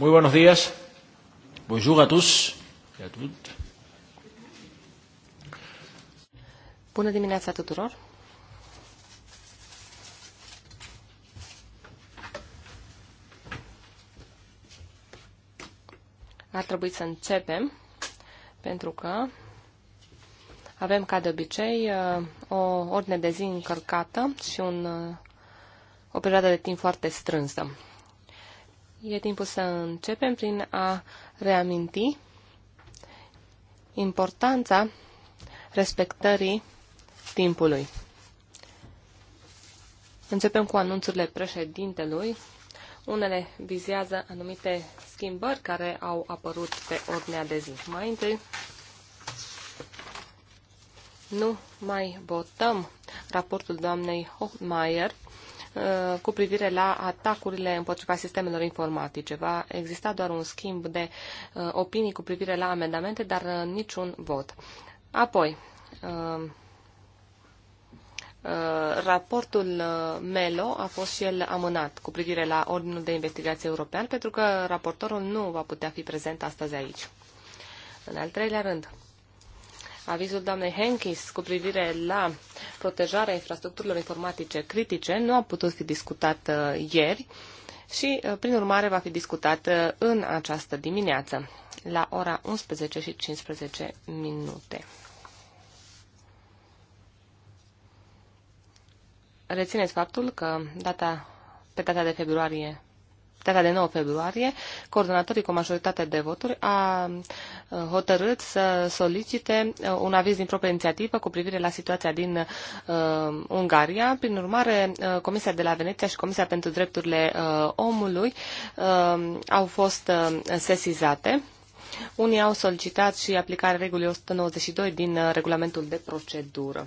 Muy buenos días. Bonjour à tous et à toutes. Bună dimineața tuturor. Ar trebui să începem, pentru că avem, ca de obicei, uh, o ordine de zi încărcată și un, uh, o perioadă de timp foarte strânsă. E timpul să începem prin a reaminti importanța respectării timpului. Începem cu anunțurile președintelui. Unele vizează anumite schimbări care au apărut pe ordinea de zi. Mai întâi, nu mai votăm raportul doamnei Hochmeier Uh, cu privire la atacurile împotriva sistemelor informatice. Va exista doar un schimb de uh, opinii cu privire la amendamente, dar uh, niciun vot. Apoi, raportul Melo a fost și el amânat cu privire la Ordinul de Investigație European, pentru că raportorul nu va putea fi prezent astăzi aici. În al treilea rând, avizul doamnei Henkis cu privire la protejarea infrastructurilor informatice critice nu a putut fi discutat uh, ieri și, uh, prin urmare, va fi discutat uh, în această dimineață la ora 11 și 15 minute. Rețineți faptul că data, pe data de februarie data de 9 februarie, coordonatorii cu majoritate de voturi a uh, hotărât să solicite uh, un aviz din proprie inițiativă cu privire la situația din uh, Ungaria. Prin urmare, uh, Comisia de la Veneția și Comisia pentru Drepturile uh, Omului uh, au fost uh, sesizate. Unii au solicitat și aplicarea regulii 192 din uh, regulamentul de procedură.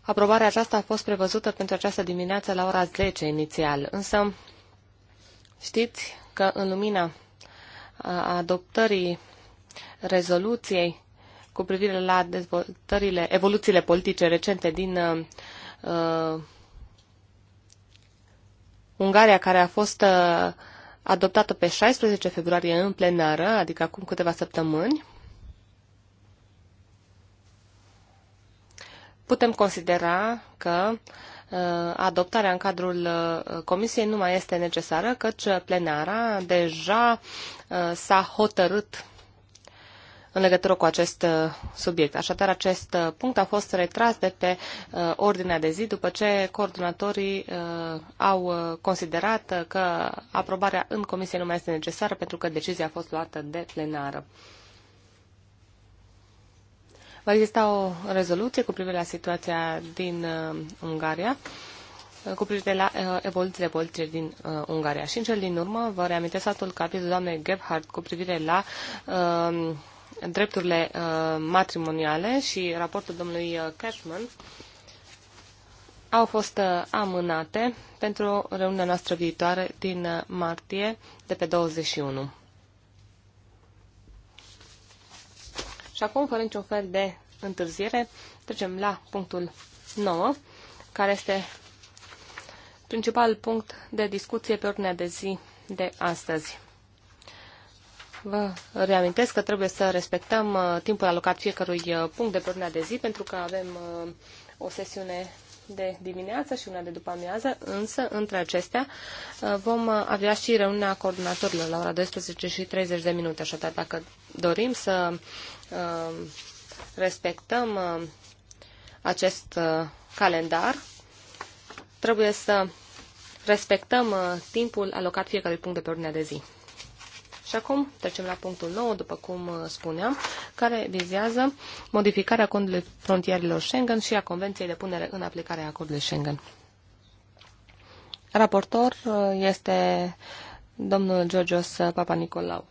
Aprobarea aceasta a fost prevăzută pentru această dimineață la ora 10 inițial, însă Știți că în lumina adoptării rezoluției cu privire la dezvoltările, evoluțiile politice recente din uh, uh Ungaria, care a fost uh, adoptată pe 16 februarie în plenară, adică acum câteva săptămâni, putem considera că uh, Uh, adoptarea în cadrul uh, comisiei nu mai este necesară, căci plenara deja uh, s-a hotărât în legătură cu acest subiect. Așadar, acest punct a fost retras de pe ordinea de zi după ce coordonatorii au considerat că aprobarea în comisie nu mai este necesară pentru că decizia a fost luată de plenară. Va exista o rezoluție cu privire la situația din uh, Ungaria uh, cu privire la uh, evoluțiile politice din uh, Ungaria. Și în cel din urmă vă reamintesc atul că doamnei Gebhardt cu privire la uh, drepturile uh, matrimoniale și raportul domnului uh, Cashman au fost uh, amânate pentru reuniunea noastră viitoare din uh, martie de pe 21. Și acum, fără niciun fel de întârziere, trecem la punctul 9, care este principal punct de discuție pe ordinea de zi de astăzi. Vă reamintesc că trebuie să respectăm uh, timpul alocat fiecărui uh, punct de pe ordinea de zi, pentru că avem uh, o sesiune de dimineață și una de după amiază, însă între acestea vom avea și reuniunea coordonatorilor la ora 12 și 30 de minute, așadar dacă dorim să Um, respectăm um, acest uh, calendar. Trebuie să respectăm uh, timpul alocat fiecărui punct de pe ordinea de zi. Și acum trecem la punctul 9, după cum uh, spuneam, care vizează modificarea acordului frontierilor Schengen și a Convenției de punere în aplicare a acordului Schengen. Raportor este domnul Georgios Papanicolau.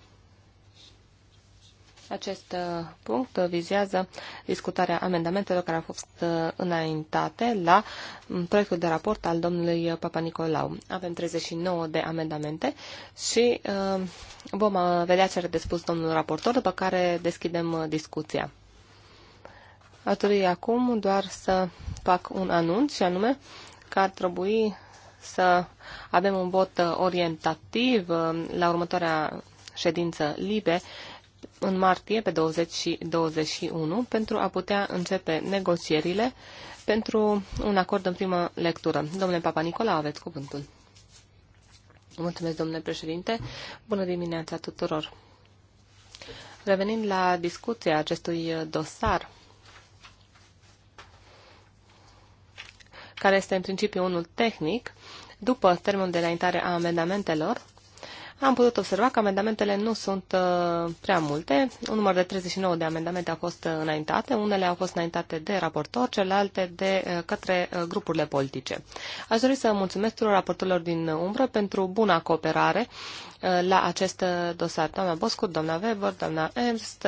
Acest uh, punct vizează discutarea amendamentelor care au fost uh, înaintate la mm, proiectul de raport al domnului uh, Papa Nicolau. Avem 39 de amendamente și vom vedea ce are de spus domnul raportor, după care deschidem discuția. Ar trebui acum doar să fac un anunț și anume că ar trebui să avem un vot orientativ la următoarea ședință libe în martie, pe 20 și 21, pentru a putea începe negocierile pentru un acord în primă lectură. Domnule Papa Nicola, aveți cuvântul. Mulțumesc, domnule președinte. Bună dimineața tuturor. Revenind la discuția acestui dosar, care este în principiu unul tehnic, după termenul de înaintare a amendamentelor, am putut observa că amendamentele nu sunt uh, prea multe. Un număr de 39 de amendamente a fost uh, înaintate. Unele au fost înaintate de raportor, celelalte de uh, către grupurile politice. Aș dori să mulțumesc tuturor raportorilor din umbră pentru buna cooperare la acest dosar. Doamna Boscu, doamna Weber, doamna Ernst,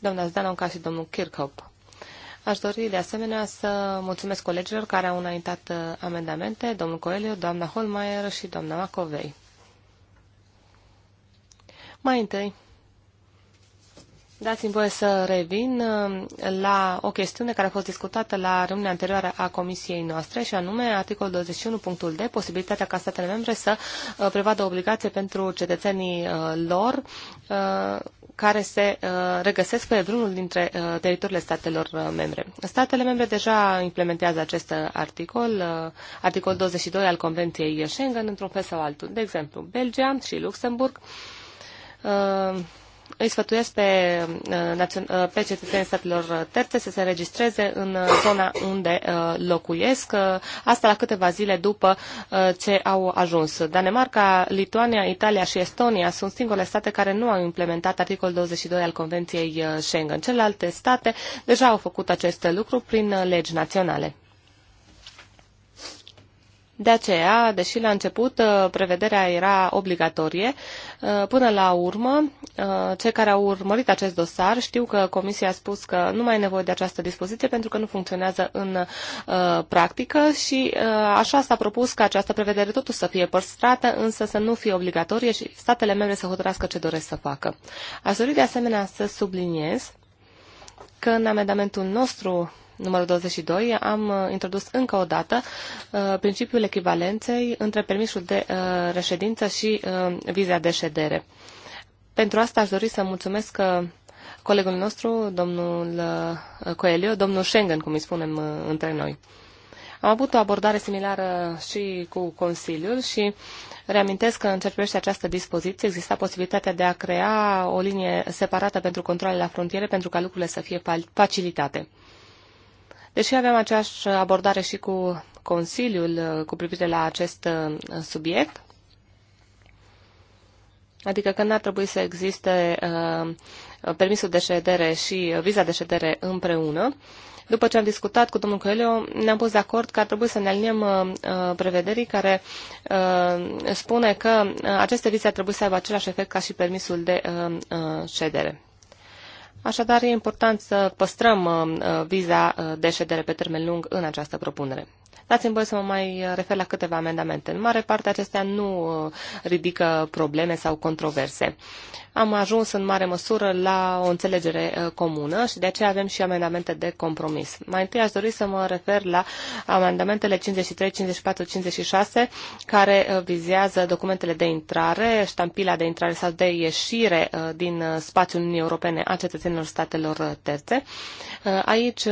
doamna Zdanonca și domnul Kirchhoff. Aș dori de asemenea să mulțumesc colegilor care au înaintat amendamente, domnul Coelho, doamna Holmeier și doamna Macovei. Mai întâi, dați-mi voie să revin uh, la o chestiune care a fost discutată la reuniunea anterioară a comisiei noastre, și anume articolul 21.d, posibilitatea ca statele membre să uh, prevadă obligație pentru cetățenii uh, lor care se regăsesc pe vreunul dintre teritoriile statelor membre. Statele membre deja implementează acest articol, articol 22 al Convenției Schengen, într-un fel sau altul. De exemplu, Belgia și Luxemburg Uh, îi sfătuiesc pe, uh, uh, pe cetățenii statelor terțe să se registreze în zona unde locuiesc, asta la câteva zile după ce au ajuns. Danemarca, Lituania, Italia și Estonia sunt singurele state care nu au implementat articolul 22 al Convenției Schengen. Celelalte state deja au făcut acest lucru prin legi naționale. De aceea, deși la început uh, prevederea era obligatorie, uh, până la urmă, uh, cei care au urmărit acest dosar știu că Comisia a spus că nu mai e nevoie de această dispoziție pentru că nu funcționează în practică și așa s-a propus ca această prevedere totuși să fie păstrată, însă să nu fie obligatorie și statele membre să hotărască ce doresc să facă. Aș dori de asemenea să subliniez că în amendamentul nostru numărul 22, am uh, introdus încă o dată uh, principiul echivalenței între permisul de uh, reședință și viza de ședere. Pentru asta aș dori să mulțumesc colegul nostru, domnul Coelho, domnul Schengen, cum îi spunem între noi. Am avut o abordare similară și cu Consiliul și reamintesc că în ce privește această dispoziție exista posibilitatea de a crea o linie separată pentru controle la frontiere pentru ca lucrurile să fie facilitate. Deși aveam aceeași abordare și cu Consiliul uh, cu privire la acest uh, subiect, adică că n-ar trebui să existe uh, permisul de ședere și viza de ședere împreună, după ce am discutat cu domnul Coelho, ne-am pus de acord că ar trebui să ne aliniem uh, uh prevederii care uh, spune că aceste vize ar trebui să aibă același efect ca și permisul de uh, ședere. Așadar, e important să păstrăm uh, uh, viza uh, de ședere pe termen lung în această propunere. Dați-mi voie să mă mai refer la câteva amendamente. În mare parte acestea nu uh, ridică probleme sau controverse. Am ajuns în mare măsură la o înțelegere uh, comună și de aceea avem și amendamente de compromis. Mai întâi aș dori să mă refer la amendamentele 53, 54, 56 care uh, vizează documentele de intrare, ștampila de intrare sau de ieșire din spațiul Uniunii Europene a cetățenilor statelor terțe. Aici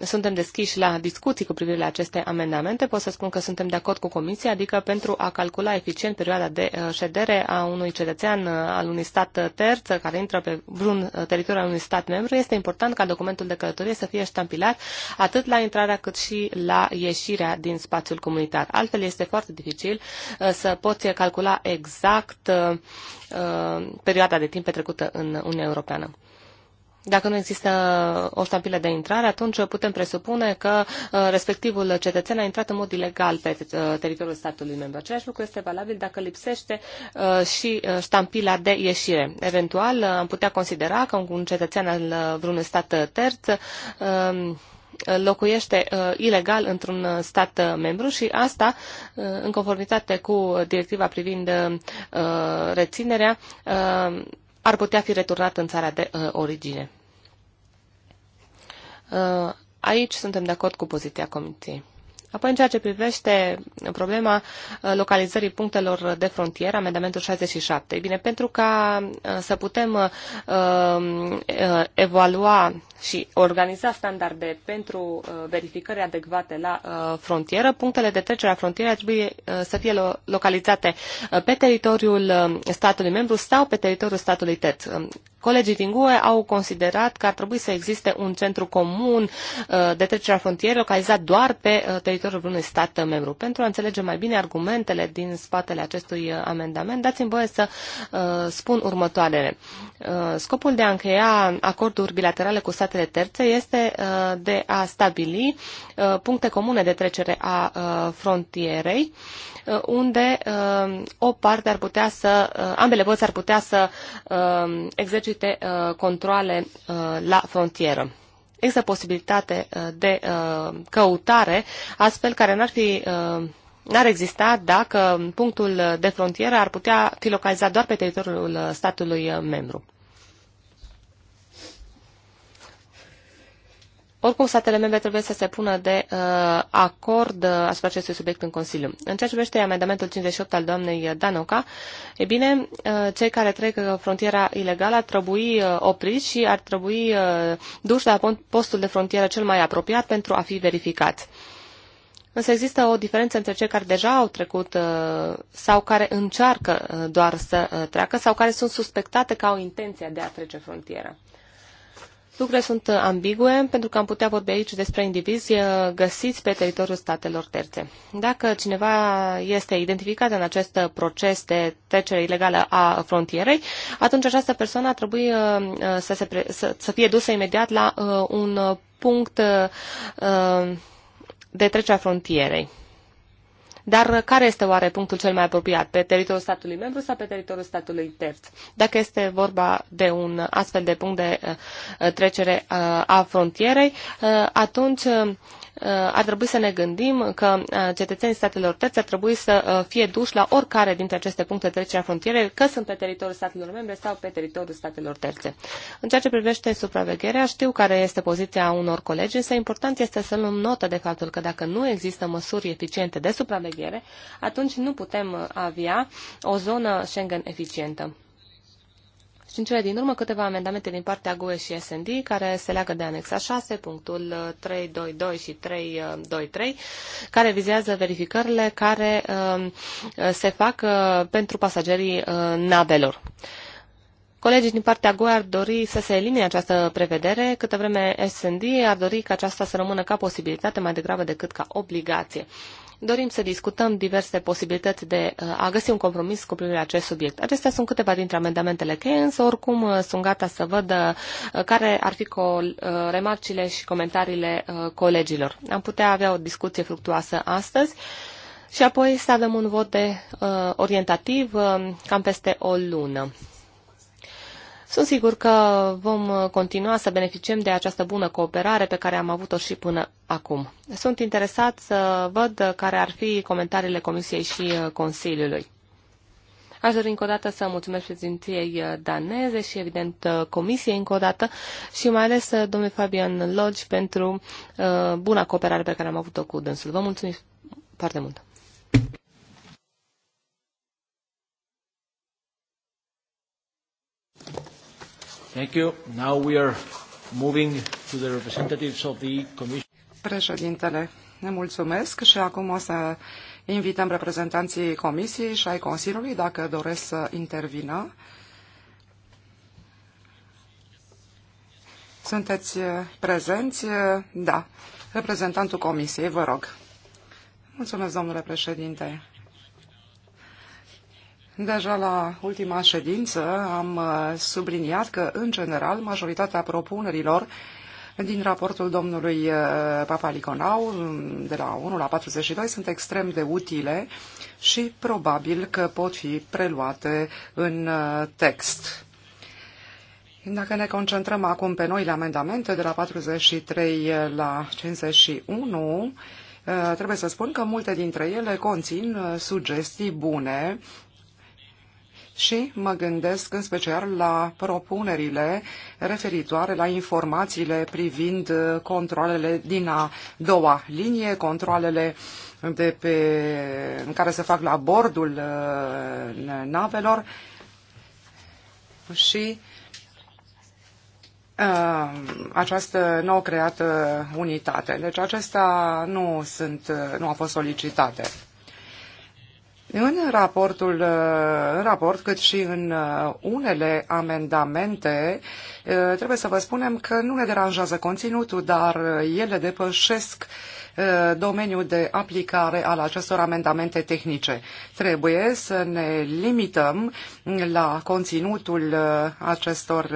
suntem deschiși la discuții cu privire la aceste amendamente amendamente, pot să spun că suntem de acord cu Comisia, adică pentru a calcula eficient perioada de uh, ședere a unui cetățean uh, al unui stat uh, terț care intră pe vreun teritoriu al unui stat membru, este important ca documentul de călătorie să fie ștampilat atât la intrarea cât și la ieșirea din spațiul comunitar. Altfel este foarte dificil să poți calcula exact perioada de timp petrecută în Uniunea Europeană. Dacă nu există o ștampilă de intrare, atunci putem presupune că uh, respectivul cetățean a intrat în mod ilegal pe uh, teritoriul statului membru. Același lucru este valabil dacă lipsește uh, și ștampila de ieșire. Eventual, am putea considera că un cetățean al vreunui stat terț um, locuiește uh, ilegal într-un stat uh, membru și asta, uh, în conformitate cu directiva privind uh, reținerea, uh, ar putea fi returnat în țara de uh, origine. Uh, aici suntem de acord cu poziția Comisiei. Apoi, în ceea ce privește problema uh, localizării punctelor de frontieră, amendamentul 67, e bine, pentru ca uh, să putem uh, evalua și organiza standarde pentru verificări adecvate la frontieră, punctele de trecere a frontierei trebuie să fie localizate pe teritoriul um, statului membru sau pe teritoriul statului TET. Um, colegii din GUE au considerat că ar trebui să existe un centru comun de trecere a frontierei localizat doar pe teritoriul viitorul unui stat membru. Pentru a înțelege mai bine argumentele din spatele acestui amendament, dați-mi voie să uh, spun următoarele. Uh, scopul de a încheia acorduri bilaterale cu statele terțe este uh, de a stabili uh, puncte comune de trecere a uh, frontierei, uh, unde uh, o parte ar putea să, uh, ambele părți ar putea să uh, exercite uh, controle uh, la frontieră există posibilitate uh, de uh, căutare, astfel care n-ar fi uh, n-ar exista dacă punctul de frontieră ar putea fi localizat doar pe teritoriul statului membru. Oricum, statele membre trebuie să se pună de uh, acord uh, asupra acestui subiect în Consiliu. În ceea ce privește amendamentul 58 al doamnei Danoca, e bine, uh, cei care trec uh, frontiera ilegală ar trebui uh, opriți și ar trebui uh, duși la postul de frontieră cel mai apropiat pentru a fi verificați. Însă există o diferență între cei care deja au trecut uh, sau care încearcă uh, doar să treacă sau care sunt suspectate că au intenția de a trece frontiera. Lucrurile sunt uh, ambigue pentru că am putea vorbi aici despre indivizi uh, găsiți pe teritoriul statelor terțe. Dacă cineva este identificat în acest proces de trecere ilegală a frontierei, atunci această persoană trebuie uh, să, se, să, să fie dusă imediat la un punct de trecere a frontierei. Dar care este oare punctul cel mai apropiat? Pe teritoriul statului membru sau pe teritoriul statului terț? Dacă este vorba de un astfel de punct de eh, trecere eh, a frontierei, eh, atunci Uh, ar trebui să ne gândim că uh, cetățenii statelor terțe ar trebui să uh, fie duși la oricare dintre aceste puncte de trecere a frontierei, că sunt pe teritoriul statelor membre sau pe teritoriul statelor terțe. În ceea ce privește supravegherea, știu care este poziția unor colegi, însă important este să luăm notă de faptul că dacă nu există măsuri eficiente de supraveghere, atunci nu putem avea o zonă Schengen eficientă. Și în cele din urmă câteva amendamente din partea GUE și SND care se leagă de anexa 6, punctul 322 uh, și 323, uh, care vizează verificările care um, uh, se fac pentru pasagerii navelor. Colegii din partea GUE ar dori să se elimine această prevedere, câtă vreme SND ar dori ca aceasta să rămână ca posibilitate mai degrabă decât ca obligație dorim să discutăm diverse posibilități de uh, a găsi un compromis cu privire la acest subiect. Acestea sunt câteva dintre amendamentele cheie, însă oricum uh, sunt gata să văd uh, care ar fi remarcile și comentariile colegilor. Am putea avea o discuție fructuoasă astăzi și apoi să avem un vot de orientativ cam peste o lună. Sunt sigur că vom uh, continua să beneficiem de această bună cooperare pe care am avut-o și până acum. Sunt interesat să văd care ar fi comentariile Comisiei și uh, Consiliului. Aș dori încă o dată să mulțumesc prezinției uh, daneze și, evident, comisiei încă o dată și mai ales domnului Fabian Lodge pentru uh, buna cooperare pe care am avut-o cu dânsul. Vă mulțumim foarte mult! Thank you. Now we are moving to the representatives of the Commission. Președintele, ne mulțumesc și acum o să invităm reprezentanții Comisiei și ai Consiliului dacă doresc să intervină. Sunteți prezenți? Da. Reprezentantul Comisiei, vă rog. Mulțumesc, domnule președinte. Deja la ultima ședință am uh, subliniat că, în general, majoritatea propunerilor din raportul domnului uh, Papaliconau, um, de la 1 la 42, sunt extrem de utile și probabil că pot fi preluate în uh, text. Dacă ne concentrăm acum pe noile amendamente, de la 43 la 51, trebuie să spun că multe dintre ele conțin sugestii bune și mă gândesc în special la propunerile referitoare la informațiile privind uh, controlele din a doua linie, controlele de pe, în care se fac la bordul uh, navelor și uh, această nou creată unitate. Deci acestea nu, sunt, nu au fost solicitate. În raportul, uh, în raport, cât și în uh, unele amendamente, uh, trebuie să vă spunem că nu ne deranjează conținutul, dar ele depășesc domeniul de aplicare al acestor amendamente tehnice. Trebuie să ne limităm la conținutul acestor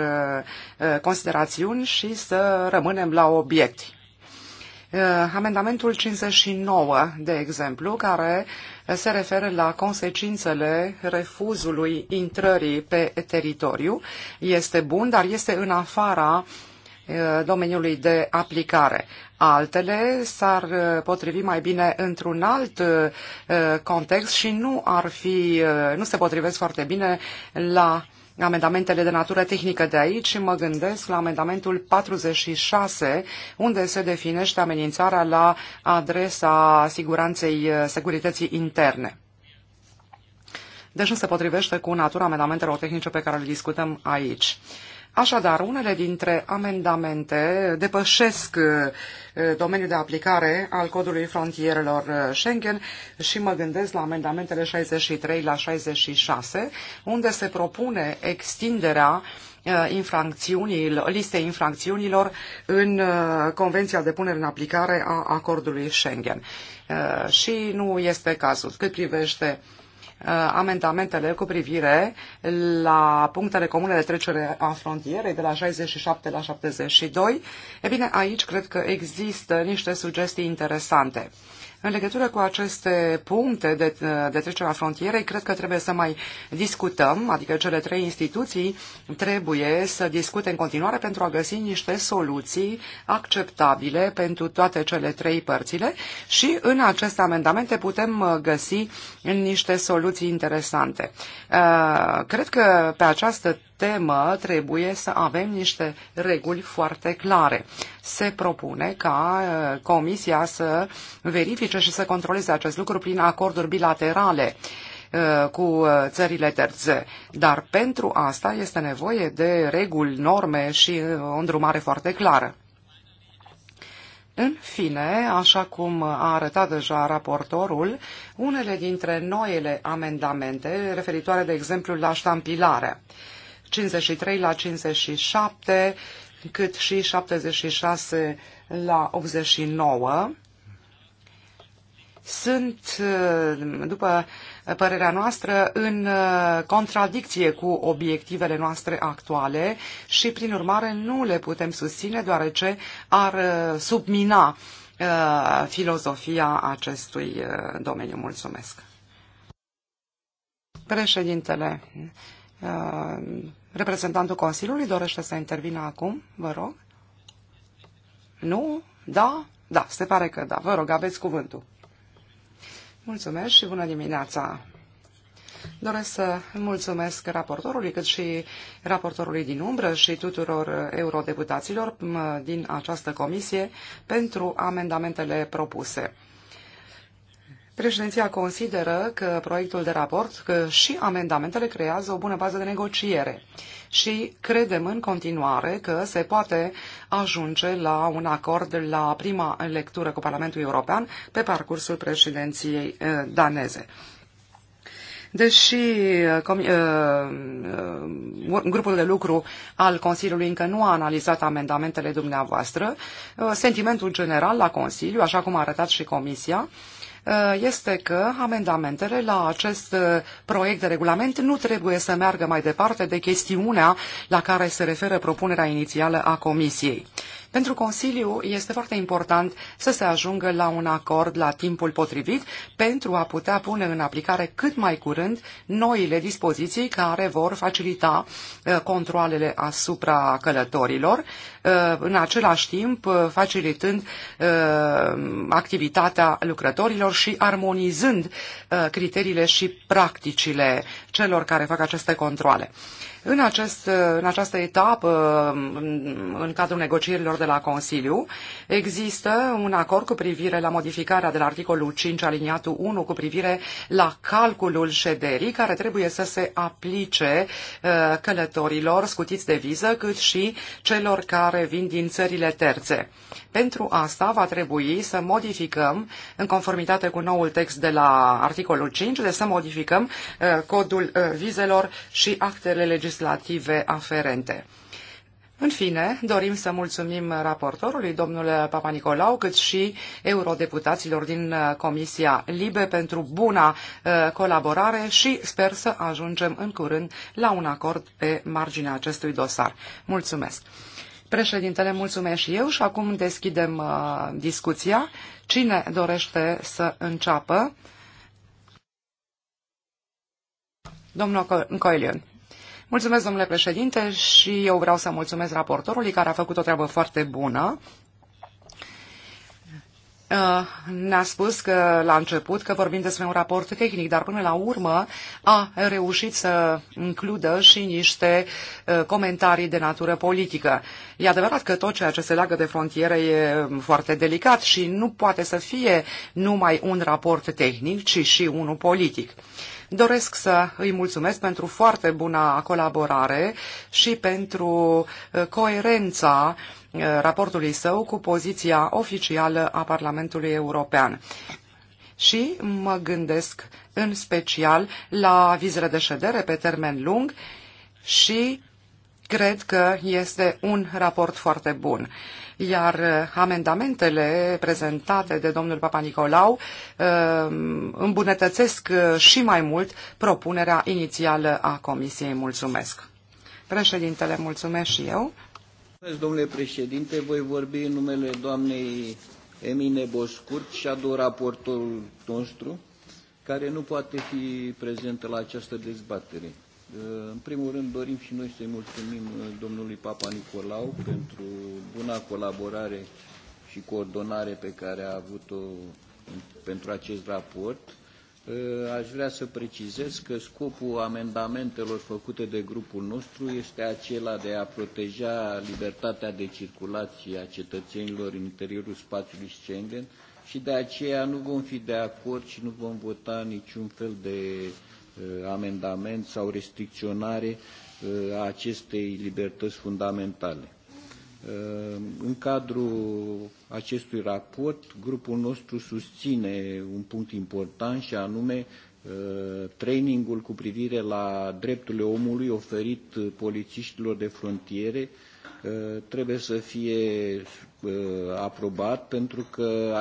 considerațiuni și să rămânem la obiect. Amendamentul 59, de exemplu, care uh, se referă la consecințele refuzului intrării pe teritoriu. Este bun, dar este în afara domeniului de aplicare. Altele s-ar potrivi mai bine într-un alt context și nu ar fi, nu se potrivesc foarte bine la amendamentele de natură tehnică de aici și mă gândesc la amendamentul 46, unde se definește amenințarea la adresa siguranței eh, securității interne. Deci nu se potrivește cu natura amendamentelor tehnice pe care le discutăm aici. Uh, Așadar, unele dintre amendamente depășesc uh, domeniul de aplicare al codului frontierelor uh, Schengen și mă gândesc la amendamentele 63 la 66, unde se propune extinderea uh, infracțiunilor, listei infracțiunilor în Convenția de punere în aplicare a acordului Schengen. Și nu este cazul. Cât privește Uh, amendamentele cu privire la punctele comune de trecere a frontierei de la 67 la 72. E bine, aici cred că există niște sugestii interesante. În legătură cu aceste puncte de, de trecere a frontierei, cred că trebuie să mai discutăm, adică cele trei instituții trebuie să discute în continuare pentru a găsi niște soluții acceptabile pentru toate cele trei părțile și în aceste amendamente putem uh, găsi niște soluții interesante. Uh, cred că pe această temă trebuie să avem niște reguli foarte clare. Se propune ca uh, Comisia să verifice și să controleze acest lucru prin acorduri bilaterale uh, cu uh, țările terțe. Dar pentru asta este nevoie de reguli, norme și o îndrumare foarte clară. În fine, așa cum a arătat deja raportorul, unele dintre noile amendamente, referitoare de exemplu la ștampilare, 53 la 57, cât și 76 la 89. Sunt, uh, după părerea noastră, în uh, contradicție cu obiectivele noastre actuale și, prin urmare, nu le putem susține, deoarece ar uh, submina filozofia acestui domeniu. Mulțumesc. Președintele, Reprezentantul Consiliului dorește să intervină acum, vă rog. Nu? Da? Da, se pare că da. Vă rog, aveți cuvântul. Mulțumesc și bună dimineața! Doresc să mulțumesc raportorului, cât și raportorului din umbră și tuturor eurodeputaților din această comisie pentru amendamentele propuse. Președinția consideră că proiectul de raport că și amendamentele creează o bună bază de negociere și credem în continuare că se poate ajunge la un acord la prima lectură cu Parlamentul European pe parcursul președinției eh, daneze. Deși eh, com, uh, uh, grupul de lucru al Consiliului încă nu a analizat amendamentele dumneavoastră, uh, sentimentul general la Consiliu, așa cum a arătat și Comisia, uh, Uh, este că amendamentele la acest uh, proiect de regulament nu trebuie să meargă mai departe de chestiunea la care se referă propunerea inițială a Comisiei. Pentru Consiliu este foarte important să se ajungă la un acord la timpul potrivit pentru a putea pune în aplicare cât mai curând noile dispoziții care vor facilita uh, controlele asupra călătorilor, uh, în același timp uh, facilitând activitatea lucrătorilor și armonizând criteriile și practicile celor care fac aceste controle. În, acest, în această etapă, în, în cadrul negocierilor de la Consiliu, există un acord cu privire la modificarea de la articolul 5 aliniatul 1 cu privire la calculul șederii, care trebuie să se aplice uh, călătorilor scutiți de viză, cât și celor care vin din țările terțe. Pentru asta va trebui să modificăm, în conformitate cu noul text de la articolul 5, de să modificăm uh, codul uh, vizelor și actele legislative legislative aferente. În fine, dorim să mulțumim raportorului, domnul Papa Nicolau, cât și eurodeputaților din uh, Comisia Libe pentru buna uh, colaborare și sper să ajungem în curând la un acord pe marginea acestui dosar. Mulțumesc! Președintele, mulțumesc și eu și acum deschidem uh, discuția. Cine dorește să înceapă? Domnul Co Co- Mulțumesc, domnule președinte, și eu vreau să mulțumesc raportorului care a făcut o treabă foarte bună. Uh, ne-a spus că la început că vorbim despre un raport tehnic, dar până la urmă a reușit să includă și niște uh, comentarii de natură politică. E adevărat că tot ceea ce se leagă de frontieră e foarte delicat și nu poate să fie numai un raport tehnic, ci și unul politic. Doresc să îi mulțumesc pentru foarte buna colaborare și pentru uh, coerența uh, raportului său cu poziția oficială a Parlamentului European. Și mă gândesc în special la vizele de ședere pe termen lung și cred că este un raport foarte bun iar uh, amendamentele prezentate de domnul Papa Nicolau uh, îmbunătățesc uh, și mai mult propunerea inițială a Comisiei. Mulțumesc! Președintele, mulțumesc și eu. Domnule președinte, voi vorbi în numele doamnei Emine Boscurt, shadow raportorul nostru, care nu poate fi prezentă la această dezbatere. În primul rând dorim și noi să-i mulțumim uh, domnului Papa Nicolau pentru buna colaborare și coordonare pe care a avut-o pentru acest raport. Uh, aș vrea să precizez că scopul amendamentelor făcute de grupul nostru este acela de a proteja libertatea de circulație a cetățenilor în interiorul spațiului Schengen și de aceea nu vom fi de acord și nu vom vota niciun fel de uh, Uh, amendament sau restricționare uh, a acestei libertăți fundamentale. Uh, în cadrul acestui raport, grupul nostru susține un punct important și anume trainingul cu privire la drepturile omului oferit polițiștilor de frontiere trebuie să fie aprobat pentru că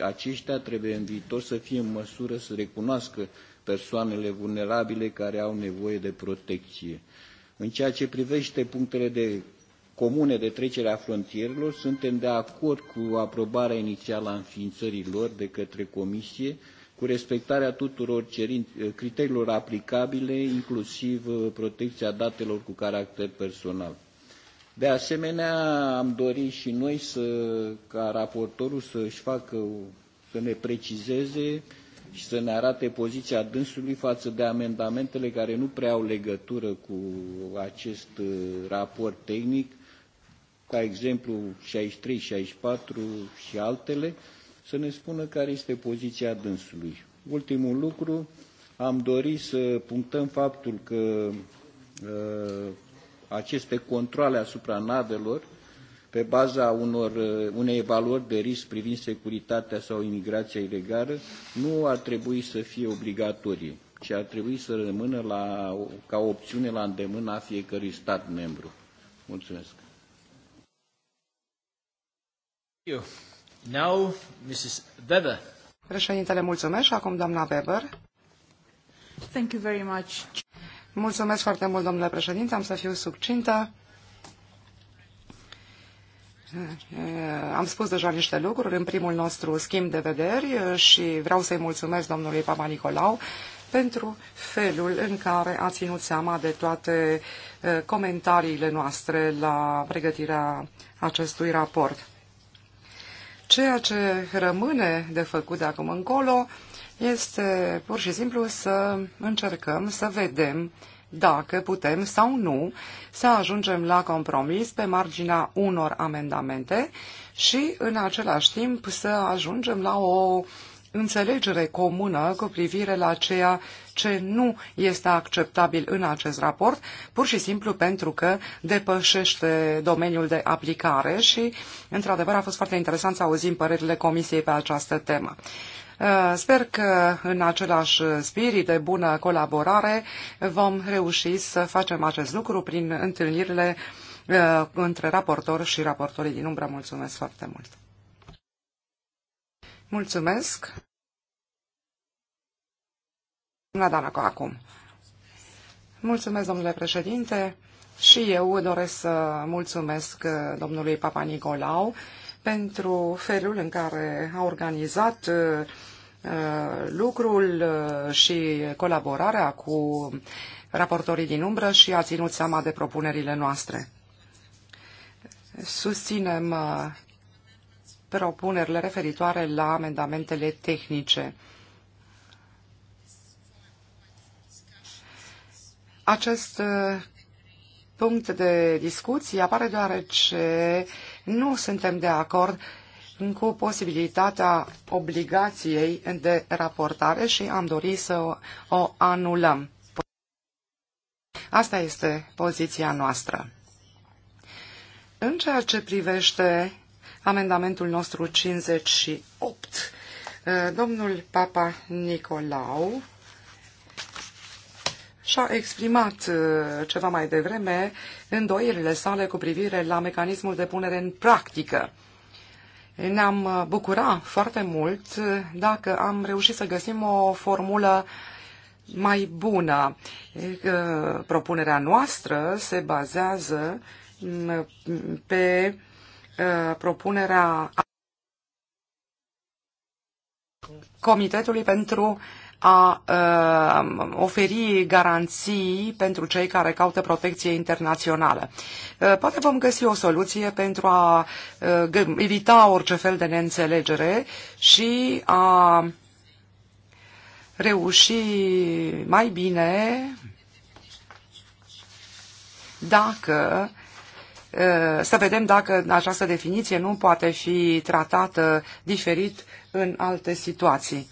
aceștia trebuie în viitor să fie în măsură să recunoască persoanele vulnerabile care au nevoie de protecție. În ceea ce privește punctele de comune de trecere a frontierelor, suntem de acord cu aprobarea inițială a înființării lor de către Comisie, cu respectarea tuturor criteriilor aplicabile, inclusiv uh, protecția datelor cu caracter personal. De asemenea, am dorit și noi să, ca raportorul să-și facă, să ne precizeze și să ne arate poziția dânsului față de amendamentele care nu prea au legătură cu acest uh, raport tehnic, ca exemplu 63, 64 și altele, să ne spună care este poziția dânsului. Ultimul lucru, am dorit să punctăm faptul că uh, aceste controle asupra navelor pe baza unor, uh, unei evaluări de risc privind securitatea sau imigrația ilegală, nu ar trebui să fie obligatorie, ci ar trebui să rămână la, ca opțiune la îndemâna fiecărui stat membru. Mulțumesc. Now, Mrs. Weber. Președintele, mulțumesc. Și acum, doamna Weber. Thank you very much. Mulțumesc foarte mult, domnule președinte. Am să fiu succintă. Am spus deja niște lucruri în primul nostru schimb de vederi uh, și vreau să-i mulțumesc domnului Papa Nicolau pentru felul în care a ținut seama de toate uh, comentariile noastre la pregătirea acestui raport. Ceea ce rămâne de făcut de acum încolo este pur și simplu să încercăm să vedem dacă putem sau nu să ajungem la compromis pe marginea unor amendamente și în același timp să ajungem la o înțelegere comună cu privire la ceea ce nu este acceptabil în acest raport, pur și simplu pentru că depășește domeniul de aplicare și, într-adevăr, a fost foarte interesant să auzim părerile Comisiei pe această temă. Uh, sper că în același spirit de bună colaborare vom reuși să facem acest lucru prin întâlnirile uh, între raportor și raportorii din umbră. Mulțumesc foarte mult! Mulțumesc! Doamna Danaco, acum. Mulțumesc, domnule președinte, și eu doresc să mulțumesc uh, domnului Papa Nicolau pentru felul în care a organizat lucrul uh, și colaborarea cu raportorii din umbră și a ținut seama de propunerile noastre. Susținem uh, propunerile referitoare la amendamentele tehnice. Acest uh, punct de discuție apare deoarece nu suntem de acord cu posibilitatea obligației de raportare și am dorit să o, o anulăm. Asta este poziția noastră. În ceea ce privește amendamentul nostru 58, domnul Papa Nicolau și-a exprimat uh, ceva mai devreme îndoierile sale cu privire la mecanismul de punere în practică ne-am uh, bucura foarte mult uh, dacă am reușit să găsim o formulă mai bună. Uh, propunerea noastră se bazează mm, pe propunerea Comitetului pentru a uh, oferi garanții pentru cei care caută protecție internațională. Uh, poate vom găsi o soluție pentru a uh, evita orice fel de neînțelegere și a reuși mai bine dacă să vedem dacă această definiție nu poate fi tratată diferit în alte situații.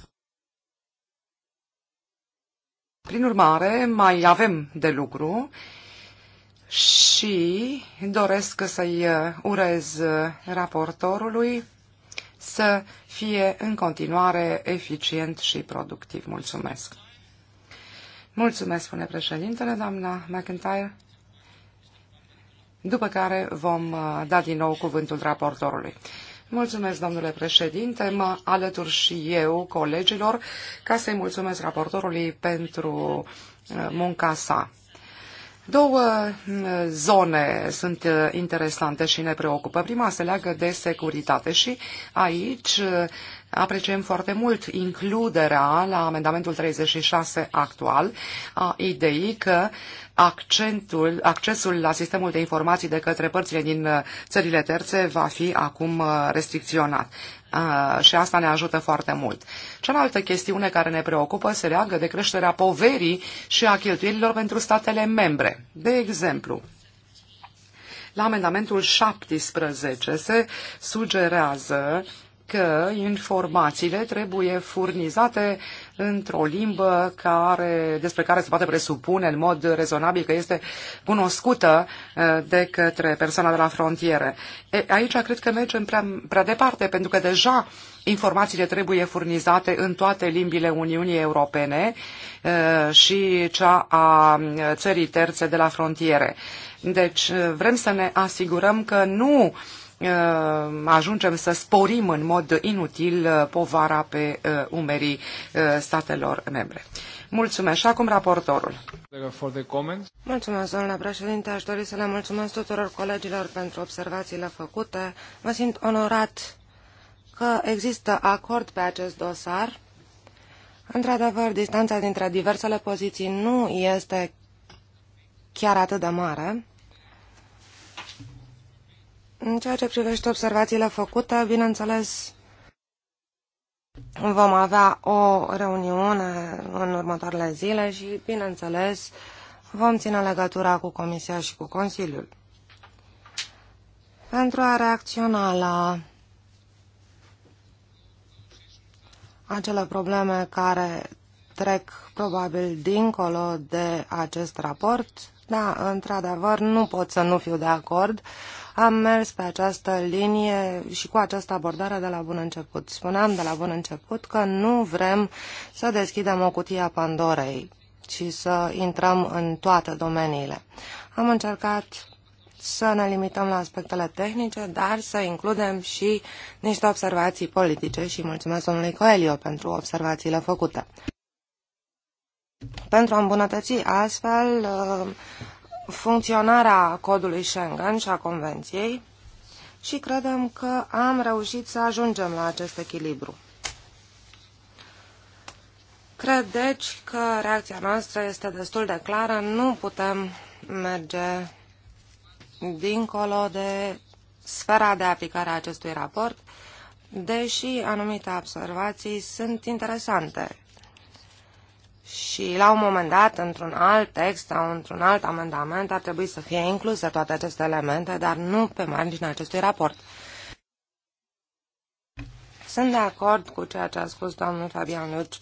Prin urmare, mai avem de lucru și doresc să-i uh, urez raportorului să fie în continuare eficient și productiv. Mulțumesc! Mulțumesc, spune președintele, doamna McIntyre, după care vom uh, da din nou cuvântul raportorului. Mulțumesc, domnule președinte. Mă alătur și eu colegilor ca să-i mulțumesc raportorului pentru uh, munca sa. Două uh, zone sunt uh, interesante și ne preocupă. Prima se leagă de securitate și aici Apreciem foarte mult includerea la amendamentul 36 actual a ideii că accentul, accesul la sistemul de informații de către părțile din uh, țările terțe va fi acum uh, restricționat. Uh, și asta ne ajută foarte mult. Cealaltă chestiune care ne preocupă se leagă de creșterea poverii și a cheltuielilor pentru statele membre. De exemplu, la amendamentul 17 se sugerează uh, că informațiile trebuie furnizate într-o limbă care, despre care se poate presupune în mod rezonabil că este cunoscută uh, de către persoana de la frontiere. E, aici cred că mergem prea, prea departe, pentru că deja informațiile trebuie furnizate în toate limbile Uniunii Europene uh, și cea a țării terțe de la frontiere. Deci uh, vrem să ne asigurăm că nu uh, Uh, ajungem să sporim în mod inutil uh, povara pe uh, umerii statelor membre. Mulțumesc. Și acum raportorul. Mulțumesc, domnule președinte. Aș dori să le mulțumesc tuturor colegilor pentru observațiile făcute. Mă simt onorat că există acord pe acest dosar. Într-adevăr, distanța dintre diversele poziții nu este chiar atât de mare. În ceea ce privește observațiile făcute, bineînțeles, vom avea o reuniune în următoarele zile și, bineînțeles, vom ține legătura cu Comisia și cu Consiliul. Pentru a reacționa la acele probleme care trec probabil dincolo de acest raport, da, într-adevăr, nu pot să nu fiu de acord. Am mers pe această linie și cu această abordare de la bun început. Spuneam de la bun început că nu vrem să deschidem o cutie a Pandorei, ci să intrăm în toate domeniile. Am încercat să ne limităm la aspectele tehnice, dar să includem și niște observații politice și mulțumesc domnului Coelio pentru observațiile făcute. Pentru a îmbunătăți astfel funcționarea codului Schengen și a Convenției și credem că am reușit să ajungem la acest echilibru. Cred, deci, că reacția noastră este destul de clară. Nu putem merge dincolo de sfera de aplicare a acestui raport, deși anumite observații sunt interesante și la un moment dat, într-un alt text sau într-un alt amendament, ar trebui să fie incluse toate aceste elemente, dar nu pe marginea acestui raport. Sunt de acord cu ceea ce a spus domnul Fabian Luci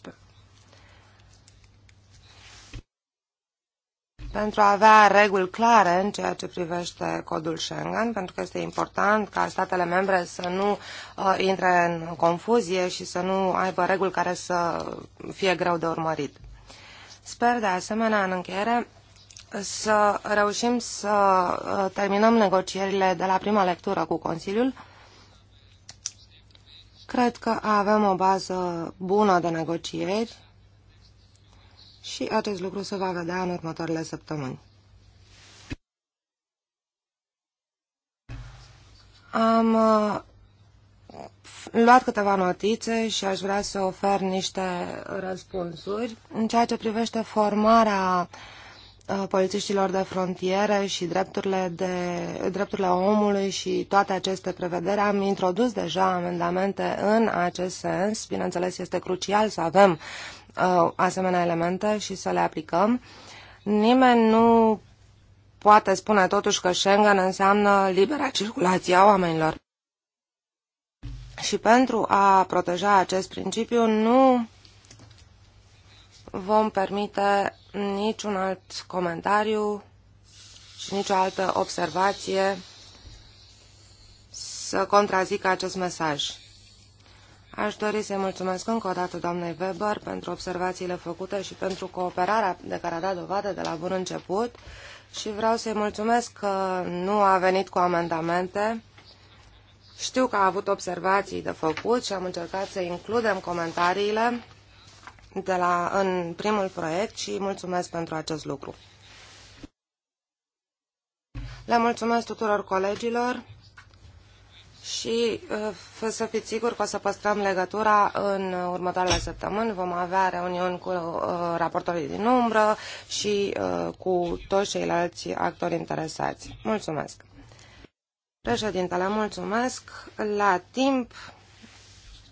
pentru a avea reguli clare în ceea ce privește codul Schengen, pentru că este important ca statele membre să nu uh, intre în confuzie și să nu aibă reguli care să fie greu de urmărit. Sper de asemenea în încheiere să reușim să uh, terminăm negocierile de la prima lectură cu Consiliul. Cred că avem o bază bună de negocieri și acest lucru se va vedea în următoarele săptămâni. Am uh, luat câteva notițe și aș vrea să ofer niște răspunsuri. În ceea ce privește formarea uh, polițiștilor de frontiere și drepturile, de, drepturile omului și toate aceste prevederi. Am introdus deja amendamente în acest sens. Bineînțeles, este crucial să avem uh, asemenea elemente și să le aplicăm. Nimeni nu poate spune totuși că Schengen înseamnă libera circulație a oamenilor. Și pentru a proteja acest principiu nu vom permite niciun alt comentariu și nicio altă observație să contrazică acest mesaj. Aș dori să-i mulțumesc încă o dată doamnei Weber pentru observațiile făcute și pentru cooperarea de care a dat dovadă de la bun început și vreau să-i mulțumesc că nu a venit cu amendamente știu că a avut observații de făcut și am încercat să includem comentariile de la, în primul proiect și mulțumesc pentru acest lucru. Le mulțumesc tuturor colegilor și uh, să fiți siguri că o să păstrăm legătura în următoarele săptămâni. Vom avea reuniuni cu uh, raportorii din umbră și uh, cu toți ceilalți actori interesați. Mulțumesc! Președintele, mulțumesc. La timp,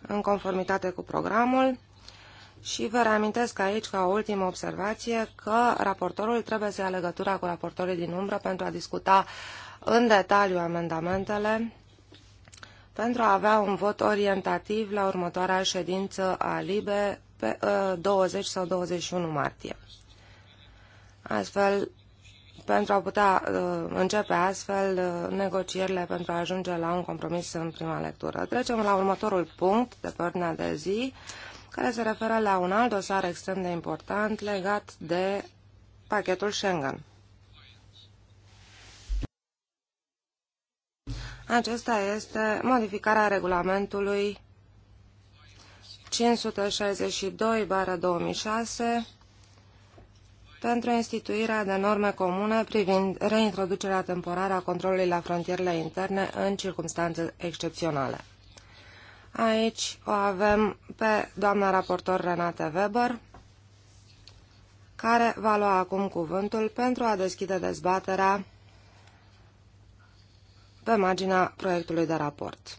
în conformitate cu programul, și vă reamintesc aici, ca o ultimă observație, că raportorul trebuie să ia legătura cu raportorii din umbră pentru a discuta în detaliu amendamentele, pentru a avea un vot orientativ la următoarea ședință a LIBE pe 20 ă, sau 21 martie. Astfel, pentru a putea uh, începe astfel uh, negocierile pentru a ajunge la un compromis în prima lectură. Trecem la următorul punct de pe ordinea de zi, care se referă la un alt dosar extrem de important legat de pachetul Schengen. Acesta este modificarea regulamentului 562-2006 pentru instituirea de norme comune privind reintroducerea temporară a controlului la frontierele interne în circunstanțe excepționale. Aici o avem pe doamna raportor Renate Weber, care va lua acum cuvântul pentru a deschide dezbaterea pe marginea proiectului de raport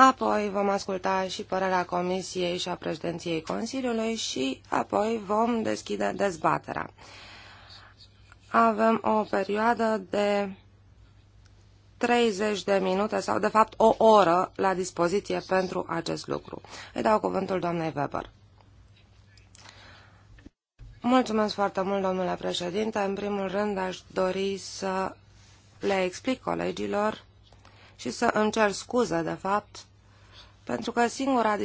apoi vom asculta și părerea Comisiei și a președinției Consiliului și apoi vom deschide dezbaterea. Avem o perioadă de 30 de minute sau, de fapt, o oră la dispoziție pentru acest lucru. Îi dau cuvântul doamnei Weber. Mulțumesc foarte mult, domnule președinte. În primul rând, aș dori să le explic colegilor și să îmi cer scuze, de fapt, pentru că singura,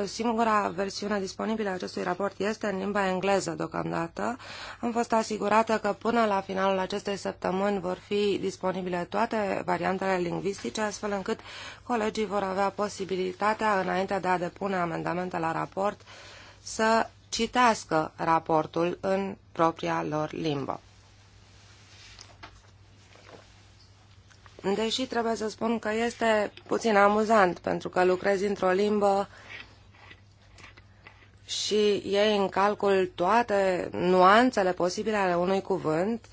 ă, singura versiune disponibilă a acestui raport este în limba engleză deocamdată. Am fost asigurată că până la finalul acestei săptămâni vor fi disponibile toate variantele lingvistice, astfel încât colegii vor avea posibilitatea, înainte de a depune amendamente la raport, să citească raportul în propria lor limbă. Deși trebuie să spun că este puțin amuzant, pentru că lucrezi într-o limbă și iei în calcul toate nuanțele posibile ale unui cuvânt,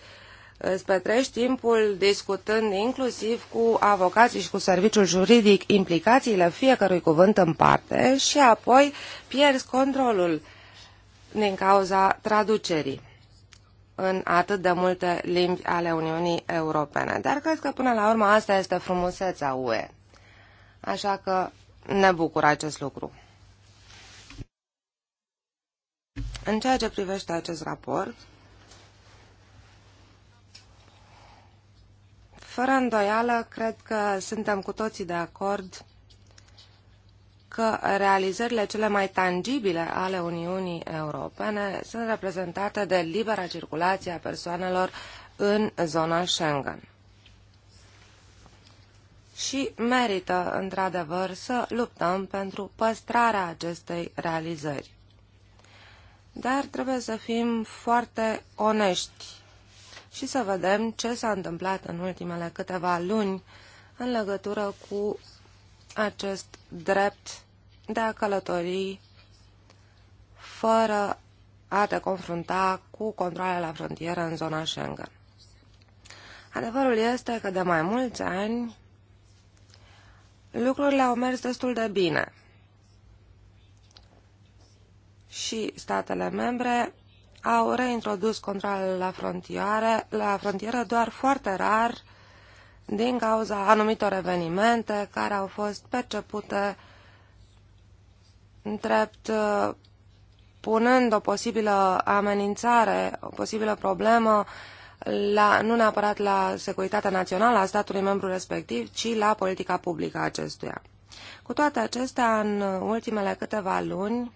îți petrești timpul discutând inclusiv cu avocații și cu serviciul juridic implicațiile fiecărui cuvânt în parte și apoi pierzi controlul din cauza traducerii în atât de multe limbi ale Uniunii Europene. Dar cred că până la urmă asta este frumusețea UE. Așa că ne bucur acest lucru. În ceea ce privește acest raport, fără îndoială, cred că suntem cu toții de acord că realizările cele mai tangibile ale Uniunii Europene sunt reprezentate de libera circulație a persoanelor în zona Schengen. Și merită, într-adevăr, să luptăm pentru păstrarea acestei realizări. Dar trebuie să fim foarte onești și să vedem ce s-a întâmplat în ultimele câteva luni în legătură cu acest drept de a călători fără a te confrunta cu controlele la frontieră în zona Schengen. Adevărul este că de mai mulți ani lucrurile au mers destul de bine și statele membre au reintrodus controlele la frontieră, la frontieră doar foarte rar din cauza anumitor evenimente care au fost percepute drept uh, punând o posibilă amenințare, o posibilă problemă, la, nu neapărat la securitatea națională a statului membru respectiv, ci la politica publică a acestuia. Cu toate acestea, în ultimele câteva luni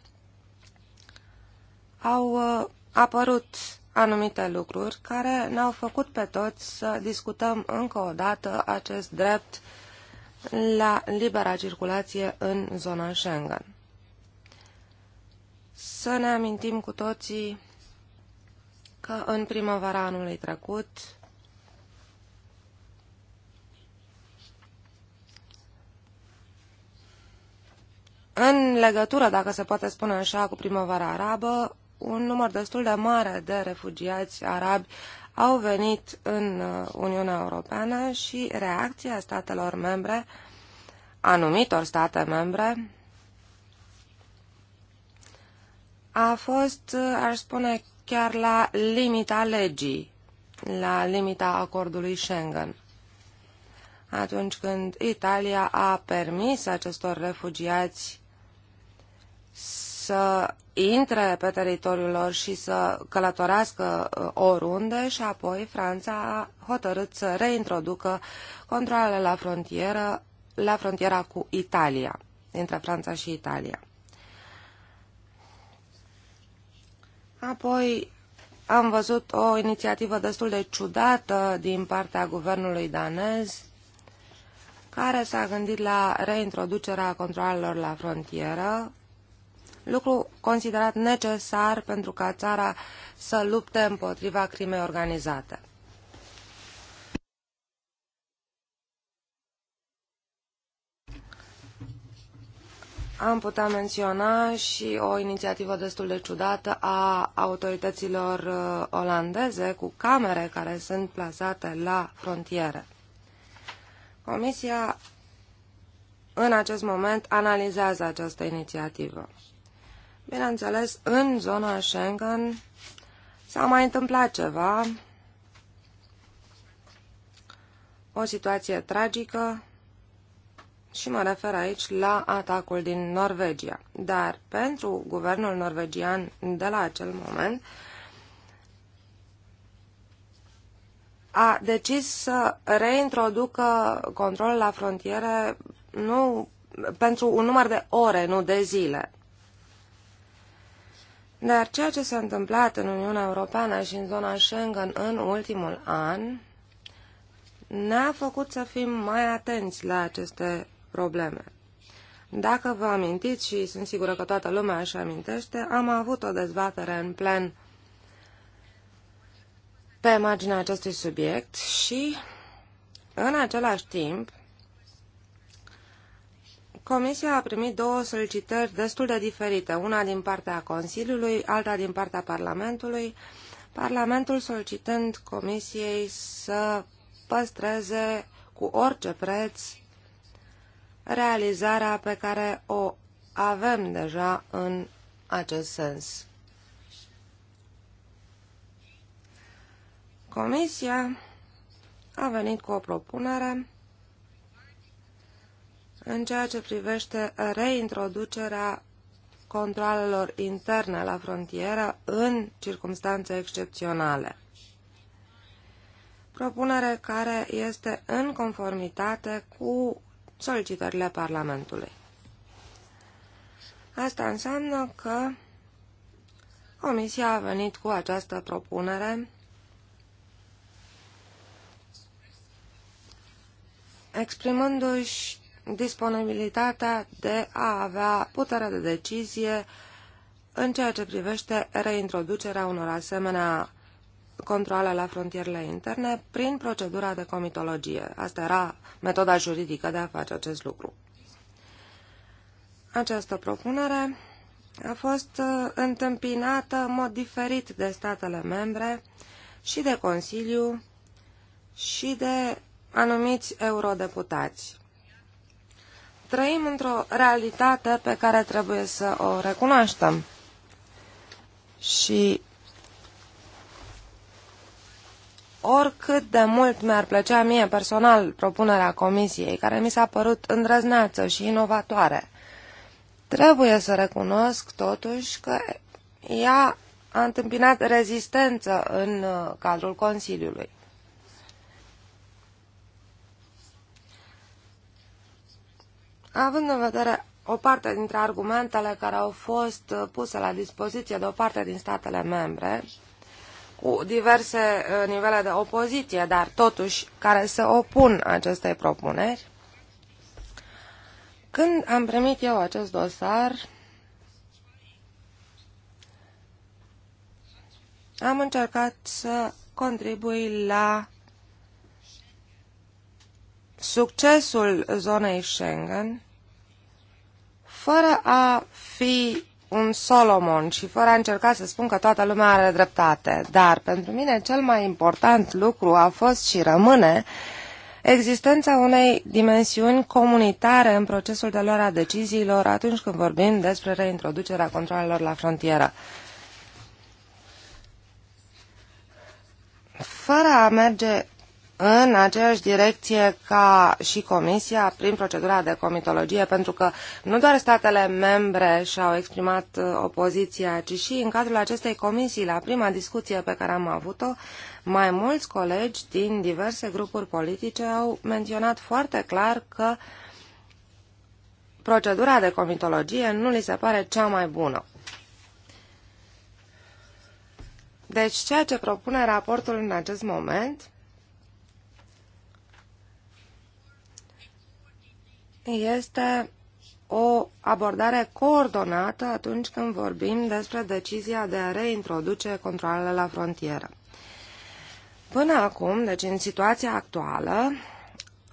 au uh, apărut anumite lucruri care ne-au făcut pe toți să discutăm încă o dată acest drept la libera circulație în zona Schengen să ne amintim cu toții că în primăvara anului trecut În legătură, dacă se poate spune așa, cu primăvara arabă, un număr destul de mare de refugiați arabi au venit în uh, Uniunea Europeană și reacția statelor membre, anumitor state membre, a fost, aș spune, chiar la limita legii, la limita acordului Schengen. Atunci când Italia a permis acestor refugiați să intre pe teritoriul lor și să călătorească uh, oriunde și apoi Franța a hotărât să reintroducă controlele la frontieră, la frontiera cu Italia, între Franța și Italia. Apoi am văzut o inițiativă destul de ciudată din partea guvernului danez, care s-a gândit la reintroducerea controlelor la frontieră, lucru considerat necesar pentru ca țara să lupte împotriva crimei organizate. am putea menționa și o inițiativă destul de ciudată a autorităților uh, olandeze cu camere care sunt plasate la frontiere. Comisia în acest moment analizează această inițiativă. Bineînțeles, în zona Schengen s-a mai întâmplat ceva, o situație tragică și mă refer aici la atacul din Norvegia. Dar pentru guvernul norvegian de la acel moment a decis să reintroducă controlul la frontiere nu, pentru un număr de ore, nu de zile. Dar ceea ce s-a întâmplat în Uniunea Europeană și în zona Schengen în ultimul an ne-a făcut să fim mai atenți la aceste probleme. Dacă vă amintiți, și sunt sigură că toată lumea își amintește, am avut o dezbatere în plen pe marginea acestui subiect și, în același timp, Comisia a primit două solicitări destul de diferite, una din partea Consiliului, alta din partea Parlamentului, Parlamentul solicitând Comisiei să păstreze cu orice preț realizarea pe care o avem deja în acest sens. Comisia a venit cu o propunere în ceea ce privește reintroducerea controalelor interne la frontieră în circunstanțe excepționale. Propunere care este în conformitate cu solicitările Parlamentului. Asta înseamnă că Comisia a venit cu această propunere exprimându-și disponibilitatea de a avea puterea de decizie în ceea ce privește reintroducerea unor asemenea controle la frontierele interne prin procedura de comitologie. Asta era metoda juridică de a face acest lucru. Această propunere a fost uh, întâmpinată în mod diferit de statele membre și de Consiliu și de anumiți eurodeputați. Trăim într-o realitate pe care trebuie să o recunoaștem și oricât de mult mi-ar plăcea mie personal propunerea comisiei, care mi s-a părut îndrăzneață și inovatoare, trebuie să recunosc totuși că ea a întâmpinat rezistență în uh, cadrul Consiliului. Având în vedere o parte dintre argumentele care au fost uh, puse la dispoziție de o parte din statele membre, cu diverse uh, nivele de opoziție, dar totuși care se opun acestei propuneri. Când am primit eu acest dosar, am încercat să contribui la succesul zonei Schengen fără a fi un Solomon și fără a încerca să spun că toată lumea are dreptate, dar pentru mine cel mai important lucru a fost și rămâne existența unei dimensiuni comunitare în procesul de luare a deciziilor atunci când vorbim despre reintroducerea controlelor la frontieră. Fără a merge în aceeași direcție ca și Comisia prin procedura de comitologie, pentru că nu doar statele membre și-au exprimat uh, opoziția, ci și în cadrul acestei comisii, la prima discuție pe care am avut-o, mai mulți colegi din diverse grupuri politice au menționat foarte clar că procedura de comitologie nu li se pare cea mai bună. Deci ceea ce propune raportul în acest moment este o abordare coordonată atunci când vorbim despre decizia de a reintroduce controlele la frontieră. Până acum, deci în situația actuală,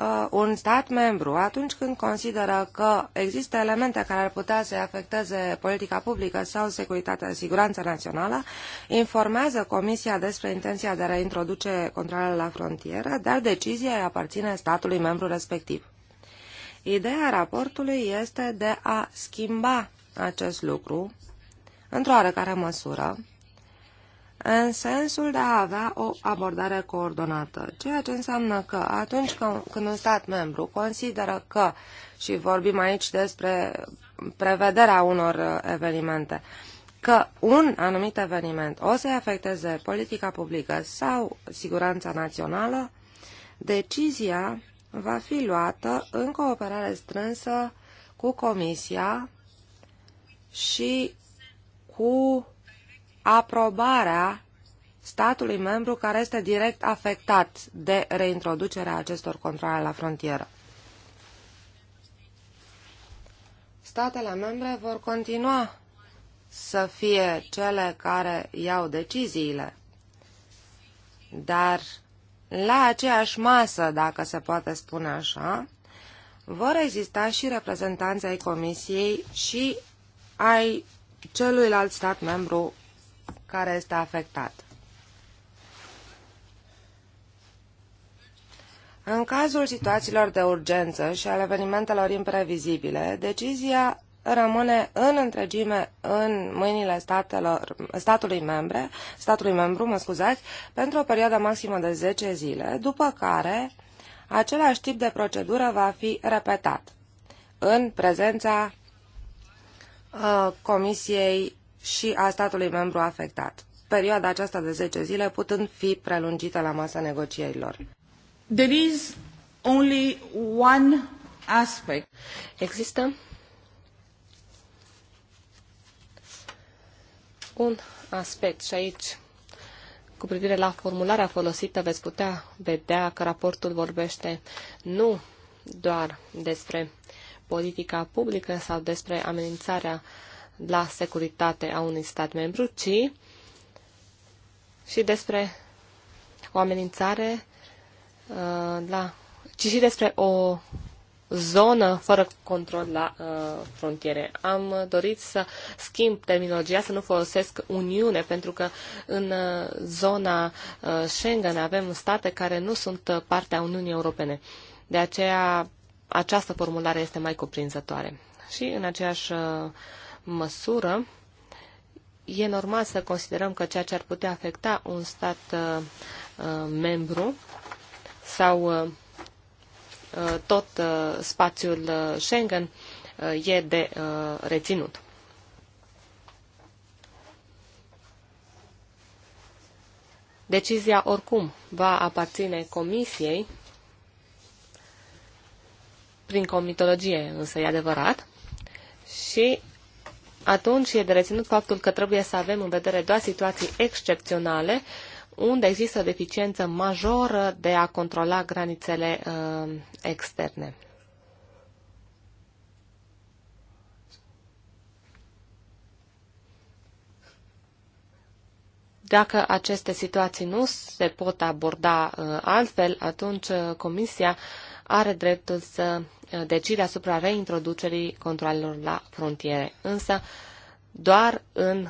uh, un stat membru, atunci când consideră că există elemente care ar putea să afecteze politica publică sau securitatea, siguranța națională, informează Comisia despre intenția de a reintroduce controlele la frontieră, dar decizia îi aparține statului membru respectiv. Ideea raportului este de a schimba acest lucru într-o oarecare măsură, în sensul de a avea o abordare coordonată, ceea ce înseamnă că atunci când un stat membru consideră că, și vorbim aici despre prevederea unor uh, evenimente, că un anumit eveniment o să-i afecteze politica publică sau siguranța națională, decizia va fi luată în cooperare strânsă cu Comisia și cu aprobarea statului membru care este direct afectat de reintroducerea acestor controle la frontieră. Statele membre vor continua să fie cele care iau deciziile, dar la aceeași masă, dacă se poate spune așa, vor exista și reprezentanți ai Comisiei și ai celuilalt stat membru care este afectat. În cazul situațiilor de urgență și al evenimentelor imprevizibile, decizia rămâne în întregime în mâinile statelor, statului, membre, statului membru mă scuzați, pentru o perioadă maximă de 10 zile, după care același tip de procedură va fi repetat în prezența uh, Comisiei și a statului membru afectat. Perioada aceasta de 10 zile putând fi prelungită la masa negocierilor. There is only one aspect. Există un aspect și aici cu privire la formularea folosită veți putea vedea că raportul vorbește nu doar despre politica publică sau despre amenințarea la securitate a unui stat membru, ci și despre o amenințare uh, la ci și despre o zonă fără control la uh, frontiere. Am dorit să schimb terminologia, să nu folosesc Uniune, pentru că în uh, zona uh, Schengen avem state care nu sunt uh, a Uniunii Europene. De aceea această formulare este mai cuprinzătoare. Și în aceeași uh, măsură, e normal să considerăm că ceea ce ar putea afecta un stat uh, uh membru sau uh, Uh, tot uh, spațiul uh, Schengen e de reținut. Decizia oricum va aparține Comisiei prin comitologie, însă e adevărat, și atunci e de reținut faptul că trebuie să avem în vedere doar situații excepționale unde există deficiență majoră de a controla granițele uh, externe. Dacă aceste situații nu se pot aborda uh, altfel, atunci uh, Comisia are dreptul să uh, decide asupra reintroducerii controlelor la frontiere, însă doar în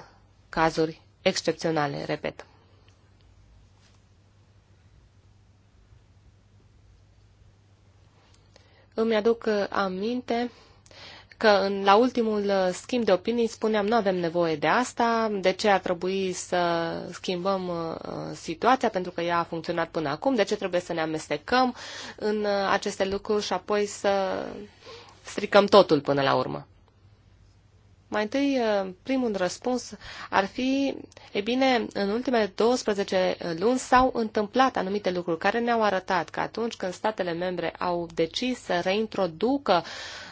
cazuri excepționale, repet. Îmi aduc uh, aminte că în, la ultimul uh, schimb de opinii spuneam nu avem nevoie de asta, de ce ar trebui să schimbăm uh, situația pentru că ea a funcționat până acum, de ce trebuie să ne amestecăm în uh, aceste lucruri și apoi să stricăm totul până la urmă. Mai întâi, uh, primul răspuns ar fi, e bine, în ultimele 12 uh, luni s-au întâmplat anumite lucruri care ne-au arătat că atunci când statele membre au decis să reintroducă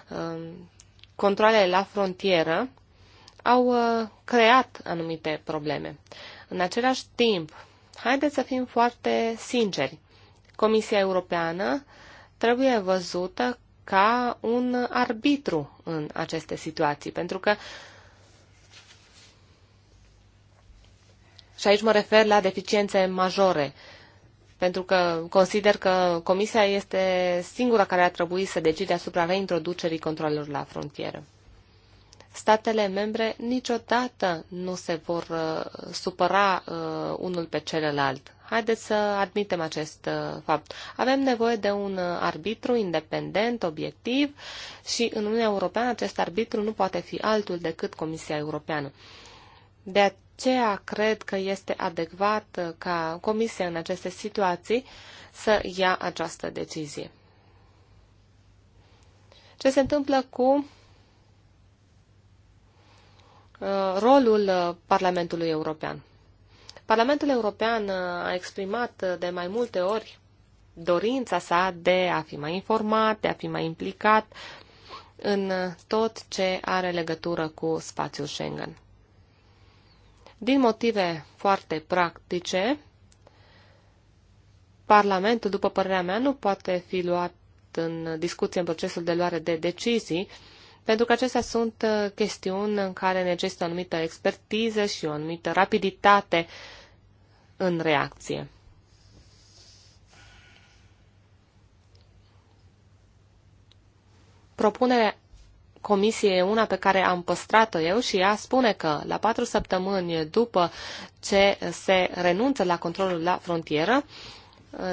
uh, controlele la frontieră, au creat anumite probleme. În același timp, haideți să fim foarte sinceri. Comisia Europeană trebuie văzută ca un arbitru în aceste situații, pentru că și aici mă refer la deficiențe majore, pentru că consider că Comisia este singura care ar trebui să decide asupra reintroducerii controlelor la frontieră. Statele membre niciodată nu se vor uh, supăra uh, unul pe celălalt Haideți să admitem acest uh, fapt. Avem nevoie de un uh, arbitru independent, obiectiv și în Uniunea Europeană acest arbitru nu poate fi altul decât Comisia Europeană. De aceea cred că este adecvat uh, ca Comisia în aceste situații să ia această decizie. Ce se întâmplă cu rolul Parlamentului European? Parlamentul European uh, a exprimat uh, de mai multe ori dorința sa de a fi mai informat, de a fi mai implicat în uh, tot ce are legătură cu spațiul Schengen. Din motive foarte practice, Parlamentul, după părerea mea, nu poate fi luat în discuție în procesul de luare de decizii, pentru că acestea sunt uh, chestiuni în care necesită o anumită expertiză și o anumită rapiditate în reacție. Propunerea comisiei e una pe care am păstrat-o eu și ea spune că la patru săptămâni după ce se renunță la controlul la frontieră,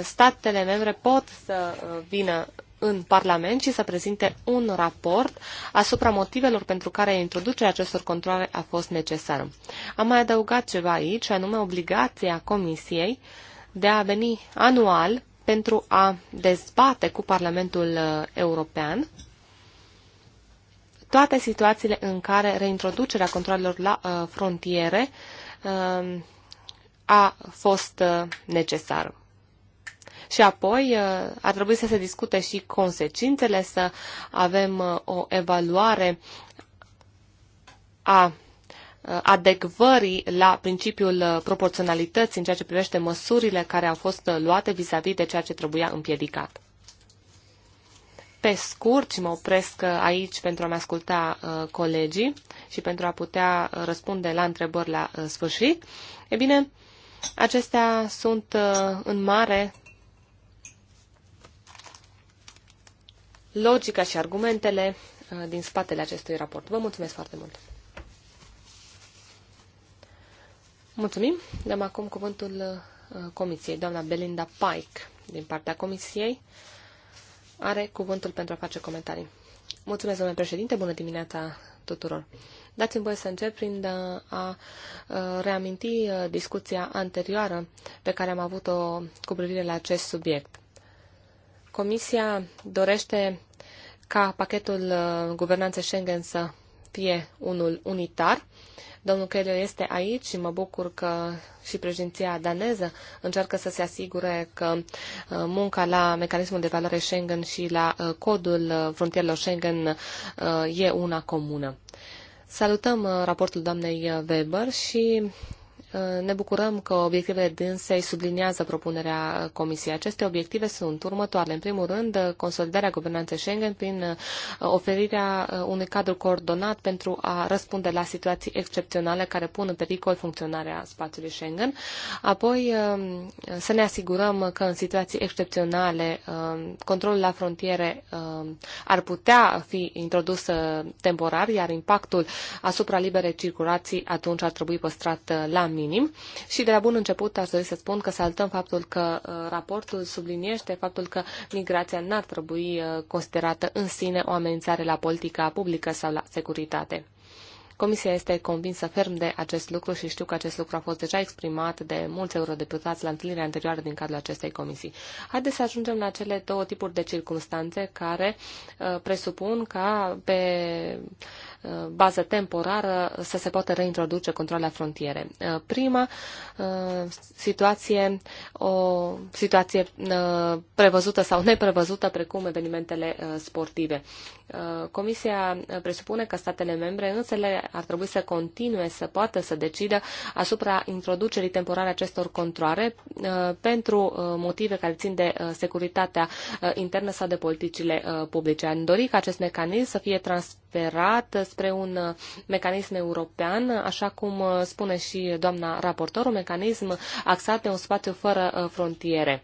statele membre pot să uh, vină în Parlament și să prezinte un raport asupra motivelor pentru care introducerea acestor controle a fost necesară. Am mai adăugat ceva aici, anume obligația Comisiei de a veni anual pentru a dezbate cu Parlamentul uh, European toate situațiile în care reintroducerea controlelor la uh, frontiere a fost necesară și apoi uh, ar trebui să se discute și consecințele, să avem uh, o evaluare a uh, adecvării la principiul proporționalității în ceea ce privește măsurile care au fost luate vis-a-vis -vis de ceea ce trebuia împiedicat. Pe scurt, și mă opresc aici pentru a-mi asculta colegii și pentru a putea răspunde la întrebări la sfârșit, e bine, acestea sunt în mare logica și argumentele uh, din spatele acestui raport. Vă mulțumesc foarte mult! Mulțumim! Dăm acum cuvântul uh, Comisiei. Doamna Belinda Pike, din partea Comisiei, are cuvântul pentru a face comentarii. Mulțumesc, domnule președinte, bună dimineața tuturor! Dați-mi voie să încep prin a uh, reaminti discuția anterioară pe care am avut-o cu privire la acest subiect. Comisia dorește ca pachetul uh, guvernanței Schengen să fie unul unitar. Domnul Keller este aici și mă bucur că și președinția daneză încearcă să se asigure că uh, munca la mecanismul de valoare Schengen și la uh, codul frontierelor Schengen e una comună. Salutăm raportul doamnei Weber și ne bucurăm că obiectivele dânsei subliniază propunerea Comisiei. Aceste obiective sunt următoarele. În primul rând, consolidarea guvernanței Schengen prin uh, oferirea uh, unui cadru coordonat pentru a răspunde la situații excepționale care pun în pericol funcționarea spațiului Schengen. Apoi, uh, să ne asigurăm că în situații excepționale controlul la frontiere ar putea fi introdus temporar, iar impactul asupra liberei circulații atunci ar trebui păstrat la minim minim și de la bun început aș dori să spun că saltăm faptul că uh, raportul subliniește faptul că migrația n-ar trebui uh, considerată în sine o amenințare la politica publică sau la securitate. Comisia este convinsă ferm de acest lucru și știu că acest lucru a fost deja exprimat de mulți eurodeputați la întâlnirea anterioară din cadrul acestei comisii. Haideți să ajungem la cele două tipuri de circunstanțe care uh, presupun ca pe uh, bază temporară să se poată reintroduce controlul frontiere. Uh, prima uh, situație, o situație uh, prevăzută sau neprevăzută precum evenimentele uh, sportive. Uh, Comisia presupune că statele membre însele ar trebui să continue să poată să decidă asupra introducerii temporare acestor controle uh, pentru uh, motive care țin de securitatea internă sau de politicile publice. Am dori ca acest mecanism să fie transferat spre un mecanism european, așa cum spune și doamna raportor, un mecanism axat pe un spațiu fără frontiere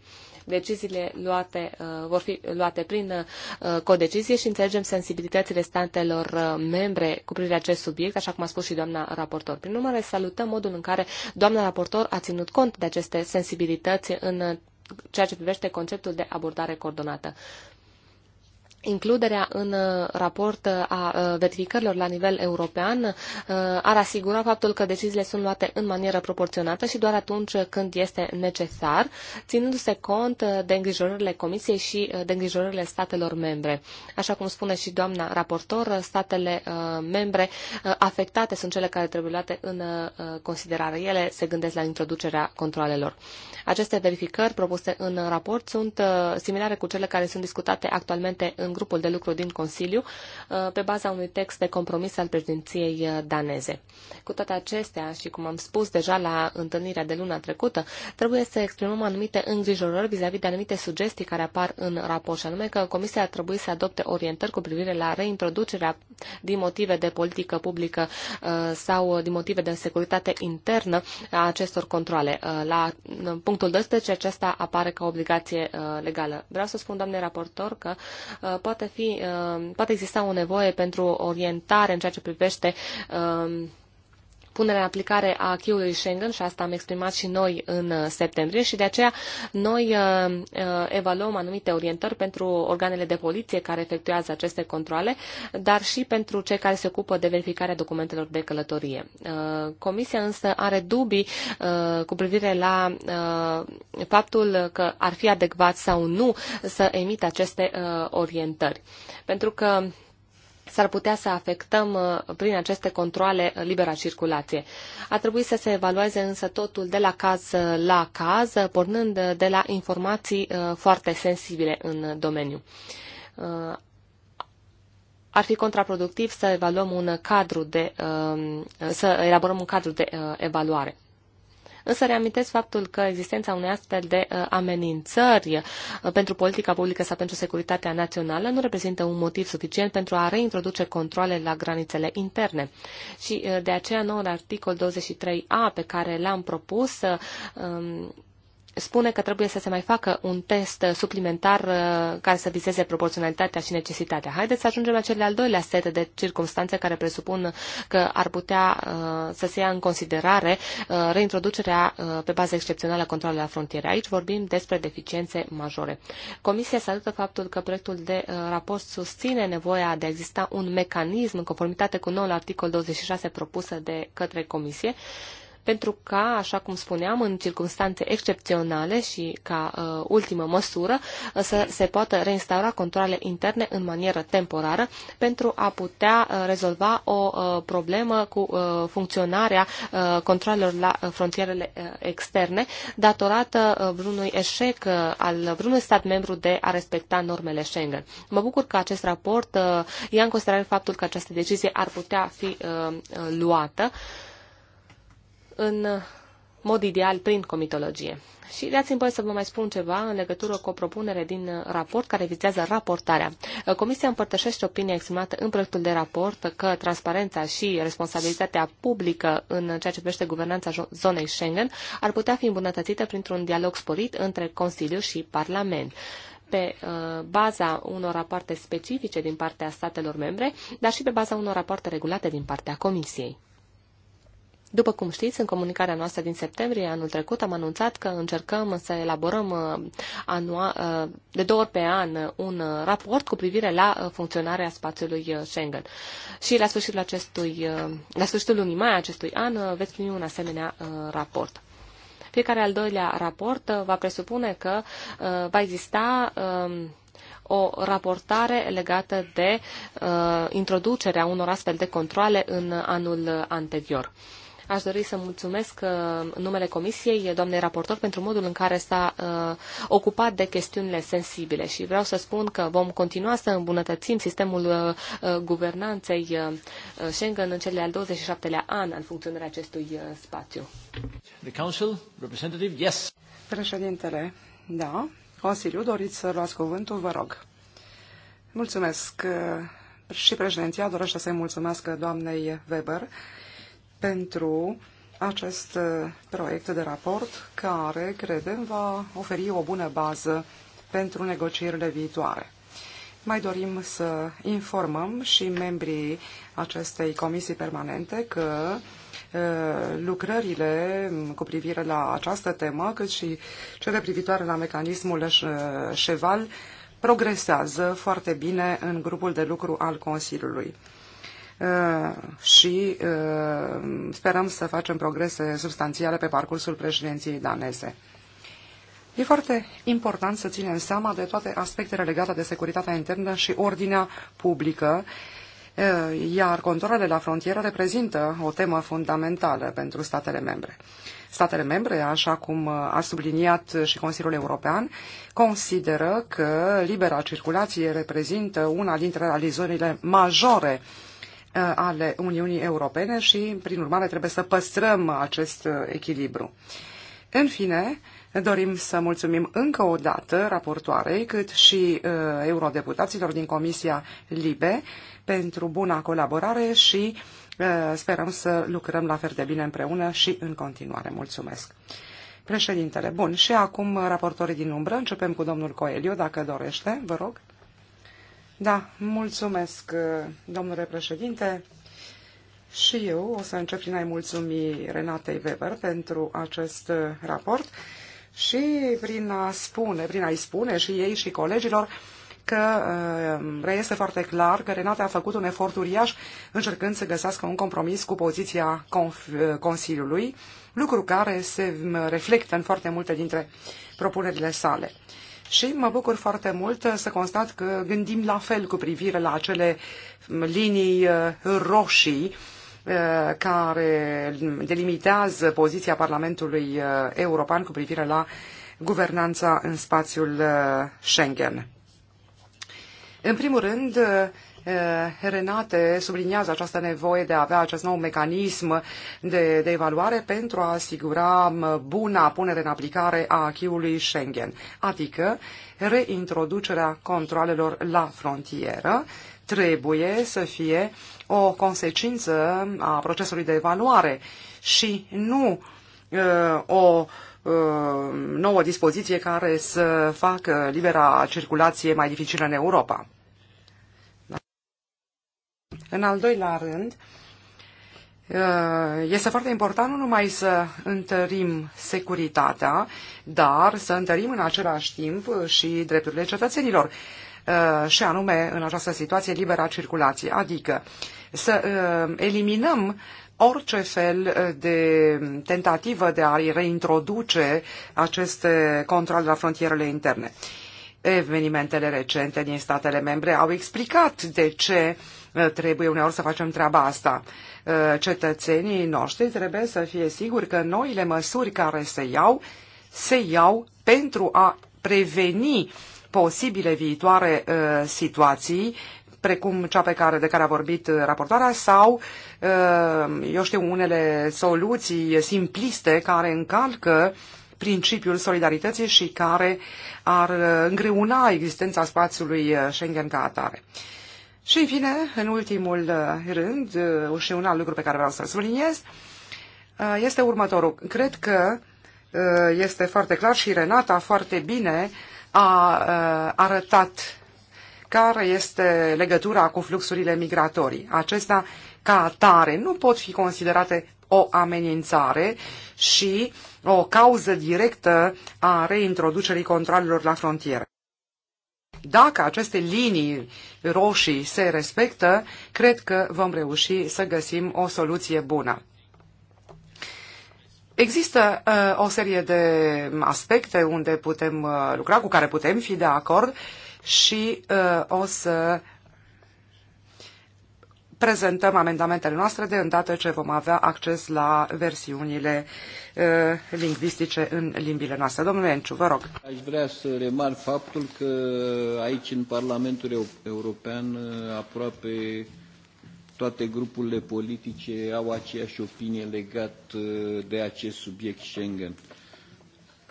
deciziile luate, uh, vor fi luate prin uh, codecizie și înțelegem sensibilitățile statelor uh, membre cu privire acest subiect, așa cum a spus și doamna raportor. Prin urmare, salutăm modul în care doamna raportor a ținut cont de aceste sensibilități în ceea ce privește conceptul de abordare coordonată. Includerea în uh, raport uh, a uh, verificărilor la nivel european ar asigura faptul că deciziile sunt luate în manieră proporționată și doar atunci când este necesar, ținându-se cont de îngrijorările Comisiei și de îngrijorările statelor membre. Așa cum spune și doamna raportor, statele membre afectate sunt cele care trebuie luate în considerare. Ele se gândesc la introducerea controalelor. Aceste verificări propuse în raport sunt similare cu cele care sunt discutate actualmente în în grupul de lucru din Consiliu uh, pe baza unui text de compromis al președinției uh, daneze. Cu toate acestea și cum am spus deja la întâlnirea de luna trecută, trebuie să exprimăm anumite îngrijorări vis-a-vis -vis de anumite sugestii care apar în raport, și anume că Comisia ar trebui să adopte orientări cu privire la reintroducerea din motive de politică publică uh, sau din motive de securitate internă a acestor controle. La punctul 12 aceasta apare ca obligație legală. Vreau să spun, doamne raportor, că poate, fi, uh, poate exista o nevoie pentru orientare în ceea ce privește um, punerea în aplicare a acquis Schengen și asta am exprimat și noi în uh, septembrie și de aceea noi uh, uh, evaluăm anumite orientări pentru organele de poliție care efectuează aceste controle, dar și pentru cei care se ocupă de verificarea documentelor de călătorie. Comisia însă are dubii cu privire la faptul că ar fi adecvat sau nu să emită aceste orientări. Pentru că s-ar putea să afectăm uh, prin aceste controle uh, libera circulație. A trebuit să se evalueze însă totul de la caz uh, la caz, pornând de la informații foarte sensibile în domeniu. Ar fi contraproductiv să evaluăm un cadru de, să elaborăm un cadru de evaluare. Însă reamintesc faptul că existența unei astfel de uh, amenințări uh, pentru politica publică sau pentru securitatea națională nu reprezintă un motiv suficient pentru a reintroduce controle la granițele interne. Și uh, de aceea noul articol 23a pe care l-am propus um, spune că trebuie să se mai facă un test suplimentar uh, care să vizeze proporționalitatea și necesitatea. Haideți să ajungem la cele al doilea set de circumstanțe care presupun că ar putea uh, să se ia în considerare uh, reintroducerea pe bază excepțională a controlului la frontiere. Aici vorbim despre deficiențe majore. Comisia salută faptul că proiectul de raport susține nevoia de a exista un mecanism în conformitate cu noul articol 26 propusă de către Comisie pentru ca, așa cum spuneam, în circunstanțe excepționale și ca uh, ultimă măsură uh, să se poată reinstaura controle interne în manieră temporară pentru a putea uh, rezolva o uh, problemă cu uh, funcționarea uh, controlelor la uh, frontierele uh, externe datorată uh, eșec uh, al vreunui stat membru de a respecta normele Schengen. Mă bucur că acest raport uh, ia în considerare faptul că această decizie ar putea fi uh, uh luată. Uh, în mod ideal prin comitologie. Și dați-mi voie să vă mai spun ceva în legătură cu o propunere din raport care vizează raportarea. Comisia împărtășește opinia exprimată în proiectul de raport că transparența și responsabilitatea publică în ceea ce privește guvernanța zonei Schengen ar putea fi îmbunătățită printr-un dialog sporit între Consiliu și Parlament pe uh, baza unor rapoarte specifice din partea statelor membre, dar și pe baza unor rapoarte regulate din partea Comisiei. După cum știți, în comunicarea noastră din septembrie anul trecut am anunțat că încercăm să elaborăm uh, anua, uh, de două ori pe an uh, un raport cu privire la funcționarea spațiului Schengen. Și la sfârșitul, acestui, la sfârșitul lunii mai acestui an veți primi un asemenea raport. Fiecare al doilea raport va presupune că va exista um, o raportare legată de uh, introducerea unor astfel de controle în anul anterior. Aș dori să mulțumesc uh, în numele Comisiei, doamnei raportor, pentru modul în care s-a uh, ocupat de chestiunile sensibile și vreau să spun că vom continua să îmbunătățim sistemul uh, guvernanței Schengen în cele al 27-lea an în funcționarea acestui spațiu. The Council, representative, yes. Președintele, da. Consiliu, doriți să luați cuvântul, vă rog. Mulțumesc și președinția dorește să-i mulțumesc doamnei Weber pentru acest uh, proiect de raport care, credem, va oferi o bună bază pentru negocierile viitoare. Mai dorim să informăm și membrii acestei comisii permanente că uh, lucrările cu privire la această temă, cât și cele privitoare la mecanismul uh, Cheval, progresează foarte bine în grupul de lucru al Consiliului. Uh, și uh, sperăm să facem progrese substanțiale pe parcursul președinției daneze. E foarte important să ținem seama de toate aspectele legate de securitatea internă și ordinea publică, uh, iar controlele la frontieră reprezintă o temă fundamentală pentru statele membre. Statele membre, așa cum a subliniat și Consiliul European, consideră că libera circulație reprezintă una dintre realizările majore uh, Uh, ale Uniunii Europene și, prin urmare, trebuie să păstrăm acest uh, echilibru. În fine, dorim să mulțumim încă o dată raportoarei, cât și uh, eurodeputaților din Comisia LIBE pentru buna colaborare și uh, sperăm să lucrăm la fel de bine împreună și în continuare. Mulțumesc! Președintele, bun, și acum raportorii din umbră, începem cu domnul Coelio, dacă dorește, vă rog. Da, mulțumesc, domnule președinte. Și eu o să încep prin a-i mulțumi Renatei Weber pentru acest raport și prin a spune, prin a-i spune și ei și colegilor că uh, reiese foarte clar că Renate a făcut un efort uriaș încercând să găsească un compromis cu poziția uh, Consiliului, lucru care se uh, reflectă în foarte multe dintre propunerile sale și mă bucur foarte mult să constat că gândim la fel cu privire la acele linii uh, roșii uh, care delimitează poziția Parlamentului uh, European cu privire la guvernanța în spațiul Schengen. În primul rând, Eh, Renate subliniază această nevoie de a avea acest nou mecanism de, de evaluare pentru a asigura buna punere în aplicare a achiului Schengen, adică reintroducerea controlelor la frontieră trebuie să fie o consecință a procesului de evaluare și nu eh, o eh, nouă dispoziție care să facă libera circulație mai dificilă în Europa. În al doilea rând, uh, este foarte important nu numai să întărim securitatea, dar să întărim în același timp și drepturile cetățenilor, uh, și anume în această situație libera circulație, adică să uh, eliminăm orice fel de tentativă de a reintroduce aceste control la frontierele interne. Evenimentele recente din statele membre au explicat de ce uh, Eh, trebuie uneori să facem treaba asta. Eh, cetățenii noștri trebuie să fie siguri că noile măsuri care se iau, se iau pentru a preveni posibile viitoare eh, situații precum cea pe care, de care a vorbit raportoarea, sau, eu știu, unele soluții simpliste care încalcă principiul solidarității și care ar îngreuna existența spațiului Schengen ca atare. Și, în fine, în ultimul uh, rând, uh, și un alt lucru pe care vreau să-l subliniez, uh, este următorul. Cred că este foarte clar și Renata foarte bine a arătat care este legătura cu fluxurile migratorii. Acestea, ca atare, nu pot fi considerate o amenințare și o cauză directă a reintroducerii controlelor la frontieră. Dacă aceste linii roșii se respectă, cred că vom reuși să găsim o soluție bună. Există uh, o serie de aspecte unde putem uh, lucra, cu care putem fi de acord și uh, o să prezentăm amendamentele noastre de îndată ce vom avea acces la versiunile uh, lingvistice în limbile noastre. Domnule Enciu, vă rog. Aș vrea să remarc faptul că aici, în Parlamentul European, uh, aproape toate grupurile politice au aceeași opinie legat uh, de acest subiect Schengen.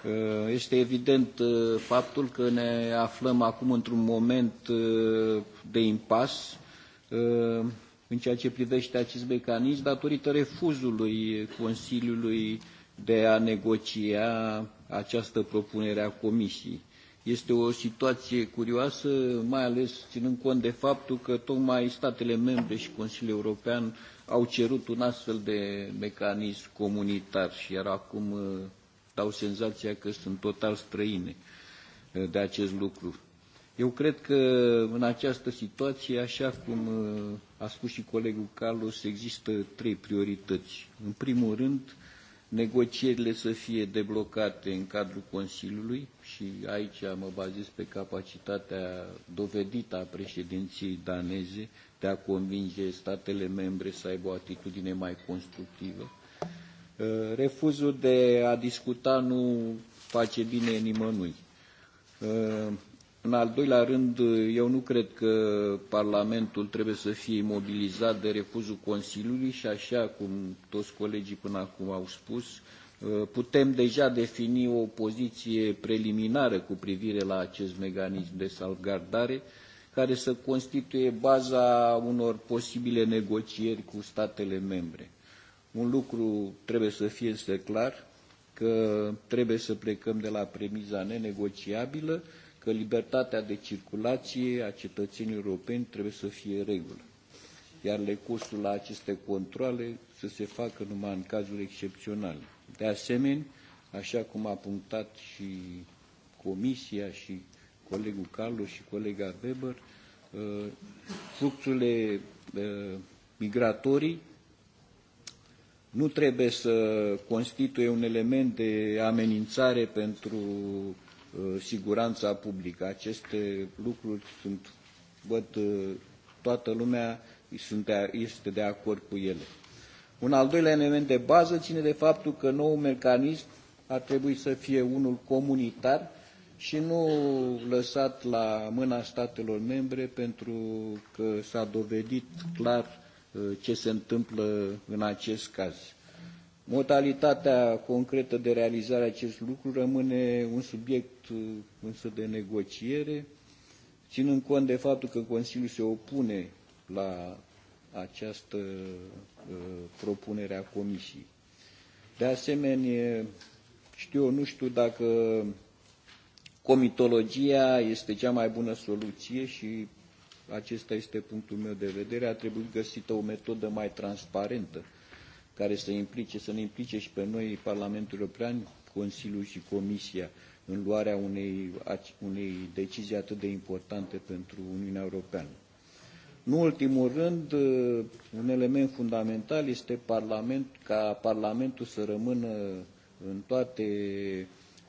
Uh, este evident faptul că ne aflăm acum într-un moment de impas în ceea ce privește acest mecanism datorită refuzului Consiliului de a negocia această propunere a Comisiei. Este o situație curioasă, mai ales ținând cont de faptul că tocmai statele membre și Consiliul European au cerut un astfel de mecanism comunitar și iar acum uh, dau senzația că sunt total străine uh, de acest lucru. Eu cred că în această situație, așa cum uh, a spus și colegul Carlos, există trei priorități. În primul rând, negocierile să fie deblocate în cadrul Consiliului și aici mă bazez pe capacitatea dovedită a președinției daneze de a convinge statele membre să aibă o atitudine mai constructivă. Uh, refuzul de a discuta nu face bine nimănui. Uh, în al doilea rând, eu nu cred că Parlamentul trebuie să fie imobilizat de refuzul Consiliului și așa cum toți colegii până acum au spus, putem deja defini o poziție preliminară cu privire la acest mecanism de salvgardare, care să constituie baza unor posibile negocieri cu statele membre. Un lucru trebuie să fie însă clar, că trebuie să plecăm de la premiza nenegociabilă, că libertatea de circulație a cetățenilor europeni trebuie să fie regulă, iar costul la aceste controle să se facă numai în cazuri excepționale. De asemenea, așa cum a punctat și Comisia și colegul Carlos și colega Weber, uh, fluxurile uh, migratorii nu trebuie să constituie un element de amenințare pentru Uh, siguranța publică. Aceste lucruri sunt, văd, uh, toată lumea este de acord cu ele. Un al doilea element de bază ține de faptul că noul mecanism ar trebui să fie unul comunitar și nu lăsat la mâna statelor membre pentru că s-a dovedit clar uh, ce se întâmplă în acest caz. Modalitatea concretă de realizare a acest lucru rămâne un subiect uh, însă de negociere, ținând cont de faptul că Consiliul se opune la această uh, propunere a Comisiei. De asemenea, știu eu, nu știu dacă comitologia este cea mai bună soluție și acesta este punctul meu de vedere. A trebuit găsită o metodă mai transparentă care să implice, să ne implice și pe noi, Parlamentul European, Consiliul și Comisia, în luarea unei, unei decizii atât de importante pentru Uniunea Europeană. Nu ultimul rând, uh, un element fundamental este Parlament, ca Parlamentul să rămână în toate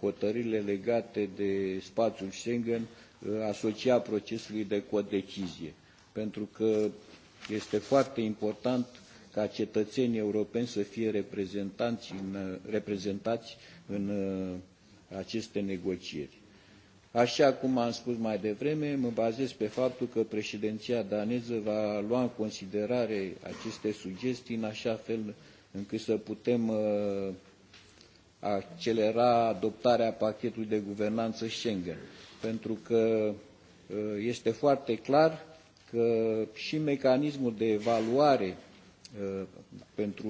hotările legate de spațiul Schengen uh, asociat procesului de codecizie. Pentru că este foarte important ca cetățenii europeni să fie reprezentanți în, uh, reprezentați în uh, aceste negocieri. Așa cum am spus mai devreme, mă bazez pe faptul că președinția daneză va lua în considerare aceste sugestii în așa fel încât să putem uh, accelera adoptarea pachetului de guvernanță Schengen. Pentru că este foarte clar că și mecanismul de evaluare Uh, pentru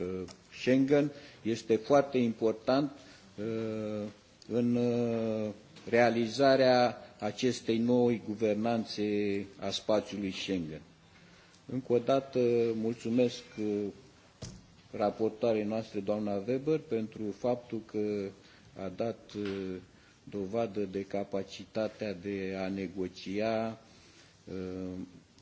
uh, Schengen este foarte important uh, în realizarea acestei noi guvernanțe a spațiului Schengen. Încă o dată mulțumesc raportoarei noastre, doamna Weber, pentru faptul că a dat dovadă de capacitatea de a negocia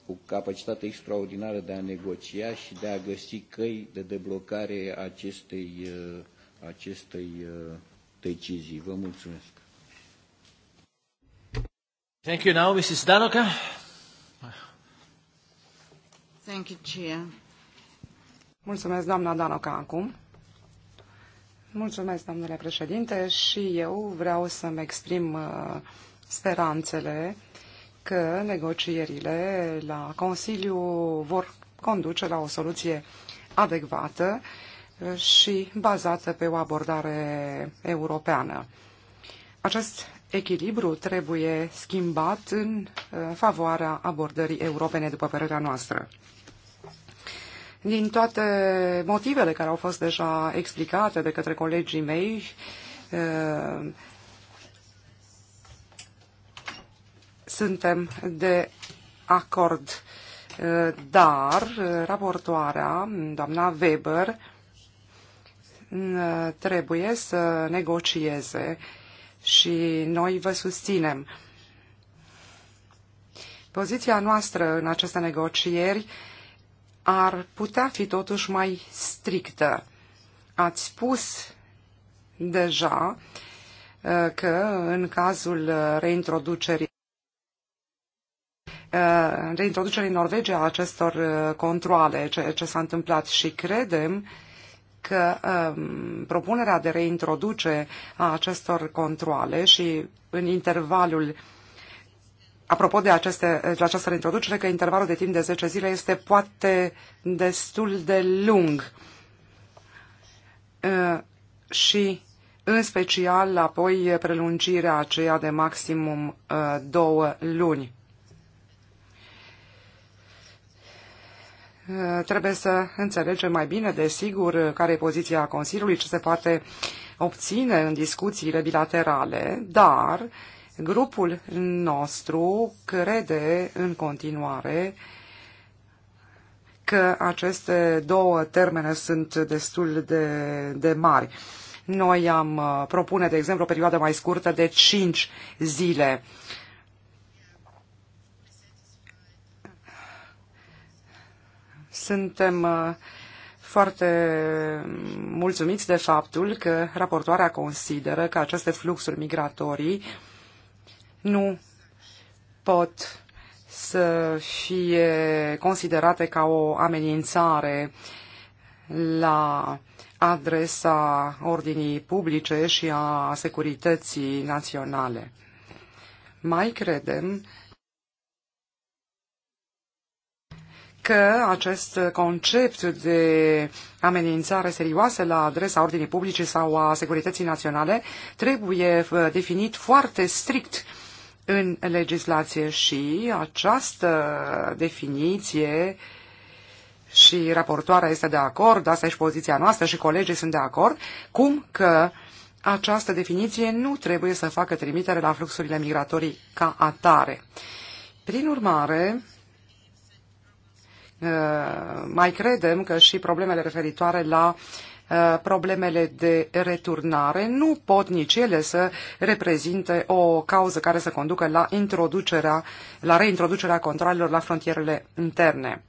cu capacitate extraordinară de a negocia și de a găsi căi de deblocare acestei, uh, acestei uh, decizii. Vă mulțumesc. Thank you now, Mrs. Danoka. Thank you, Chair. Mulțumesc, doamna Danoca, acum. Mulțumesc, domnule președinte, și eu vreau să-mi exprim uh, speranțele că negocierile la Consiliu vor conduce la o soluție adecvată și bazată pe o abordare europeană. Acest echilibru trebuie schimbat în uh, favoarea abordării europene, după părerea noastră. Din toate motivele care au fost deja explicate de către colegii mei, uh, suntem de acord, dar raportoarea, doamna Weber, trebuie să negocieze și noi vă susținem. Poziția noastră în aceste negocieri ar putea fi totuși mai strictă. Ați spus deja uh, că în cazul reintroducerii Uh, reintroducerii în Norvegia a acestor uh, controle, ce, ce s-a întâmplat și credem că um, propunerea de reintroduce a acestor controle și în intervalul apropo de, aceste, de această reintroducere, că intervalul de timp de 10 zile este poate destul de lung uh, și în special apoi prelungirea aceea de maximum uh, două luni. Trebuie să înțelegem mai bine, desigur, care e poziția Consiliului, ce se poate obține în discuțiile bilaterale, dar grupul nostru crede în continuare că aceste două termene sunt destul de, de mari. Noi am uh, propune, de exemplu, o perioadă mai scurtă de 5 zile. Uh, Suntem uh, foarte mulțumiți de faptul că raportoarea consideră că aceste fluxuri migratorii nu pot să fie considerate ca o amenințare la adresa ordinii publice și a securității naționale. Mai credem că acest concept de amenințare serioasă la adresa ordinii publice sau a securității naționale trebuie uh, definit foarte strict în legislație și această definiție și raportoarea este de acord, asta și poziția noastră și colegii sunt de acord, cum că această definiție nu trebuie să facă trimitere la fluxurile migratorii ca atare. Prin urmare, Uh, mai credem că și problemele referitoare la uh, problemele de returnare nu pot nici ele să reprezinte o cauză care să conducă la, introducerea, la reintroducerea controlelor la frontierele interne.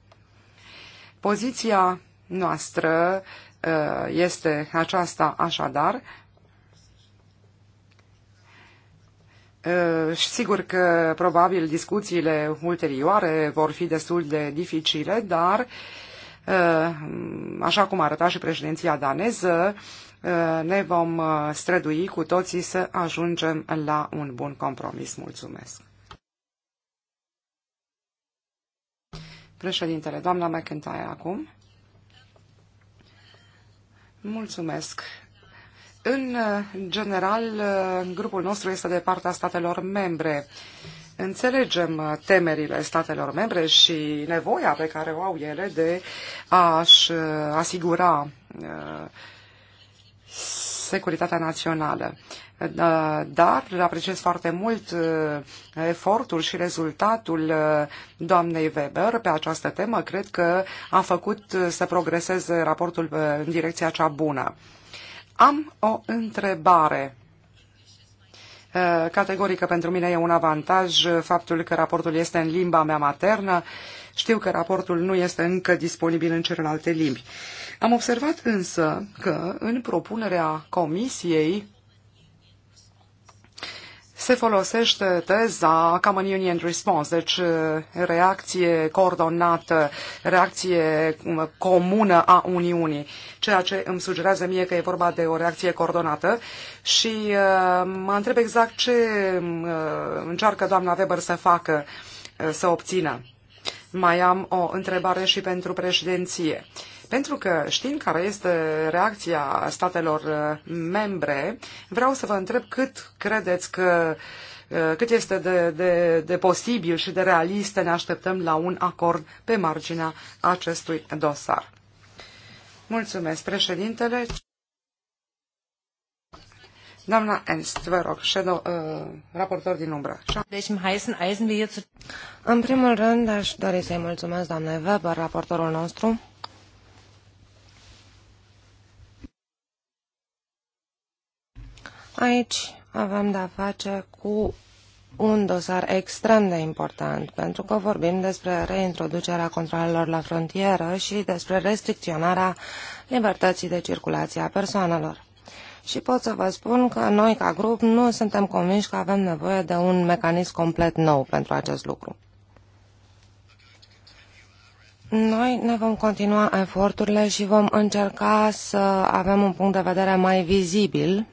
Poziția noastră uh, este aceasta așadar, sigur că probabil discuțiile ulterioare vor fi destul de dificile, dar așa cum arăta și președinția daneză, ne vom strădui cu toții să ajungem la un bun compromis. Mulțumesc! Președintele, doamna McIntyre, acum. Mulțumesc, în general, grupul nostru este de partea statelor membre. Înțelegem temerile statelor membre și nevoia pe care o au ele de a-și uh, asigura uh, securitatea națională. Uh, dar apreciez foarte mult efortul și rezultatul doamnei Weber pe această temă. Cred că a făcut să progreseze raportul în direcția cea bună. Am o întrebare. Uh, categorică pentru mine e un avantaj faptul că raportul este în limba mea maternă. Știu că raportul nu este încă disponibil în celelalte limbi. Am observat însă că în propunerea comisiei se folosește teza common union response, deci eh, reacție coordonată, reacție eh, comună a Uniunii, ceea ce îmi sugerează mie că e vorba de o reacție coordonată și eh, mă întreb exact ce încearcă doamna Weber să facă, să obțină. Mai am o întrebare și pentru președinție. Pentru că știm care este reacția statelor uh, membre, vreau să vă întreb cât credeți că uh, cât este de, de, de posibil și de realist să ne așteptăm la un acord pe marginea acestui dosar. Mulțumesc, președintele. Doamna Ernst, vă rog, shadow, uh, raportor din umbră. În primul rând, aș dori să-i mulțumesc doamne Weber, raportorul nostru, Aici avem de-a face cu un dosar extrem de important, pentru că vorbim despre reintroducerea controlelor la frontieră și despre restricționarea libertății de circulație a persoanelor. Și pot să vă spun că noi, ca grup, nu suntem convinși că avem nevoie de un mecanism complet nou pentru acest lucru. Noi ne vom continua eforturile și vom încerca să avem un punct de vedere mai vizibil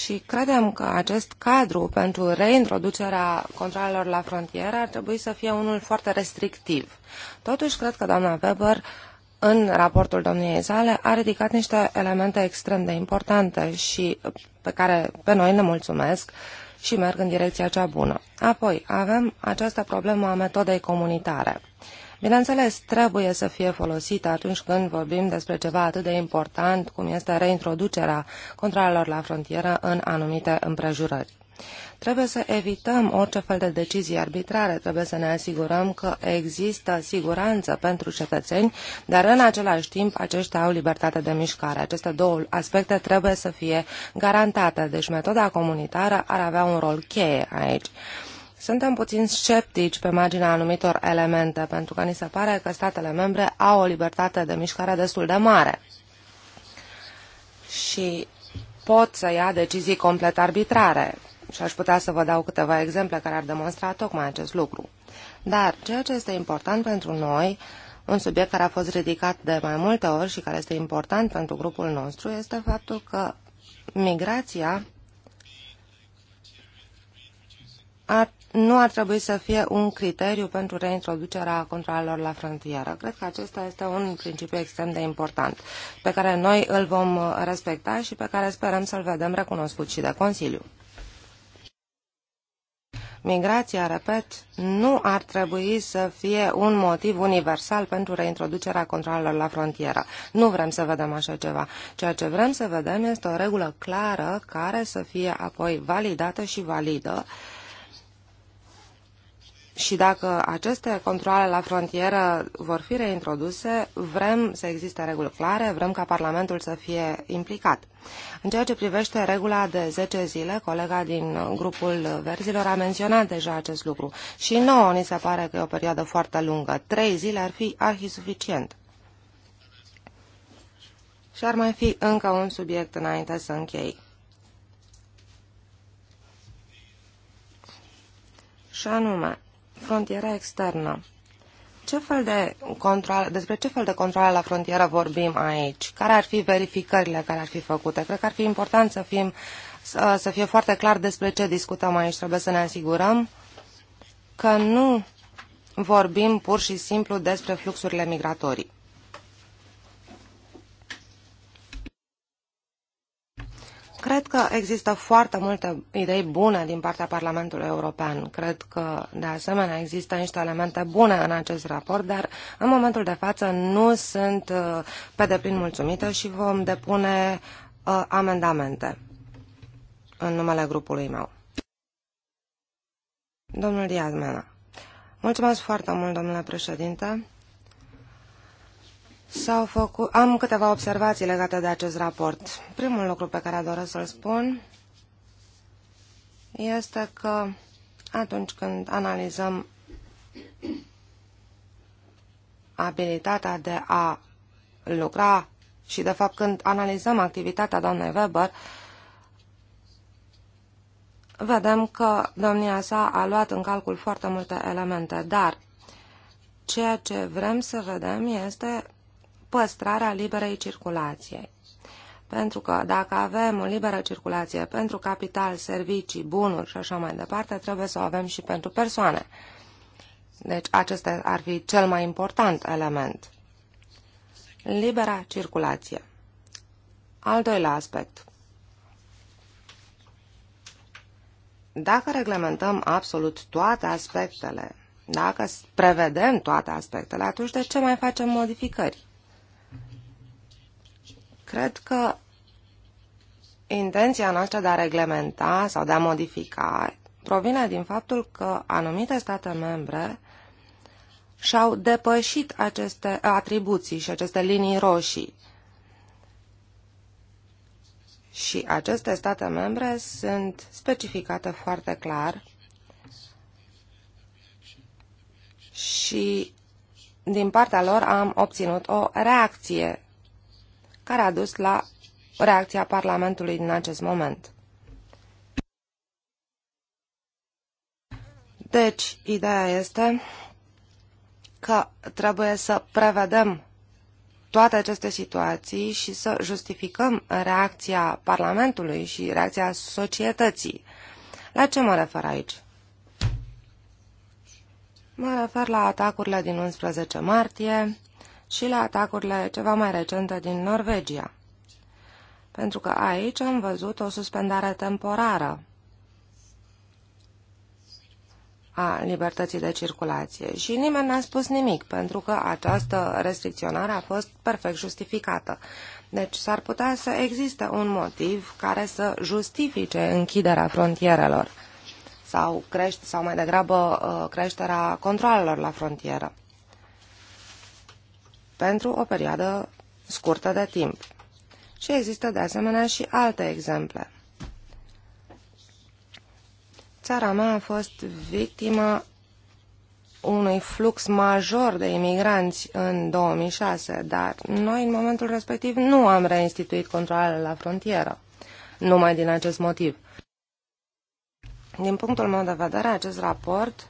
și credem că acest cadru pentru reintroducerea controlelor la frontieră ar trebui să fie unul foarte restrictiv. Totuși, cred că doamna Weber, în raportul domniei sale, a ridicat niște elemente extrem de importante și pe care pe noi ne mulțumesc și merg în direcția cea bună. Apoi, avem această problemă a metodei comunitare. Uh, Bineînțeles, trebuie să fie folosită atunci când vorbim despre ceva atât de important cum este reintroducerea controlelor la frontieră în anumite împrejurări. Trebuie să evităm orice fel de decizii arbitrare, trebuie să ne asigurăm că există siguranță pentru cetățeni, dar în același timp aceștia au libertate de mișcare. Aceste două aspecte trebuie să fie garantate, deci metoda comunitară ar avea un rol cheie aici. Suntem puțin sceptici pe marginea anumitor elemente, pentru că ni se pare că statele membre au o libertate de mișcare destul de mare și pot să ia decizii complet arbitrare. Și aș putea să vă dau câteva exemple care ar demonstra tocmai acest lucru. Dar ceea ce este important pentru noi, un subiect care a fost ridicat de mai multe ori și care este important pentru grupul nostru, este faptul că migrația ar nu ar trebui să fie un criteriu pentru reintroducerea controlelor la frontieră. Cred că acesta este un principiu extrem de important, pe care noi îl vom respecta și pe care sperăm să-l vedem recunoscut și de Consiliu. Migrația, repet, nu ar trebui să fie un motiv universal pentru reintroducerea controlelor la frontieră. Nu vrem să vedem așa ceva. Ceea ce vrem să vedem este o regulă clară care să fie apoi validată și validă și dacă aceste controle la frontieră vor fi reintroduse, vrem să existe reguli clare, vrem ca Parlamentul să fie implicat. În ceea ce privește regula de 10 zile, colega din grupul verzilor a menționat deja acest lucru și nouă ni se pare că e o perioadă foarte lungă. Trei zile ar fi arhisuficient. Și ar mai fi încă un subiect înainte să închei. Și anume, frontiera externă. Ce fel de control, despre ce fel de controle la frontieră vorbim aici? Care ar fi verificările care ar fi făcute? Cred că ar fi important să, fim, să, să fie foarte clar despre ce discutăm aici. Trebuie să ne asigurăm că nu vorbim pur și simplu despre fluxurile migratorii. Cred că există foarte multe idei bune din partea Parlamentului European. Cred că, de asemenea, există niște elemente bune în acest raport, dar în momentul de față nu sunt uh, pe deplin mulțumită și vom depune uh, amendamente în numele grupului meu. Domnul Diaz Mena. Mulțumesc foarte mult, domnule președinte. S-au făcut... Am câteva observații legate de acest raport. Primul lucru pe care doresc să-l spun este că atunci când analizăm abilitatea de a lucra și, de fapt, când analizăm activitatea doamnei Weber, vedem că domnia sa a luat în calcul foarte multe elemente, dar ceea ce vrem să vedem este păstrarea liberei circulației. Pentru că dacă avem o liberă circulație pentru capital, servicii, bunuri și așa mai departe, trebuie să o avem și pentru persoane. Deci acesta ar fi cel mai important element. Libera circulație. Al doilea aspect. Dacă reglementăm absolut toate aspectele, dacă prevedem toate aspectele, atunci de ce mai facem modificări? Cred că intenția noastră de a reglementa sau de a modifica provine din faptul că anumite state membre și-au depășit aceste atribuții și aceste linii roșii. Și aceste state membre sunt specificate foarte clar și din partea lor am obținut o reacție care a dus la reacția Parlamentului din acest moment. Deci, ideea este că trebuie să prevedem toate aceste situații și să justificăm reacția Parlamentului și reacția societății. La ce mă refer aici? Mă refer la atacurile din 11 martie, și la atacurile ceva mai recente din Norvegia. Pentru că aici am văzut o suspendare temporară a libertății de circulație și nimeni n-a spus nimic, pentru că această restricționare a fost perfect justificată. Deci s-ar putea să existe un motiv care să justifice închiderea frontierelor sau, crește, sau mai degrabă uh, creșterea controlelor la frontieră pentru o perioadă scurtă de timp. Și există de asemenea și alte exemple. Țara mea a fost victima unui flux major de imigranți în 2006, dar noi în momentul respectiv nu am reinstituit controlele la frontieră, numai din acest motiv. Din punctul meu de vedere, acest raport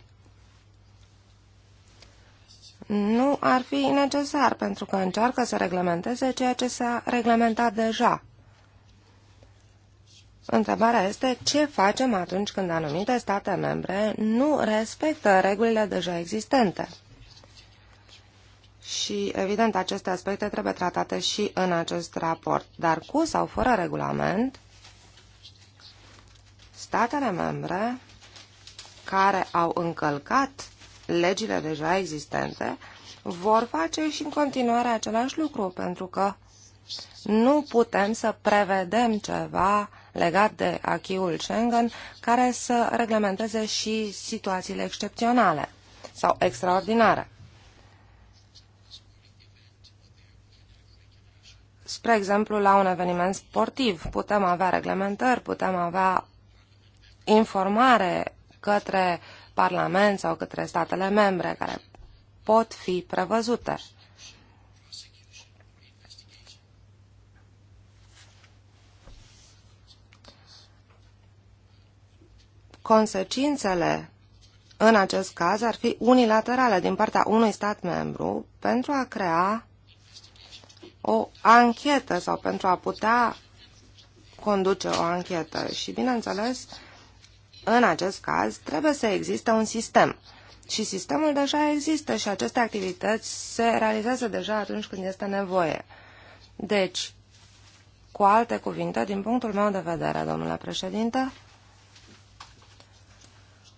nu ar fi necesar, pentru că încearcă să reglementeze ceea ce s-a reglementat deja. Întrebarea este ce facem atunci când anumite state membre nu respectă regulile deja existente. Și, evident, aceste aspecte trebuie tratate și în acest raport, dar cu sau fără regulament, statele membre care au încălcat legile deja existente vor face și în continuare același lucru, pentru că nu putem să prevedem ceva legat de achiul Schengen care să reglementeze și situațiile excepționale sau extraordinare. Spre exemplu, la un eveniment sportiv putem avea reglementări, putem avea informare către Parlament sau către statele membre, care pot fi prevăzute. Consecințele în acest caz ar fi unilaterale din partea unui stat membru pentru a crea o anchetă sau pentru a putea conduce o anchetă. Și, bineînțeles, uh, în acest caz, trebuie să existe un sistem. Și sistemul deja există și aceste activități se realizează deja atunci când este nevoie. Deci, cu alte cuvinte, din punctul meu de vedere, domnule președinte,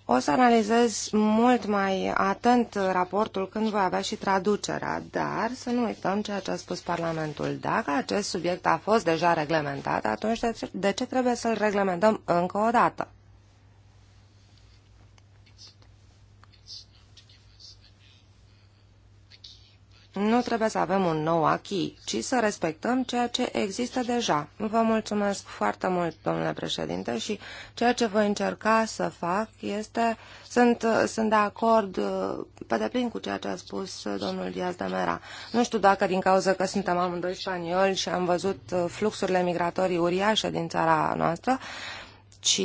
o să analizez mult mai atent raportul când voi avea și traducerea, dar să nu uităm ceea ce a spus Parlamentul. Dacă acest subiect a fost deja reglementat, atunci de ce trebuie să-l reglementăm încă o dată? Nu trebuie să avem un nou achi, ci să respectăm ceea ce există deja. Vă mulțumesc foarte mult, domnule președinte, și ceea ce voi încerca să fac este... Sunt, sunt de acord uh, pe deplin cu ceea ce a spus domnul Diaz de Mera. Nu știu dacă din cauza că suntem amândoi spanioli și am văzut uh, fluxurile migratorii uriașe din țara noastră, ci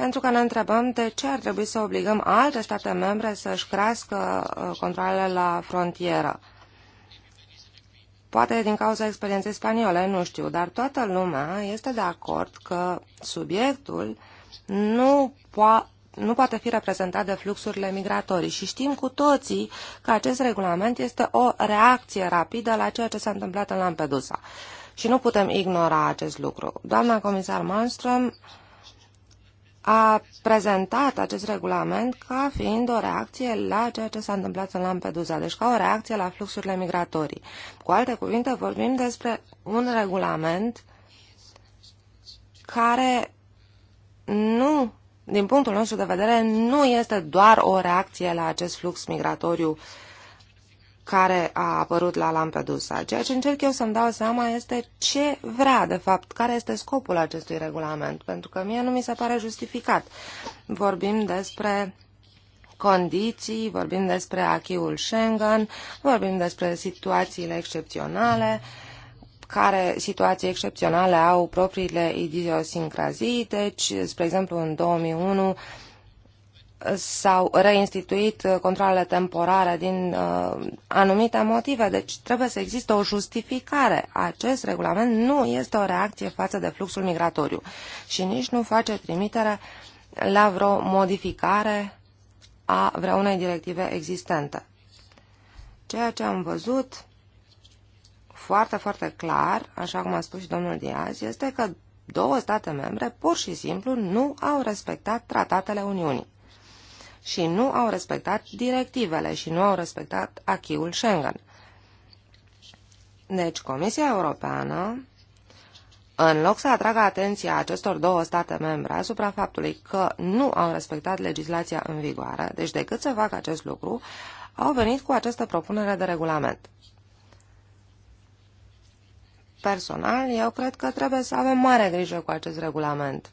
pentru că ne întrebăm de ce ar trebui să obligăm alte state membre să-și crească uh, controlele la frontieră. Poate din cauza experienței spaniole, nu știu, dar toată lumea este de acord că subiectul nu, po- nu poate fi reprezentat de fluxurile migratorii și știm cu toții că acest regulament este o reacție rapidă la ceea ce s-a întâmplat în Lampedusa. Și nu putem ignora acest lucru. Doamna comisar Malmström a prezentat acest regulament ca fiind o reacție la ceea ce s-a întâmplat în Lampedusa, deci ca o reacție la fluxurile migratorii. Cu alte cuvinte, vorbim despre un regulament care nu, din punctul nostru de vedere, nu este doar o reacție la acest flux migratoriu uh, care a apărut la Lampedusa. Ceea ce încerc eu să-mi dau seama este ce vrea, de fapt, care este scopul acestui regulament, pentru că mie nu mi se pare justificat. Vorbim despre condiții, vorbim despre achiul Schengen, vorbim despre situațiile excepționale, care situații excepționale au propriile idiosincrazii, deci, spre exemplu, în 2001 s-au reinstituit uh, controlele temporare din uh, anumite motive, deci trebuie să existe o justificare. Acest regulament nu este o reacție față de fluxul migratoriu și nici nu face trimitere la vreo modificare a vreunei directive existente. Ceea ce am văzut foarte, foarte clar, așa cum a spus și domnul Diaz, este că două state membre pur și simplu nu au respectat tratatele Uniunii și nu au respectat directivele și nu au respectat achiul Schengen. Deci Comisia Europeană, în loc să atragă atenția acestor două state membre asupra faptului că nu au respectat legislația în vigoare, deci decât să facă acest lucru, au venit cu această propunere de regulament. Personal, eu cred că trebuie să avem mare grijă cu acest regulament,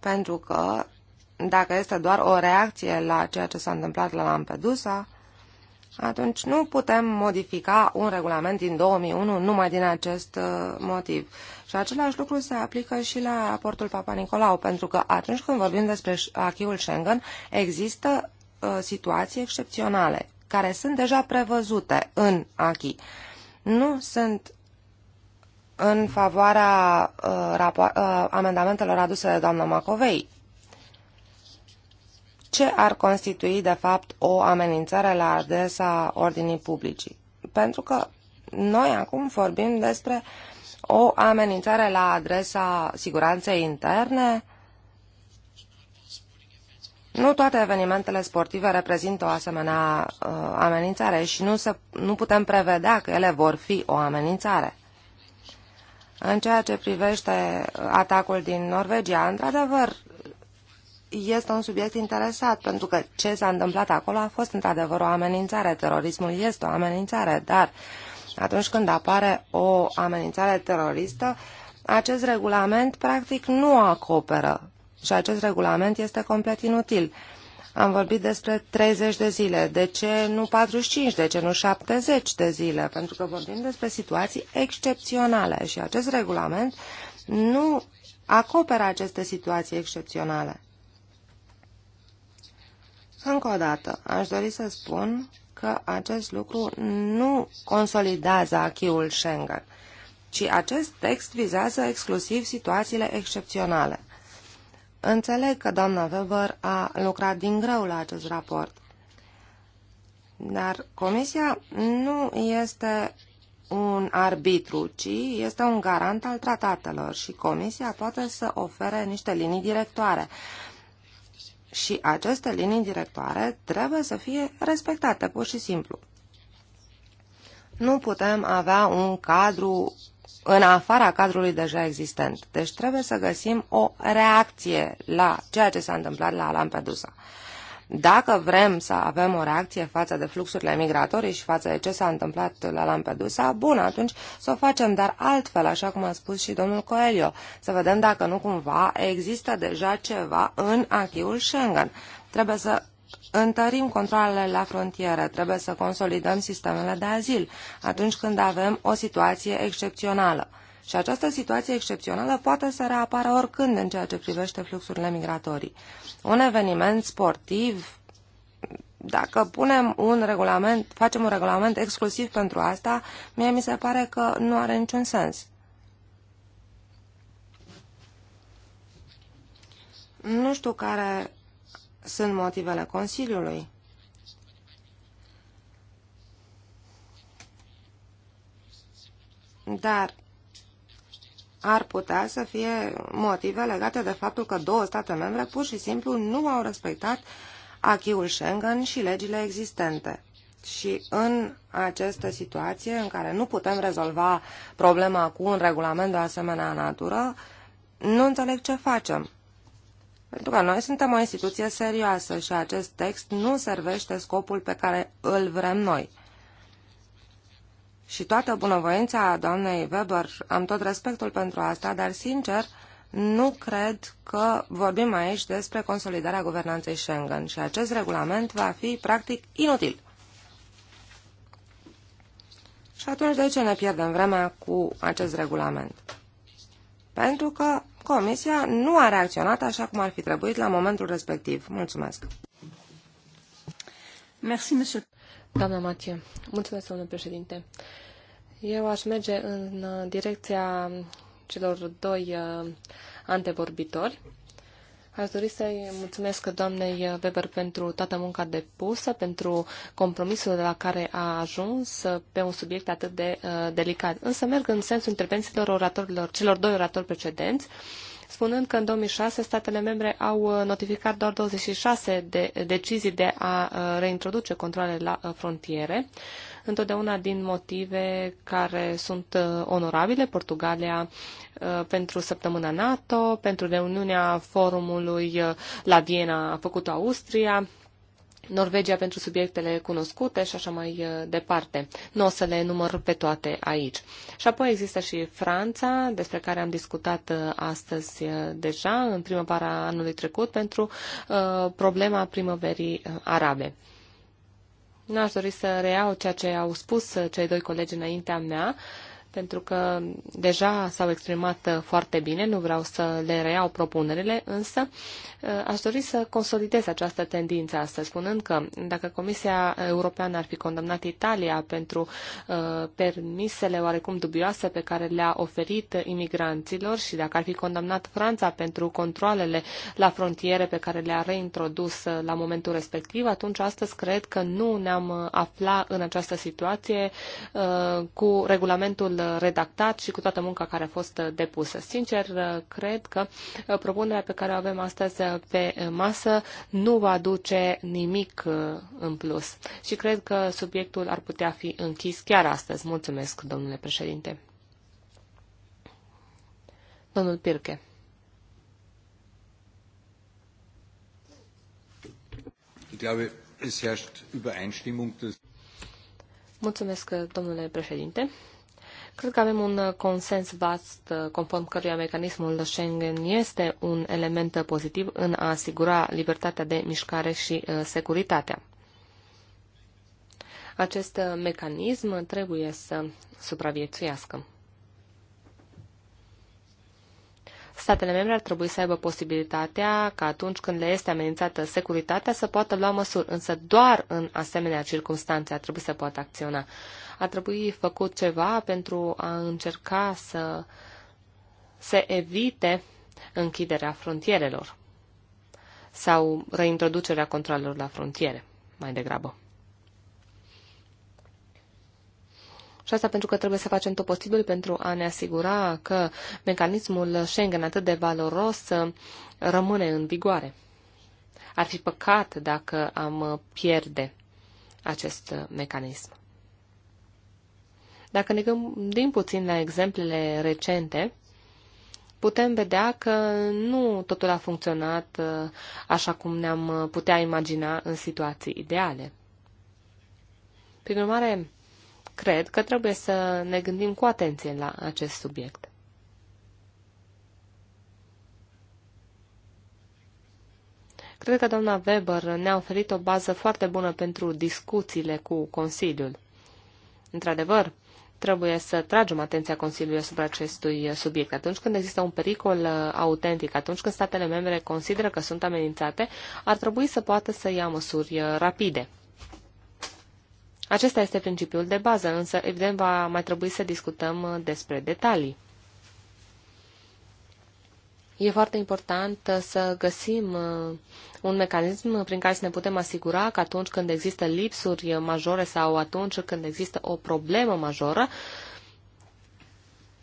pentru că dacă este doar o reacție la ceea ce s-a întâmplat la Lampedusa, atunci nu putem modifica un regulament din 2001 numai din acest uh, motiv. Și același lucru se aplică și la raportul Papa Nicolau, pentru că atunci când vorbim despre achiul Schengen, există uh, situații excepționale care sunt deja prevăzute în achi. Nu sunt în favoarea uh, uh, amendamentelor aduse de doamna Macovei, ce ar constitui, de fapt, o amenințare la adresa ordinii publicii. Pentru că noi acum vorbim despre o amenințare la adresa siguranței interne. Nu toate evenimentele sportive reprezintă o asemenea uh, amenințare și nu, se, nu putem prevedea că ele vor fi o amenințare. În ceea ce privește atacul din Norvegia, într-adevăr, este un subiect interesat, pentru că ce s-a întâmplat acolo a fost într-adevăr o amenințare. Terorismul este o amenințare, dar atunci când apare o amenințare teroristă, acest regulament practic nu acoperă și acest regulament este complet inutil. Am vorbit despre 30 de zile, de ce nu 45, de ce nu 70 de zile, pentru că vorbim despre situații excepționale și acest regulament nu acoperă aceste situații excepționale. Încă o dată, aș dori să spun că acest lucru nu consolidează achiul Schengen, ci acest text vizează exclusiv situațiile excepționale. Înțeleg că doamna Weber a lucrat din greu la acest raport, dar Comisia nu este un arbitru, ci este un garant al tratatelor și Comisia poate să ofere niște linii directoare. Și aceste linii directoare trebuie să fie respectate, pur și simplu. Nu putem avea un cadru în afara cadrului deja existent. Deci trebuie să găsim o reacție la ceea ce s-a întâmplat la Lampedusa. Dacă vrem să avem o reacție față de fluxurile migratorii și față de ce s-a întâmplat la Lampedusa, bun, atunci să o facem, dar altfel, așa cum a spus și domnul Coelho, să vedem dacă nu cumva există deja ceva în achiul Schengen. Trebuie să întărim controlele la frontieră, trebuie să consolidăm sistemele de azil atunci când avem o situație excepțională. Și această situație excepțională poate să reapară oricând în ceea ce privește fluxurile migratorii. Un eveniment sportiv, dacă punem un regulament, facem un regulament exclusiv pentru asta, mie mi se pare că nu are niciun sens. Nu știu care sunt motivele Consiliului. Dar ar putea să fie motive legate de faptul că două state membre pur și simplu nu au respectat achiul Schengen și legile existente. Și în această situație în care nu putem rezolva problema cu un regulament de asemenea natură, nu înțeleg ce facem. Pentru că noi suntem o instituție serioasă și acest text nu servește scopul pe care îl vrem noi și toată bunăvoința doamnei Weber, am tot respectul pentru asta, dar sincer, nu cred că vorbim aici despre consolidarea guvernanței Schengen și acest regulament va fi practic inutil. Și atunci de ce ne pierdem vremea cu acest regulament? Pentru că Comisia nu a reacționat așa cum ar fi trebuit la momentul respectiv. Mulțumesc! Merci, monsieur. Doamna Matie, mulțumesc, domnule președinte. Eu aș merge în uh, direcția celor doi uh, antevorbitori. Aș dori să-i mulțumesc doamnei Weber pentru toată munca depusă, pentru compromisul de la care a ajuns pe un subiect atât de uh, delicat. Însă merg în sensul intervențiilor oratorilor, celor doi oratori precedenți, uh, spunând că în 2006 statele membre au uh, notificat doar 26 de decizii de a uh, reintroduce controle la uh, frontiere, întotdeauna din motive care sunt onorabile, Portugalia pentru săptămâna NATO, pentru reuniunea forumului la Viena a făcut Austria, Norvegia pentru subiectele cunoscute și așa mai uh, departe. Nu o să le număr pe toate aici. Și apoi există și Franța, despre care am discutat uh, astăzi uh, deja, în primăvara anului trecut, pentru problema primăverii arabe. Nu aș dori să reiau ceea ce au spus cei doi colegi înaintea mea. Uh, pentru că deja s-au exprimat uh, foarte bine, nu vreau să le reiau propunerile, însă uh, aș dori să consolidez această tendință astăzi, spunând că dacă Comisia Europeană ar fi condamnat Italia pentru uh, permisele oarecum dubioase pe care le-a oferit imigranților și dacă ar fi condamnat Franța pentru controlele la frontiere pe care le-a reintrodus la momentul respectiv, atunci astăzi cred că nu ne-am afla în această situație cu regulamentul redactat și cu toată munca care a fost depusă. Sincer, cred că propunerea pe care o avem astăzi pe masă nu va aduce nimic uh, în plus și cred că subiectul ar putea fi închis chiar astăzi. Mulțumesc, domnule președinte. Domnul Pirke. Mulțumesc, domnule președinte. Cred că avem un uh, consens vast uh, conform căruia mecanismul Schengen este un element pozitiv în a asigura libertatea de mișcare și uh, securitatea. Acest mecanism trebuie să supraviețuiască. statele membre ar trebui să aibă posibilitatea ca atunci când le este amenințată securitatea să poată lua măsuri, însă doar în asemenea circunstanțe ar trebui să poată acționa. Ar trebui făcut ceva pentru a încerca să se evite închiderea frontierelor sau reintroducerea controlelor la frontiere, mai degrabă. Și asta pentru că trebuie să facem tot posibil pentru a ne asigura că mecanismul Schengen atât de valoros uh, rămâne în vigoare. Ar fi păcat dacă am uh, pierde acest uh, mecanism. Dacă ne gândim puțin la exemplele recente, putem vedea că nu totul a funcționat așa cum ne-am putea imagina în situații ideale. Prin urmare, cred că trebuie să ne gândim cu atenție la acest subiect. Cred că doamna Weber ne-a oferit o bază foarte bună pentru discuțiile cu Consiliul. Într-adevăr, trebuie să tragem atenția Consiliului asupra acestui subiect. Atunci când există un pericol uh, autentic, atunci când statele membre consideră că sunt amenințate, ar trebui să poată să ia măsuri uh, rapide. Acesta este principiul de bază, însă evident va mai trebui să discutăm uh, despre detalii. E foarte important uh, să găsim uh, un mecanism prin care să ne putem asigura că atunci când există lipsuri majore sau atunci când există o problemă majoră,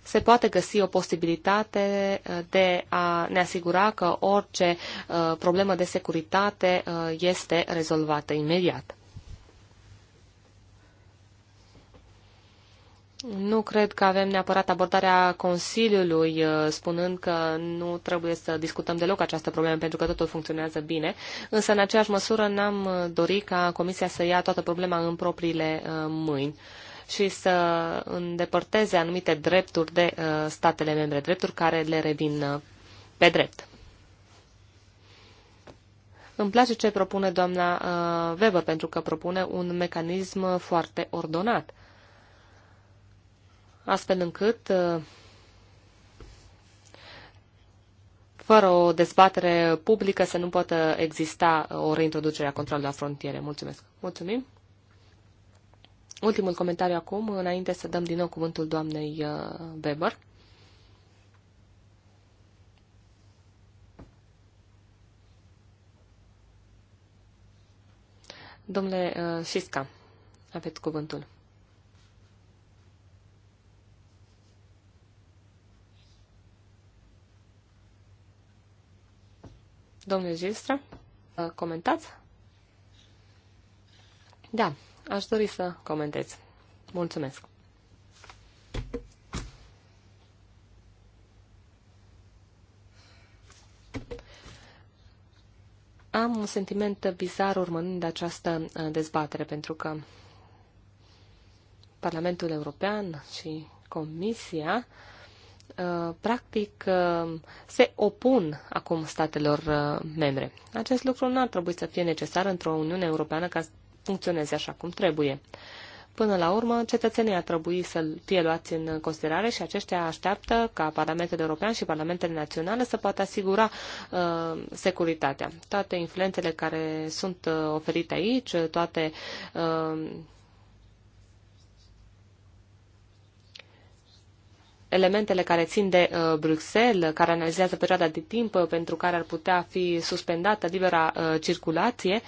se poate găsi o posibilitate de a ne asigura că orice problemă de securitate este rezolvată imediat. Nu cred că avem neapărat abordarea Consiliului uh, spunând că nu trebuie să discutăm deloc această problemă pentru că totul funcționează bine, însă în aceeași măsură n-am uh, dorit ca Comisia să ia toată problema în propriile uh, mâini și să îndepărteze anumite drepturi de statele membre, drepturi care le revin pe drept. Îmi place ce propune doamna Weber, pentru că propune un mecanism foarte ordonat astfel încât uh, fără o dezbatere publică să nu poată exista o reintroducere a controlului la frontiere. Mulțumesc. Mulțumim. Ultimul comentariu acum, înainte să dăm din nou cuvântul doamnei uh, Weber. Domnule uh, Șisca, aveți cuvântul. Domnule Gilstra, comentați? Da, aș dori să comentez. Mulțumesc. Am un sentiment bizar urmând această uh, dezbatere, pentru că Parlamentul European și Comisia uh, Uh, practic uh, se opun acum statelor uh, membre. Acest lucru nu ar trebui să fie necesar într-o Uniune Europeană ca să funcționeze așa cum trebuie. Până la urmă, cetățenii ar trebui să fie luați în considerare și aceștia așteaptă ca Parlamentul European și Parlamentele Naționale să poată asigura uh, securitatea. Toate influențele care sunt oferite aici, toate uh, elementele care țin de uh, Bruxelles, care analizează perioada de timp uh, pentru care ar putea fi suspendată libera uh, circulație,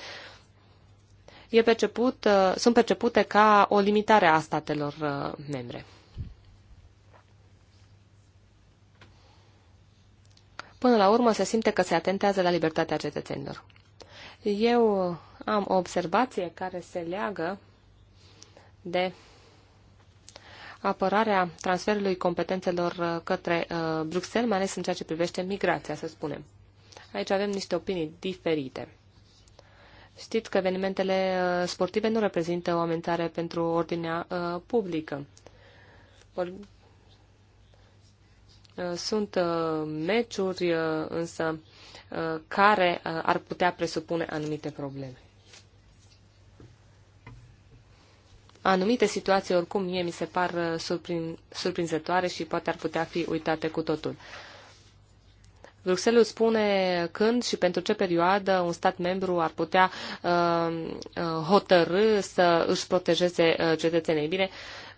e perceput, uh, sunt percepute ca o limitare a statelor uh, membre. Până la urmă se simte că se atentează la libertatea cetățenilor. Eu am o observație care se leagă de apărarea transferului competențelor uh, către uh, Bruxelles, mai ales în ceea ce privește migrația, să spunem. Aici avem niște opinii diferite. Știți că evenimentele uh, sportive nu reprezintă o amenințare pentru ordinea publică. Sunt meciuri, însă, care ar putea presupune anumite probleme. Anumite situații, oricum, mie mi se par uh, surprin, surprinzătoare și poate ar putea fi uitate cu totul. Bruxelles spune când și pentru ce perioadă un stat membru ar putea uh, uh hotărâ să își protejeze uh, cetățenii. Bine,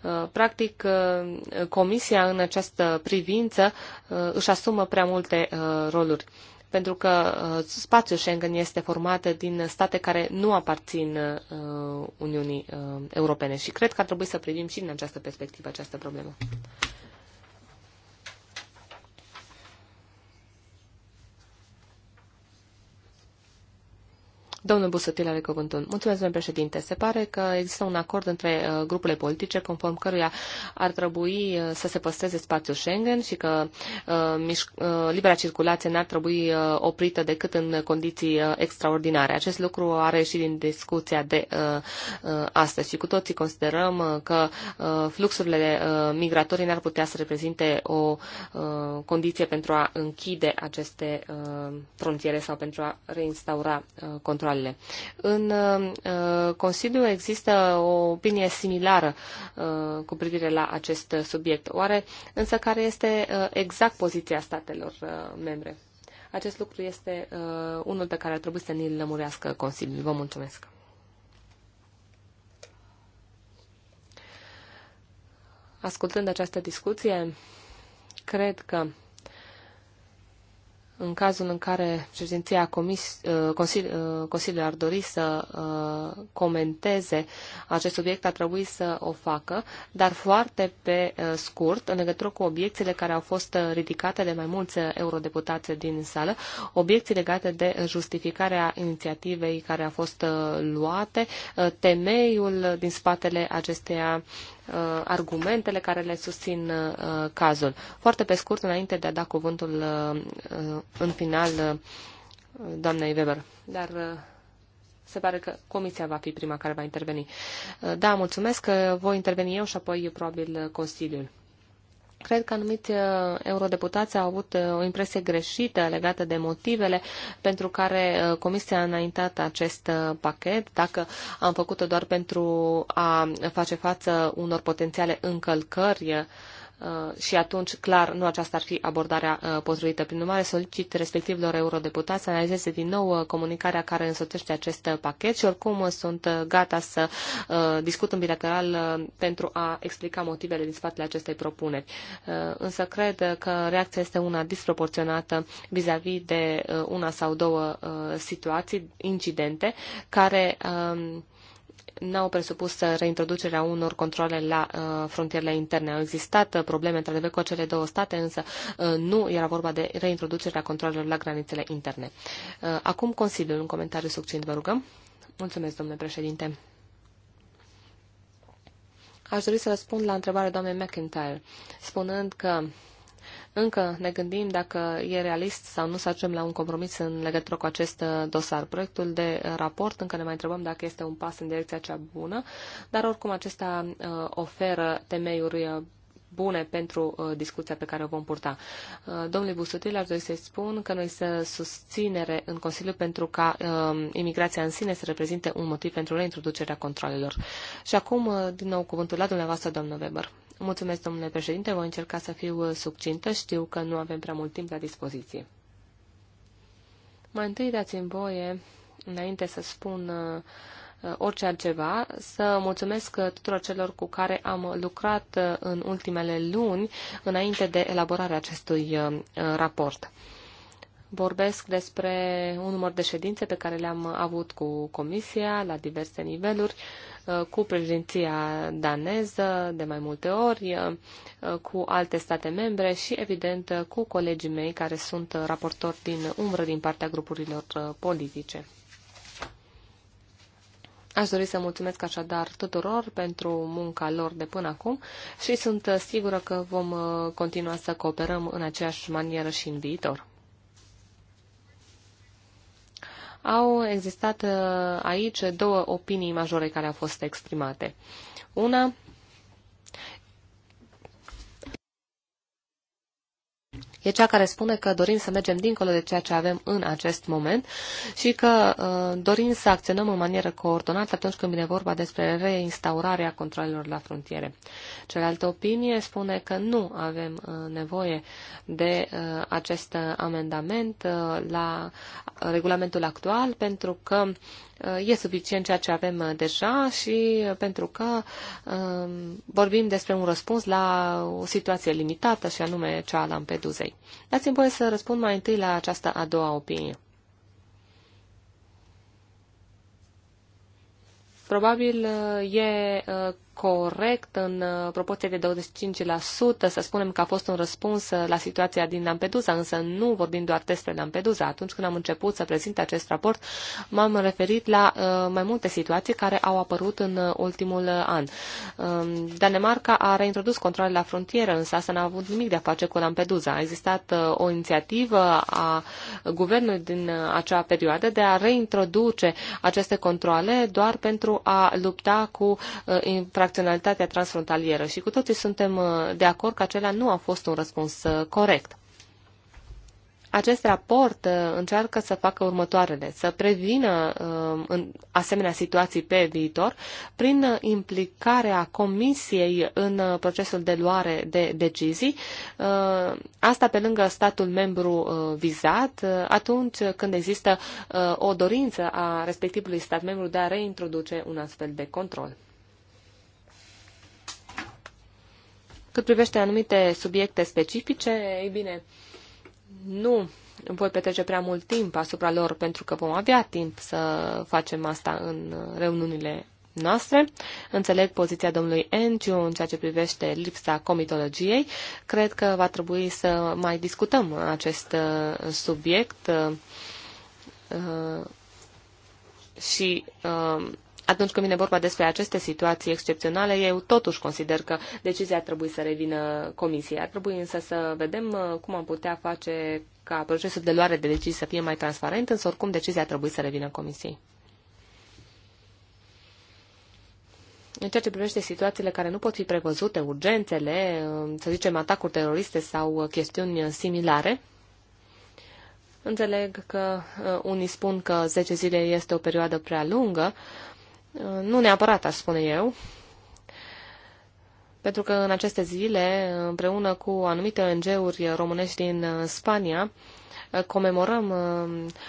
uh, practic, uh, Comisia în această privință uh, își asumă prea multe uh, roluri. Uh, pentru că uh, spațiul Schengen este format din state care nu aparțin uh, Uniunii uh, Europene și cred că ar trebui să privim și din această perspectivă această problemă. Domnul Busutil are cuvântul. Mulțumesc, domnule președinte. Se pare că există un acord între uh, grupurile politice conform căruia ar trebui uh, să se păstreze spațiul Schengen și că uh, libera circulație n-ar trebui oprită decât în condiții extraordinare. Acest lucru a reieșit din discuția de astăzi și cu toții considerăm că fluxurile migratorii n-ar putea să reprezinte o condiție pentru a închide aceste frontiere sau pentru a reinstaura controlul controlele. În uh, Consiliu există o opinie similară uh, cu privire la acest subiect. Oare însă care este uh, exact poziția statelor membre? Acest lucru este unul pe care ar trebui să ne-l lămurească Consiliul. Vă mulțumesc! Ascultând această discuție, cred că în cazul în care președinția comis, uh, uh, Consiliului ar dori să uh, comenteze acest subiect, ar trebui să o facă, dar foarte pe scurt, în legătură cu obiecțiile care au fost ridicate de mai mulți eurodeputați din sală, obiecții legate de justificarea inițiativei care a fost luate, temeiul din spatele acesteia Uh, argumentele care le susțin uh, cazul. Foarte pe scurt, înainte de a da cuvântul uh, în final doamnei Weber, dar se pare că comisia va fi prima care va interveni. Da, mulțumesc că voi interveni eu și apoi probabil Consiliul. Cred că anumiți uh, eurodeputați au avut uh, o impresie greșită legată de motivele pentru care uh, Comisia a înaintat acest pachet, dacă am făcut-o doar pentru a face față unor potențiale încălcări Uh, și atunci, clar, nu aceasta ar fi abordarea uh, potrivită. Prin urmare, solicit respectivilor eurodeputați să analizeze din nou uh, comunicarea care însoțește acest pachet și oricum sunt gata să discut în bilateral pentru a explica motivele din spatele acestei propuneri. Însă cred că reacția este una disproporționată vis-a-vis -vis de una sau două situații, incidente, care um, n-au presupus reintroducerea unor controle la uh, frontierele interne. Au existat uh, probleme, într-adevăr, cu cele două state, însă uh, nu era vorba de reintroducerea controlelor la granițele interne. Uh, acum, Consiliul, un comentariu succint, vă rugăm. Mulțumesc, domnule președinte. Aș dori să răspund la întrebarea doamnei McIntyre, spunând că încă ne gândim dacă e realist sau nu să ajungem la un compromis în legătură cu acest uh, dosar. Proiectul de raport încă ne mai întrebăm dacă este un pas în direcția cea bună, dar oricum acesta uh, oferă temeiuri uh, bune pentru uh, discuția pe care o vom purta. Uh, domnului Busutil, ar dori să-i spun că noi să susținere în Consiliu pentru ca uh, imigrația în sine să reprezinte un motiv pentru reintroducerea controlelor. Și acum, uh, din nou, cuvântul la dumneavoastră, domnul Weber. Mulțumesc, domnule președinte. Voi încerca să fiu uh, succintă. Știu că nu avem prea mult timp la dispoziție. Mai întâi dați-mi voie, înainte să spun uh, uh, orice altceva, să mulțumesc tuturor celor cu care am lucrat în ultimele luni înainte de elaborarea acestui raport. Vorbesc despre un număr de ședințe pe care le-am avut cu Comisia la diverse niveluri, Uh, cu președinția daneză de mai multe ori, uh, cu alte state membre și, evident, uh, cu colegii mei care sunt raportori din umbră din partea grupurilor politice. Aș dori să mulțumesc așadar tuturor pentru munca lor de până acum și sunt sigură că vom continua să cooperăm în aceeași manieră și în viitor. au existat uh, aici două opinii majore care au fost exprimate. Una e cea care spune că dorim să mergem dincolo de ceea ce avem în acest moment și că uh, dorim să acționăm în manieră coordonată atunci când vine vorba despre reinstaurarea controlelor la frontiere. Cealaltă opinie spune că nu avem uh, nevoie de uh, acest amendament uh, la regulamentul actual pentru că Uh, e suficient ceea ce avem uh, deja și uh, pentru că um, vorbim despre un răspuns la o situație limitată și anume cea a Lampeduzei. Dați-mi voie să răspund mai întâi la această a doua opinie. Probabil e corect în uh, proporție de 25%, să spunem că a fost un răspuns uh, la situația din Lampedusa, însă nu vorbim doar despre Lampedusa. Atunci când am început să prezint acest raport, m-am referit la uh, mai multe situații care au apărut în ultimul an. Um, Danemarca a reintrodus controle la frontieră, însă asta n-a avut nimic de a face cu Lampedusa. A existat o inițiativă a guvernului din acea perioadă de a reintroduce aceste controle doar pentru a lupta cu infracțiunile infracționalitatea transfrontalieră și cu toții suntem uh, de acord că acela nu a fost un răspuns uh, corect. Acest raport uh, încearcă să facă următoarele, să prevină în asemenea situații pe viitor prin implicarea Comisiei în procesul de luare de decizii, asta pe lângă statul membru vizat, atunci când există o dorință a respectivului stat membru de a reintroduce un astfel de control. Cât privește anumite subiecte specifice, ei bine, nu voi petrece prea mult timp asupra lor pentru că vom avea timp să facem asta în reuniunile noastre. Înțeleg poziția domnului Enciu în ceea ce privește lipsa comitologiei. Cred că va trebui să mai discutăm acest uh, subiect uh, uh, și atunci când vine vorba despre aceste situații excepționale, eu totuși consider că decizia ar trebui să revină comisiei. Ar trebui însă să vedem uh, cum am putea face ca procesul de luare de decizii să fie mai transparent, însă oricum decizia ar trebui să revină comisiei. În ceea ce privește situațiile care nu pot fi prevăzute, urgențele, uh, să zicem atacuri teroriste sau uh, chestiuni similare, Înțeleg că unii spun că 10 zile este o perioadă prea lungă, Uh, nu neapărat, aș spune eu, pentru că în aceste zile, împreună cu anumite ONG-uri românești din uh, Spania, uh, comemorăm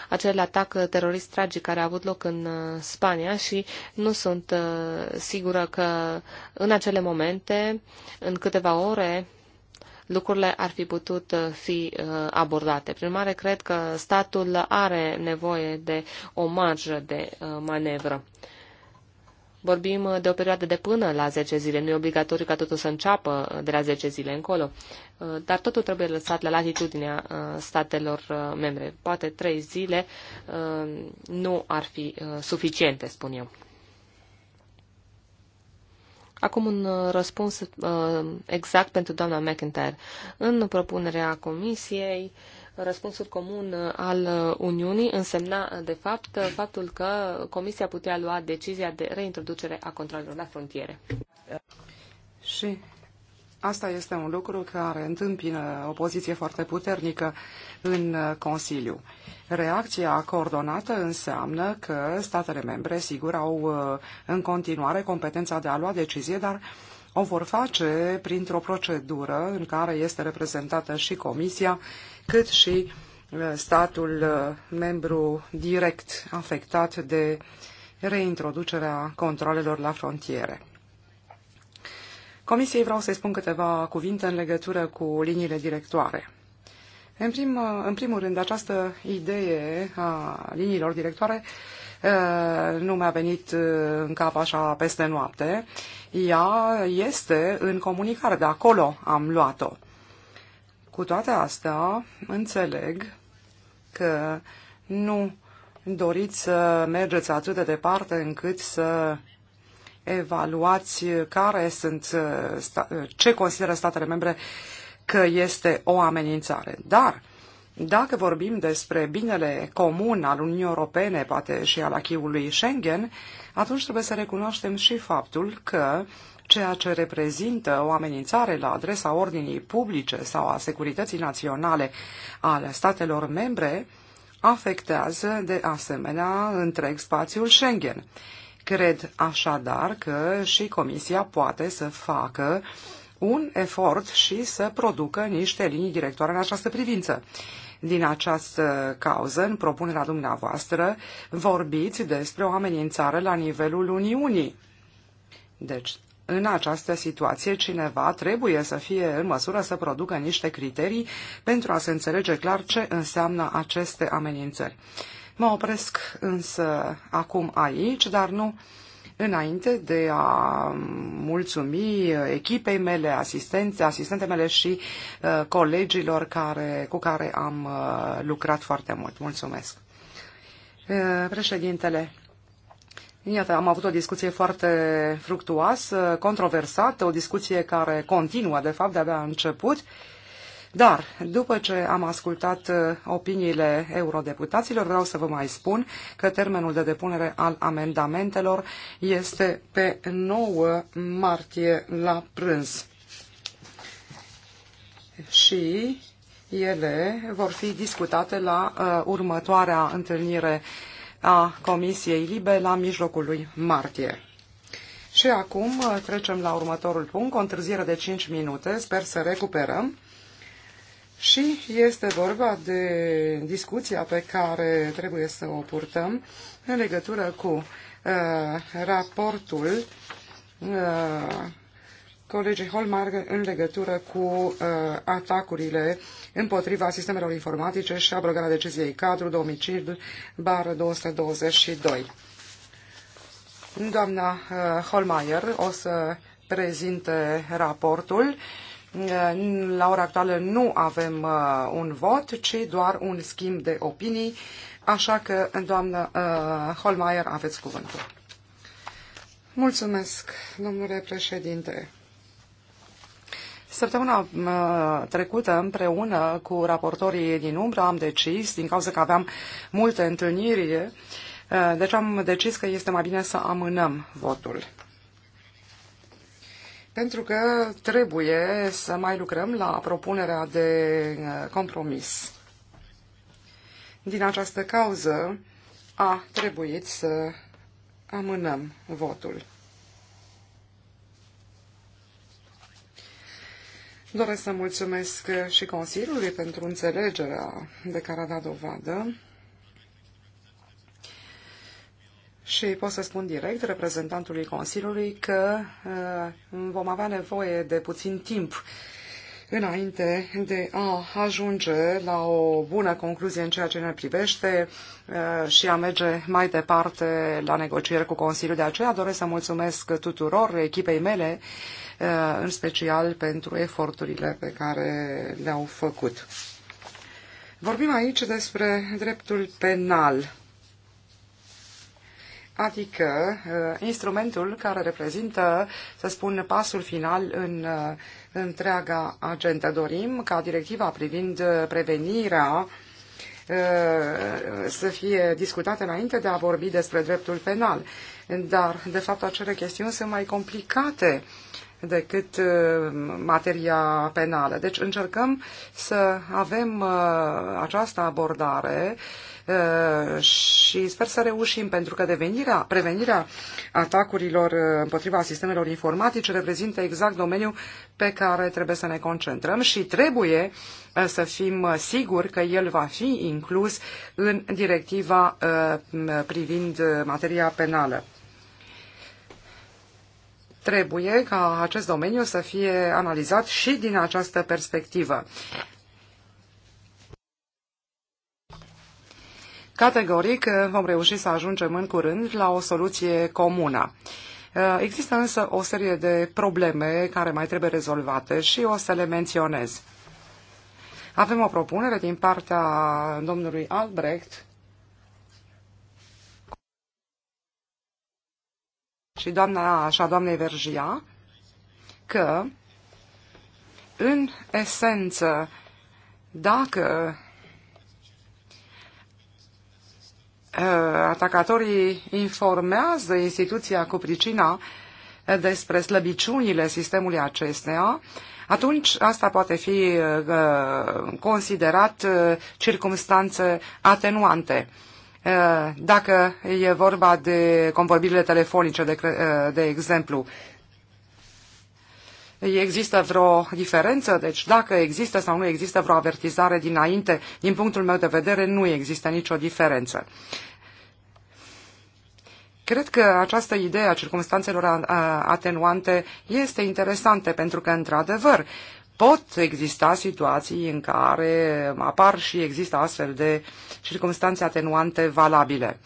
acel atac terorist tragic care a avut loc în Spania și nu sunt sigură că în acele momente, în câteva ore, lucrurile ar fi putut fi abordate. Prin mare cred că statul are nevoie de o marjă de manevră. Vorbim uh, de o perioadă de până la 10 zile. Nu e obligatoriu ca totul să înceapă uh, de la 10 zile încolo. Uh, dar totul trebuie lăsat la latitudinea statelor membre. Poate 3 zile nu ar fi suficiente, spun eu. Acum un răspuns exact pentru doamna McIntyre. În propunerea comisiei, răspunsul comun uh, al uh, Uniunii însemna, uh, de fapt, faptul că Comisia putea lua decizia de reintroducere a controlelor la frontiere. Și asta este un lucru care întâmpină o poziție foarte puternică în Consiliu. Reacția coordonată înseamnă că statele membre, sigur, au în continuare competența de a lua decizie, dar uh, o vor face printr-o procedură în care este reprezentată și Comisia, cât și uh, statul uh, membru direct afectat de reintroducerea controlelor la frontiere. Comisiei vreau să-i spun câteva cuvinte în legătură cu liniile directoare. În, prim, uh, în primul rând, această idee a liniilor directoare Eh, nu mi-a venit eh, în cap așa peste noapte. Ea este în comunicare, de acolo am luat-o. Cu toate astea, înțeleg că nu doriți să mergeți atât de departe încât să evaluați care sunt, eh, ce consideră statele membre că este o amenințare. Dar dacă vorbim despre binele comun al Uniunii Europene, poate și al achiului Schengen, atunci trebuie să recunoaștem și faptul că ceea ce reprezintă o amenințare la adresa ordinii publice sau a securității naționale ale statelor membre afectează de asemenea întreg spațiul Schengen. Cred așadar că și Comisia poate să facă un efort și să producă niște linii directoare în această privință din această cauză, în propunerea dumneavoastră, vorbiți despre o amenințare la nivelul Uniunii. Deci, în această situație, cineva trebuie să fie în măsură să producă niște criterii pentru a se înțelege clar ce înseamnă aceste amenințări. Mă opresc însă acum aici, dar nu înainte de a mulțumi echipei mele, asistențe, asistente mele și uh, colegilor care, cu care am uh, lucrat foarte mult. Mulțumesc. Uh, președintele, Iată, am avut o discuție foarte fructuoasă, controversată, o discuție care continuă, de fapt, de-abia a început. Uh, dar, după ce am ascultat uh, opiniile eurodeputaților, vreau să vă mai spun că termenul de depunere al amendamentelor este pe 9 martie la prânz. Și ele vor fi discutate la uh, următoarea întâlnire a Comisiei Libe la mijlocul lui martie. Și acum uh, trecem la următorul punct, o întârziere de 5 minute, sper să recuperăm. Și este vorba de discuția pe care trebuie să o purtăm în legătură cu uh, raportul uh, colegii Holmarg în legătură cu uh, atacurile împotriva sistemelor informatice și abrogarea deciziei cadru 2005 bar 222. Doamna uh, Holmeier o să prezinte raportul uh, la ora actuală nu avem uh, un vot, ci doar un schimb de opinii, așa că, doamnă uh, Holmeier, aveți cuvântul. Mulțumesc, domnule președinte. Săptămâna uh, trecută, împreună cu raportorii din umbră, am decis, din cauza că aveam multe întâlniri, deci am decis că este mai bine să amânăm votul pentru că trebuie să mai lucrăm la propunerea de uh, compromis. Din această cauză a trebuit să amânăm votul. Doresc să mulțumesc și Consiliului pentru înțelegerea de care a dat dovadă. Și pot să spun direct reprezentantului Consiliului că uh, vom avea nevoie de puțin timp înainte de a ajunge la o bună concluzie în ceea ce ne privește uh, și a merge mai departe la negocieri cu Consiliul. De aceea doresc să mulțumesc tuturor echipei mele, uh, în special pentru eforturile pe care le-au făcut. Vorbim aici despre dreptul penal adică uh, instrumentul care reprezintă, să spun, pasul final în uh, întreaga agenda. Dorim ca directiva privind uh, prevenirea să fie discutată înainte de a vorbi despre dreptul penal. Dar, de fapt, acele chestiuni sunt mai complicate decât materia penală. Deci încercăm să avem această abordare uh, Uh, și sper să reușim, pentru că devenirea, prevenirea atacurilor uh, împotriva sistemelor informatice reprezintă exact domeniul pe care trebuie să ne concentrăm și trebuie uh, să fim siguri că el va fi inclus în directiva privind materia penală. Trebuie ca acest domeniu să fie analizat și din această perspectivă. Categoric uh, vom reuși să ajungem în curând la o soluție comună. Uh, există însă o serie de probleme care mai trebuie rezolvate și o să le menționez. Avem o propunere din partea domnului Albrecht și doamna și doamnei Vergia că, în esență, dacă Uh, atacatorii informează instituția cu pricina uh, despre slăbiciunile sistemului acesteia, atunci asta poate fi uh, considerat circumstanțe atenuante. Dacă e vorba de convorbirile telefonice, de, de exemplu, Există vreo diferență? Deci dacă există sau nu există vreo avertizare dinainte, din punctul meu de vedere, nu există nicio diferență. Cred că această idee a circumstanțelor atenuante este interesantă pentru că, într-adevăr, pot exista situații în care apar și există astfel de circumstanțe atenuante valabile.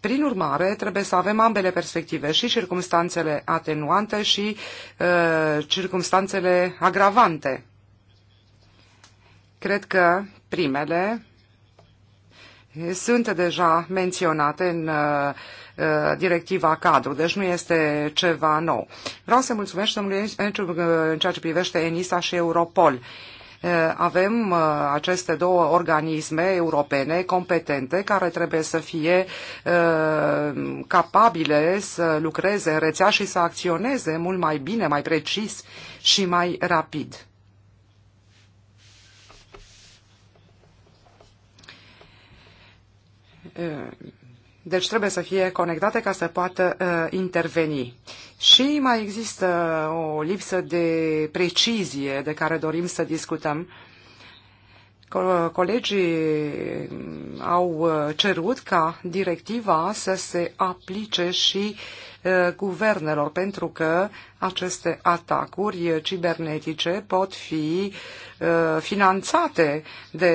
Prin urmare, trebuie să avem ambele perspective, și circumstanțele atenuante și uh, circumstanțele agravante. Cred că primele sunt deja menționate în uh, uh directiva cadru, deci nu este ceva nou. Vreau să mulțumesc domnului în ceea ce privește ENISA și Europol. Uh, Eh, avem eh, aceste două organisme europene competente care trebuie să fie eh, capabile să lucreze în rețea și să acționeze mult mai bine, mai precis și mai rapid. Deci trebuie să fie conectate ca să poată uh, interveni. Și mai există o lipsă de precizie de care dorim să discutăm. Co colegii mm, au uh, cerut ca directiva să se aplice și uh, Eh, guvernelor, pentru că aceste atacuri cibernetice pot fi eh, finanțate de,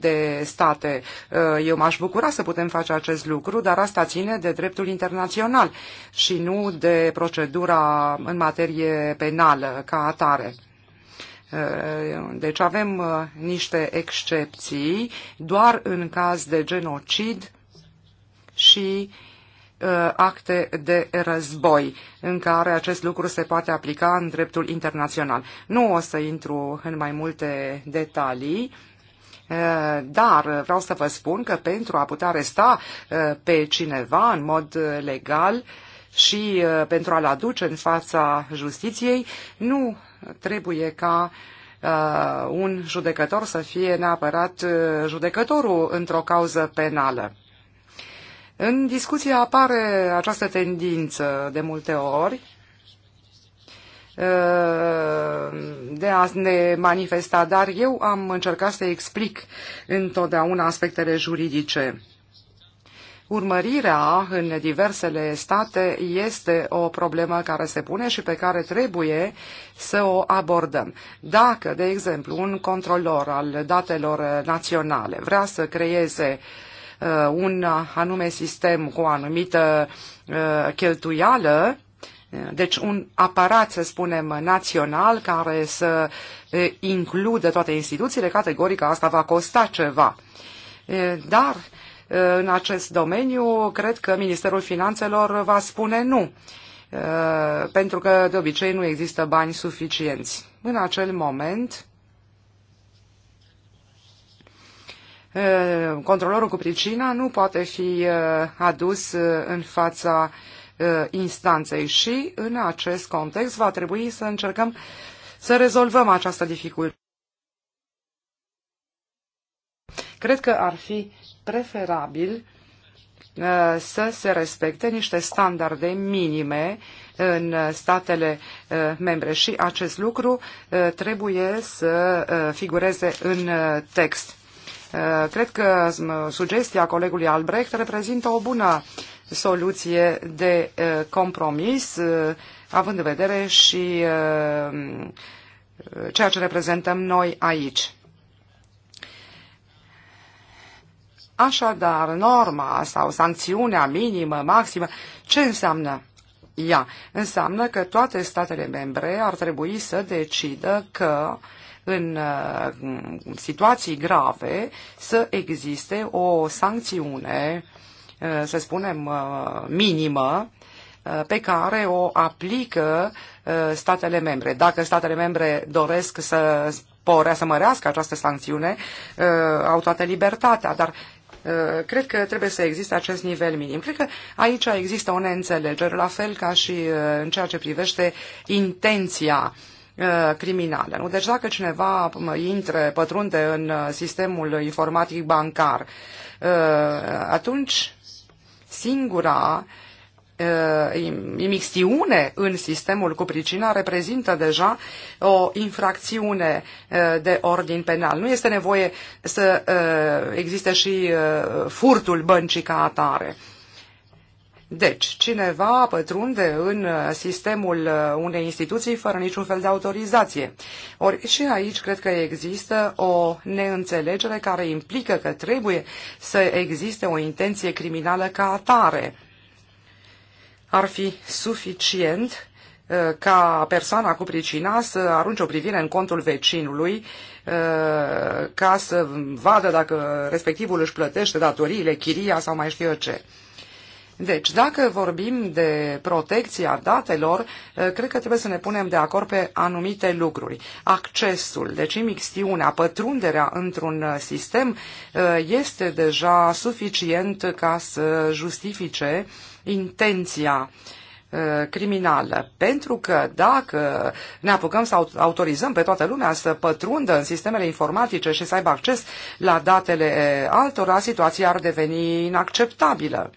de state. Eh, eu m-aș bucura să putem face acest lucru, dar asta ține de dreptul internațional și nu de procedura în materie penală ca atare. Deci avem niște excepții doar în caz de genocid și uh, Uh, acte de război în care acest lucru se poate aplica în dreptul internațional. Nu o să intru în mai multe detalii, uh, dar vreau să vă spun că pentru a putea resta uh, pe cineva în mod legal și pentru a-l aduce în fața justiției, nu trebuie ca un judecător să fie neapărat judecătorul într-o cauză penală. În discuție apare această tendință de multe ori uh, de a ne manifesta, dar eu am încercat să explic întotdeauna aspectele juridice. Urmărirea în diversele state este o problemă care se pune și pe care trebuie să o abordăm. Dacă, de exemplu, un controlor al datelor naționale vrea să creeze uh, Uh, un anume sistem cu o anumită uh, cheltuială, uh, deci un aparat, să spunem, național care să includă toate instituțiile, categoric asta va costa ceva. Dar în acest domeniu cred că Ministerul Finanțelor va spune nu, pentru că de obicei nu există bani suficienți. În acel moment Eh, controlorul cu pricina nu poate fi eh, adus eh, în fața instanței și în acest context va trebui să încercăm să rezolvăm această dificultate. Cred că ar fi preferabil să se respecte niște standarde minime în statele membre și acest lucru trebuie să figureze în text. Eh, cred că mm, sugestia colegului Albrecht reprezintă o bună soluție de eh, compromis, eh, având în vedere și ceea ce reprezentăm noi aici. Așadar, norma sau sancțiunea minimă, maximă, ce înseamnă ea? Înseamnă că toate statele membre ar trebui să decidă că uh, în uh, situații grave să existe o sancțiune, uh, să spunem, uh, minimă pe care o aplică statele membre. Dacă statele membre doresc să sporea, să mărească această sancțiune, au toată libertatea, dar cred că trebuie să existe acest nivel minim. Cred că aici există o neînțelegere, la fel ca și în ceea ce privește intenția Uh, criminale. Nu? Deci dacă cineva intre, pătrunde în uh, sistemul informatic bancar, uh, atunci singura imixtiune în sistemul cu pricina reprezintă deja o infracțiune de ordin penal. Nu este nevoie să existe și furtul băncii ca atare. Deci, cineva pătrunde în uh, sistemul uh, unei instituții fără niciun fel de autorizație. Ori și aici cred că există o neînțelegere care implică că trebuie să existe o intenție criminală ca atare. Ar fi suficient uh, ca persoana cu pricina să arunce o privire în contul vecinului ca să vadă dacă respectivul își plătește datoriile, chiria sau mai știu eu ce. Deci, dacă vorbim de protecția datelor, eh, cred că trebuie să ne punem de acord pe anumite lucruri. Accesul, deci imixtiunea, pătrunderea într-un eh, sistem eh, este deja suficient ca să justifice intenția criminală. Pentru că dacă ne apucăm să autorizăm pe toată lumea să pătrundă în sistemele informatice și să aibă acces la datele altora, situația ar deveni inacceptabilă.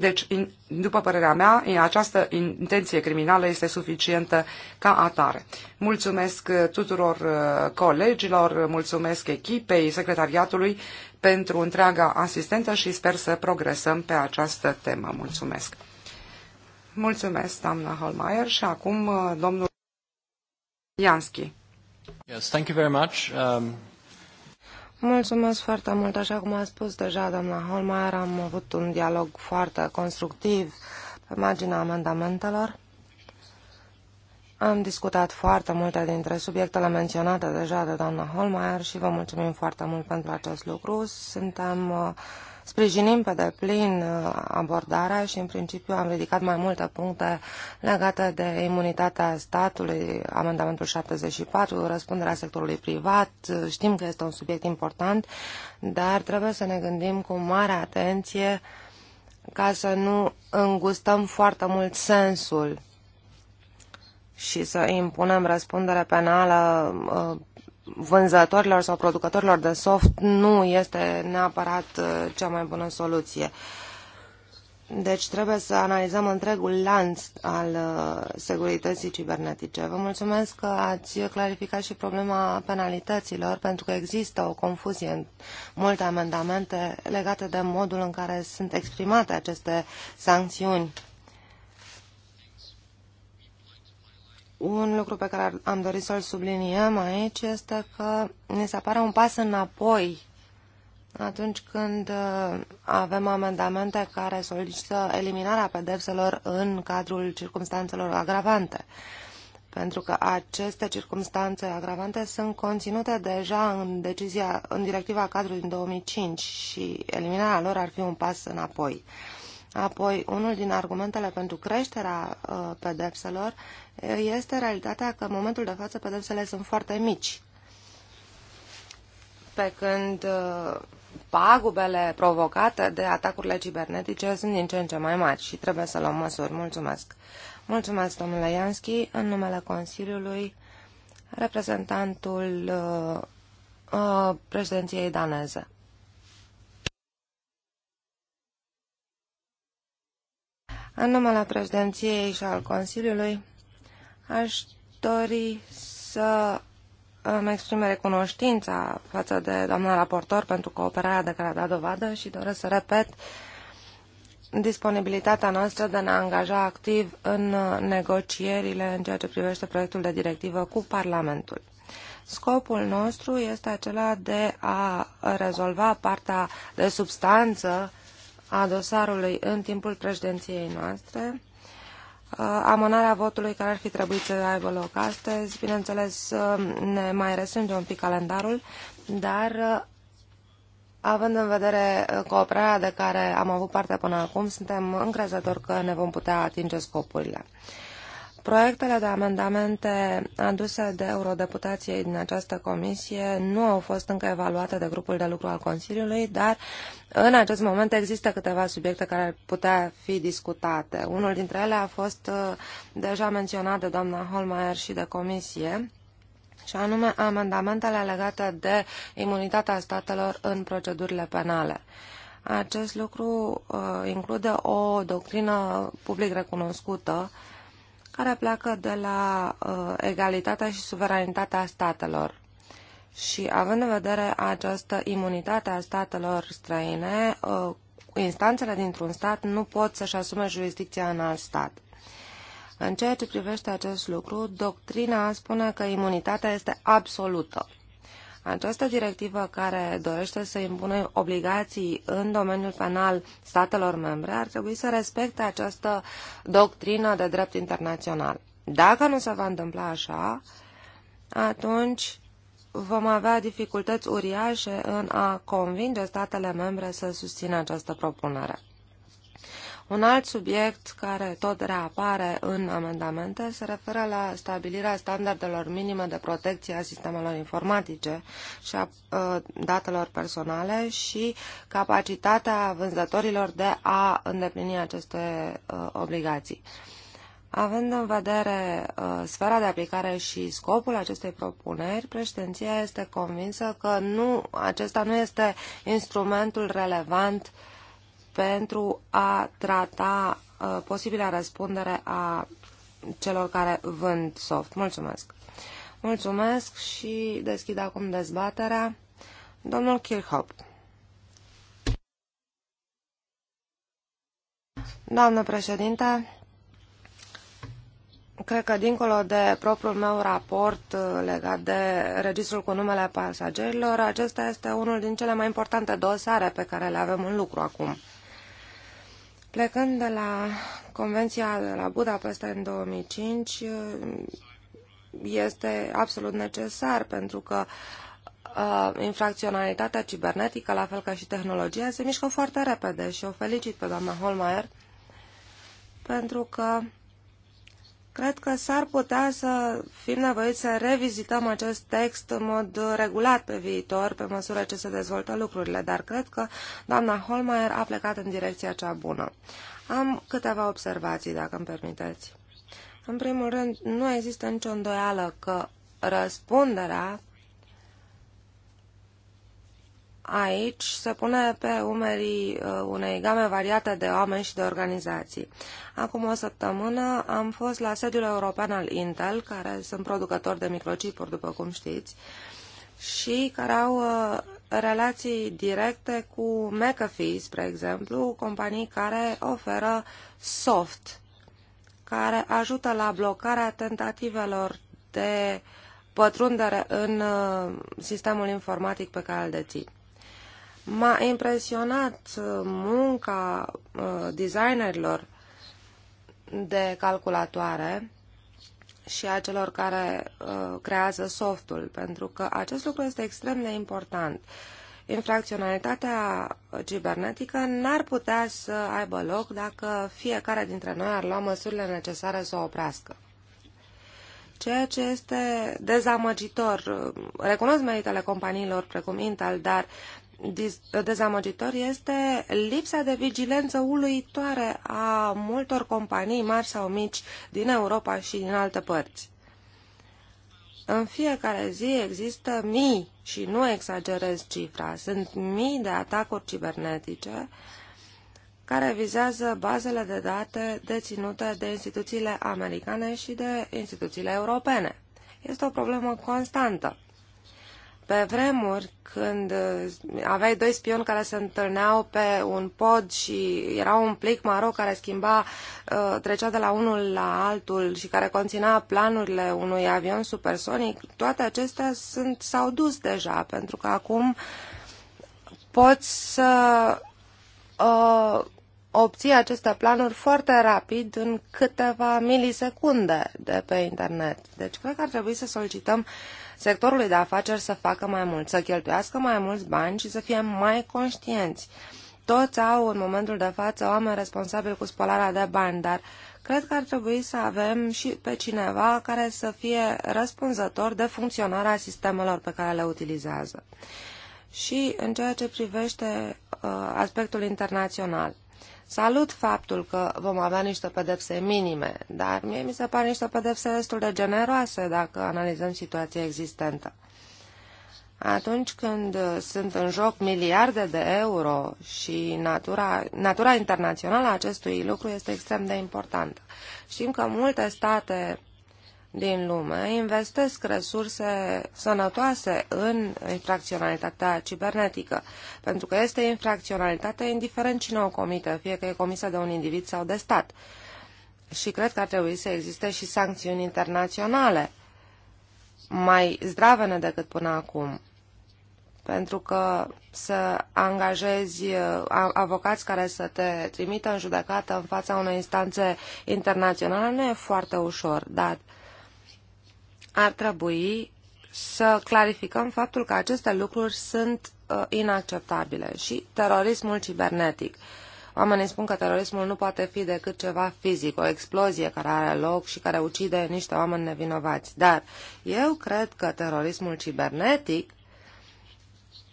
Deci, in, după părerea mea, această intenție criminală este suficientă ca atare. Mulțumesc uh, tuturor uh, colegilor, mulțumesc echipei, secretariatului pentru întreaga asistentă și sper să progresăm pe această temă. Mulțumesc! Mulțumesc, doamna Holmeier, și acum uh, domnul Jansky. Yes, thank you very much. Um... Mulțumesc foarte mult. Așa cum a spus deja doamna Holmeier, am avut un dialog foarte constructiv pe marginea amendamentelor. Am discutat foarte multe dintre subiectele menționate deja de doamna Holmeier și vă mulțumim foarte mult pentru acest lucru. Suntem uh, Sprijinim pe deplin uh, abordarea și în principiu am ridicat mai multe puncte legate de imunitatea statului, amendamentul 74, răspunderea sectorului privat. Știm că este un subiect important, dar trebuie să ne gândim cu mare atenție ca să nu îngustăm foarte mult sensul și să impunem răspundere penală uh, vânzătorilor sau producătorilor de soft nu este neapărat uh, cea mai bună soluție. Deci trebuie să analizăm întregul lanț al uh, securității cibernetice. Vă mulțumesc că ați clarificat și problema penalităților, pentru că există o confuzie în multe amendamente legate de modul în care sunt exprimate aceste sancțiuni Un lucru pe care am dorit să-l subliniem aici este că ne se apare un pas înapoi atunci când uh, avem amendamente care solicită eliminarea pedepselor în cadrul circumstanțelor agravante. Pentru că aceste circumstanțe agravante sunt conținute deja în, decizia, în directiva cadrului din 2005 și eliminarea lor ar fi un pas înapoi. Apoi, unul din argumentele pentru creșterea uh, pedepselor este realitatea că în momentul de față pedepsele sunt foarte mici. Pe când uh, pagubele provocate de atacurile cibernetice sunt din ce în ce mai mari și trebuie să luăm măsuri. Mulțumesc! Mulțumesc, domnule Ianschi, în numele Consiliului, reprezentantul uh, uh, președinției daneze. În numele președinției și al Consiliului, Aș dori să îmi exprim recunoștința față de doamna raportor pentru cooperarea de care a dat dovadă și doresc să repet disponibilitatea noastră de a ne angaja activ în negocierile în ceea ce privește proiectul de directivă cu Parlamentul. Scopul nostru este acela de a rezolva partea de substanță a dosarului în timpul președinției noastre Uh, amânarea votului care ar fi trebuit să aibă loc astăzi. Bineînțeles, uh, ne mai restrânge un pic calendarul, dar uh, având în vedere cooperarea de care am avut parte până acum, suntem încrezători că ne vom putea atinge scopurile. Proiectele de amendamente aduse de eurodeputației din această comisie nu au fost încă evaluate de grupul de lucru al Consiliului, dar în acest moment există câteva subiecte care ar putea fi discutate. Unul dintre ele a fost uh, deja menționat de doamna Holmeier și de comisie, și anume amendamentele legate de imunitatea statelor în procedurile penale. Acest lucru uh, include o doctrină public recunoscută uh, care pleacă de la uh, egalitatea și suveranitatea statelor. Și având în vedere această imunitate a statelor străine, uh, instanțele dintr-un stat nu pot să-și asume jurisdicția în alt stat. În ceea ce privește acest lucru, doctrina spune că imunitatea este absolută. Această directivă care dorește să impună obligații în domeniul penal statelor membre ar trebui să respecte această doctrină de drept internațional. Dacă nu se va întâmpla așa, atunci vom avea dificultăți uriașe în a convinge statele membre să susțină această propunere. Un alt subiect care tot reapare în amendamente se referă la stabilirea standardelor minime de protecție a sistemelor informatice și a ă, datelor personale și capacitatea vânzătorilor de a îndeplini aceste ă, obligații. Având în vedere uh, sfera de aplicare și scopul acestei propuneri, președinția este convinsă că nu, acesta nu este instrumentul relevant uh, pentru a trata uh, posibilă răspundere a celor care vând soft. Mulțumesc! Mulțumesc și deschid acum dezbaterea. Domnul Kirchhoff. Doamnă președinte, cred că dincolo de propriul meu raport uh, legat de registrul cu numele pasagerilor, acesta este unul din cele mai importante dosare pe care le avem în lucru acum. Plecând de la Convenția de la Budapesta în 2005, este absolut necesar pentru că uh, infracționalitatea cibernetică, la fel ca și tehnologia, se mișcă foarte repede și o felicit pe doamna Holmeier pentru că Cred că s-ar putea să fim nevoiți să revizităm acest text în mod regulat pe viitor, pe măsură ce se dezvoltă lucrurile, dar cred că doamna Holmeier a plecat în direcția cea bună. Am câteva observații, dacă îmi permiteți. În primul rând, nu există nicio îndoială că răspunderea aici se pune pe umerii uh, unei game variate de oameni și de organizații. Acum o săptămână am fost la sediul european al Intel, care sunt producători de microchipuri, după cum știți, și care au uh, relații directe cu McAfee, spre exemplu, companii care oferă soft, care ajută la blocarea tentativelor de pătrundere în uh, sistemul informatic pe care îl deții. M-a impresionat uh, munca uh, designerilor de calculatoare și a celor care uh, creează softul, pentru că acest lucru este extrem de important. Infracționalitatea cibernetică n-ar putea să aibă loc dacă fiecare dintre noi ar lua măsurile necesare să o oprească ceea ce este dezamăgitor. Recunosc meritele companiilor precum Intel, dar dezamăgitor este lipsa de vigilență uluitoare a multor companii mari sau mici din Europa și din alte părți. În fiecare zi există mii, și nu exagerez cifra, sunt mii de atacuri cibernetice care vizează bazele de date deținute de instituțiile americane și de instituțiile europene. Este o problemă constantă. Pe vremuri, când uh, aveai doi spioni care se întâlneau pe un pod și era un plic maro care schimba, uh, trecea de la unul la altul și care conținea planurile unui avion supersonic, toate acestea sunt, s-au dus deja, pentru că acum poți să uh, obții aceste planuri foarte rapid, în câteva milisecunde de pe internet. Deci cred că ar trebui să solicităm uh, sectorului de afaceri să facă mai mult, să cheltuiască mai mulți bani și să fie mai conștienți. Toți au în momentul de față oameni responsabili cu spălarea de bani, dar cred că ar trebui să avem și pe cineva care să fie răspunzător de funcționarea sistemelor pe care le utilizează. Și în ceea ce privește uh, aspectul internațional, Salut faptul că vom avea niște pedepse minime, dar mie mi se pare niște pedepse destul de generoase dacă analizăm situația existentă. Atunci când sunt în joc miliarde de euro și natura, natura internațională a acestui lucru este extrem de importantă. Știm că multe state din lume investesc resurse sănătoase în infracționalitatea cibernetică, pentru că este infracționalitatea indiferent cine o comite, fie că e comisă de un individ sau de stat. Și cred că ar trebui să existe și sancțiuni internaționale mai zdravene decât până acum. Pentru că să angajezi uh, avocați care să te trimită în judecată în fața unei instanțe internaționale nu e foarte ușor, dar ar trebui să clarificăm faptul că aceste lucruri sunt uh, inacceptabile și terorismul cibernetic. Oamenii spun că terorismul nu poate fi decât ceva fizic, o explozie care are loc și care ucide niște oameni nevinovați. Dar eu cred că terorismul cibernetic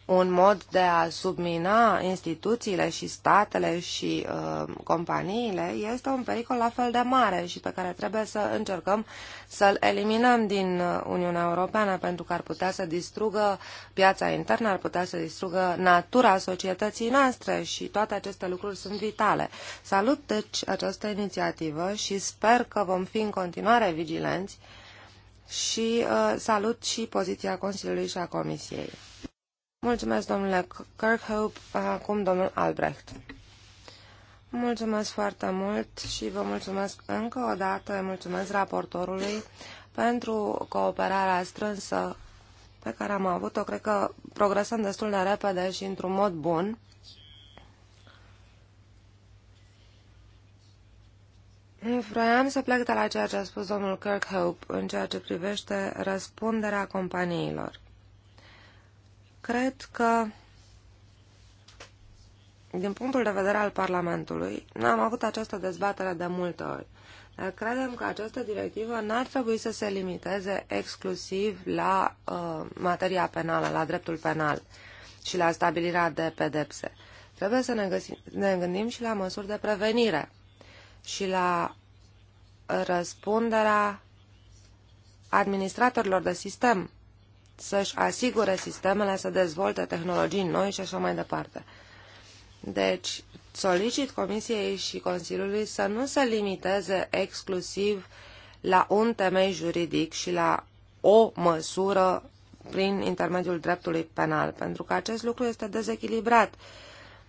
un mod de a submina instituțiile și statele și uh, companiile este un pericol la fel de mare și pe care trebuie să încercăm să-l eliminăm din uh, Uniunea Europeană pentru că ar putea să distrugă piața internă, ar putea să distrugă natura societății noastre și toate aceste lucruri sunt vitale. Salut deci această inițiativă și sper că vom fi în continuare vigilenți și uh, salut și poziția Consiliului și a Comisiei. Mulțumesc, domnule Kirkhope. Acum, domnul Albrecht. Mulțumesc foarte mult și vă mulțumesc încă o dată, mulțumesc raportorului pentru cooperarea strânsă pe care am avut-o. Cred că progresăm destul de repede și într-un mod bun. Vroiam să plec de la ceea ce a spus domnul Kirkhope în ceea ce privește răspunderea companiilor. Cred că, din punctul de vedere al Parlamentului, am avut această dezbatere de multe ori, dar credem că această directivă n-ar trebui să se limiteze exclusiv la uh, materia penală, la dreptul penal și la stabilirea de pedepse. Trebuie să ne, găsim, ne gândim și la măsuri de prevenire și la răspunderea administratorilor de sistem să-și asigure sistemele, să dezvolte tehnologii noi și așa mai departe. Deci, solicit Comisiei și Consiliului să nu se limiteze exclusiv la un temei juridic și la o măsură prin intermediul dreptului penal, pentru că acest lucru este dezechilibrat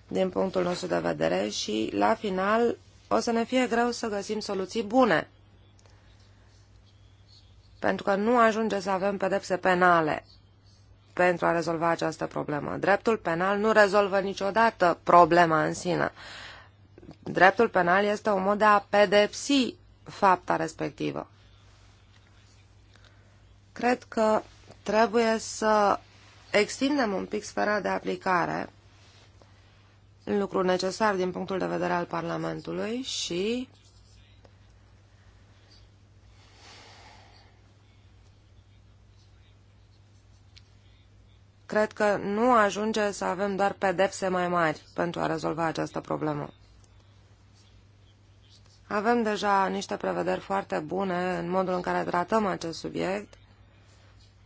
din punctul nostru de vedere și, la final, o să ne fie greu să găsim soluții bune pentru că nu ajunge să avem pedepse penale pentru a rezolva această problemă. Dreptul penal nu rezolvă niciodată problema în sine. Dreptul penal este un mod de a pedepsi fapta respectivă. Cred că trebuie să extindem un pic sfera de aplicare, lucru necesar din punctul de vedere al Parlamentului și cred că nu ajunge să avem doar pedepse mai mari pentru a rezolva această problemă. Avem deja niște prevederi foarte bune în modul în care tratăm acest subiect,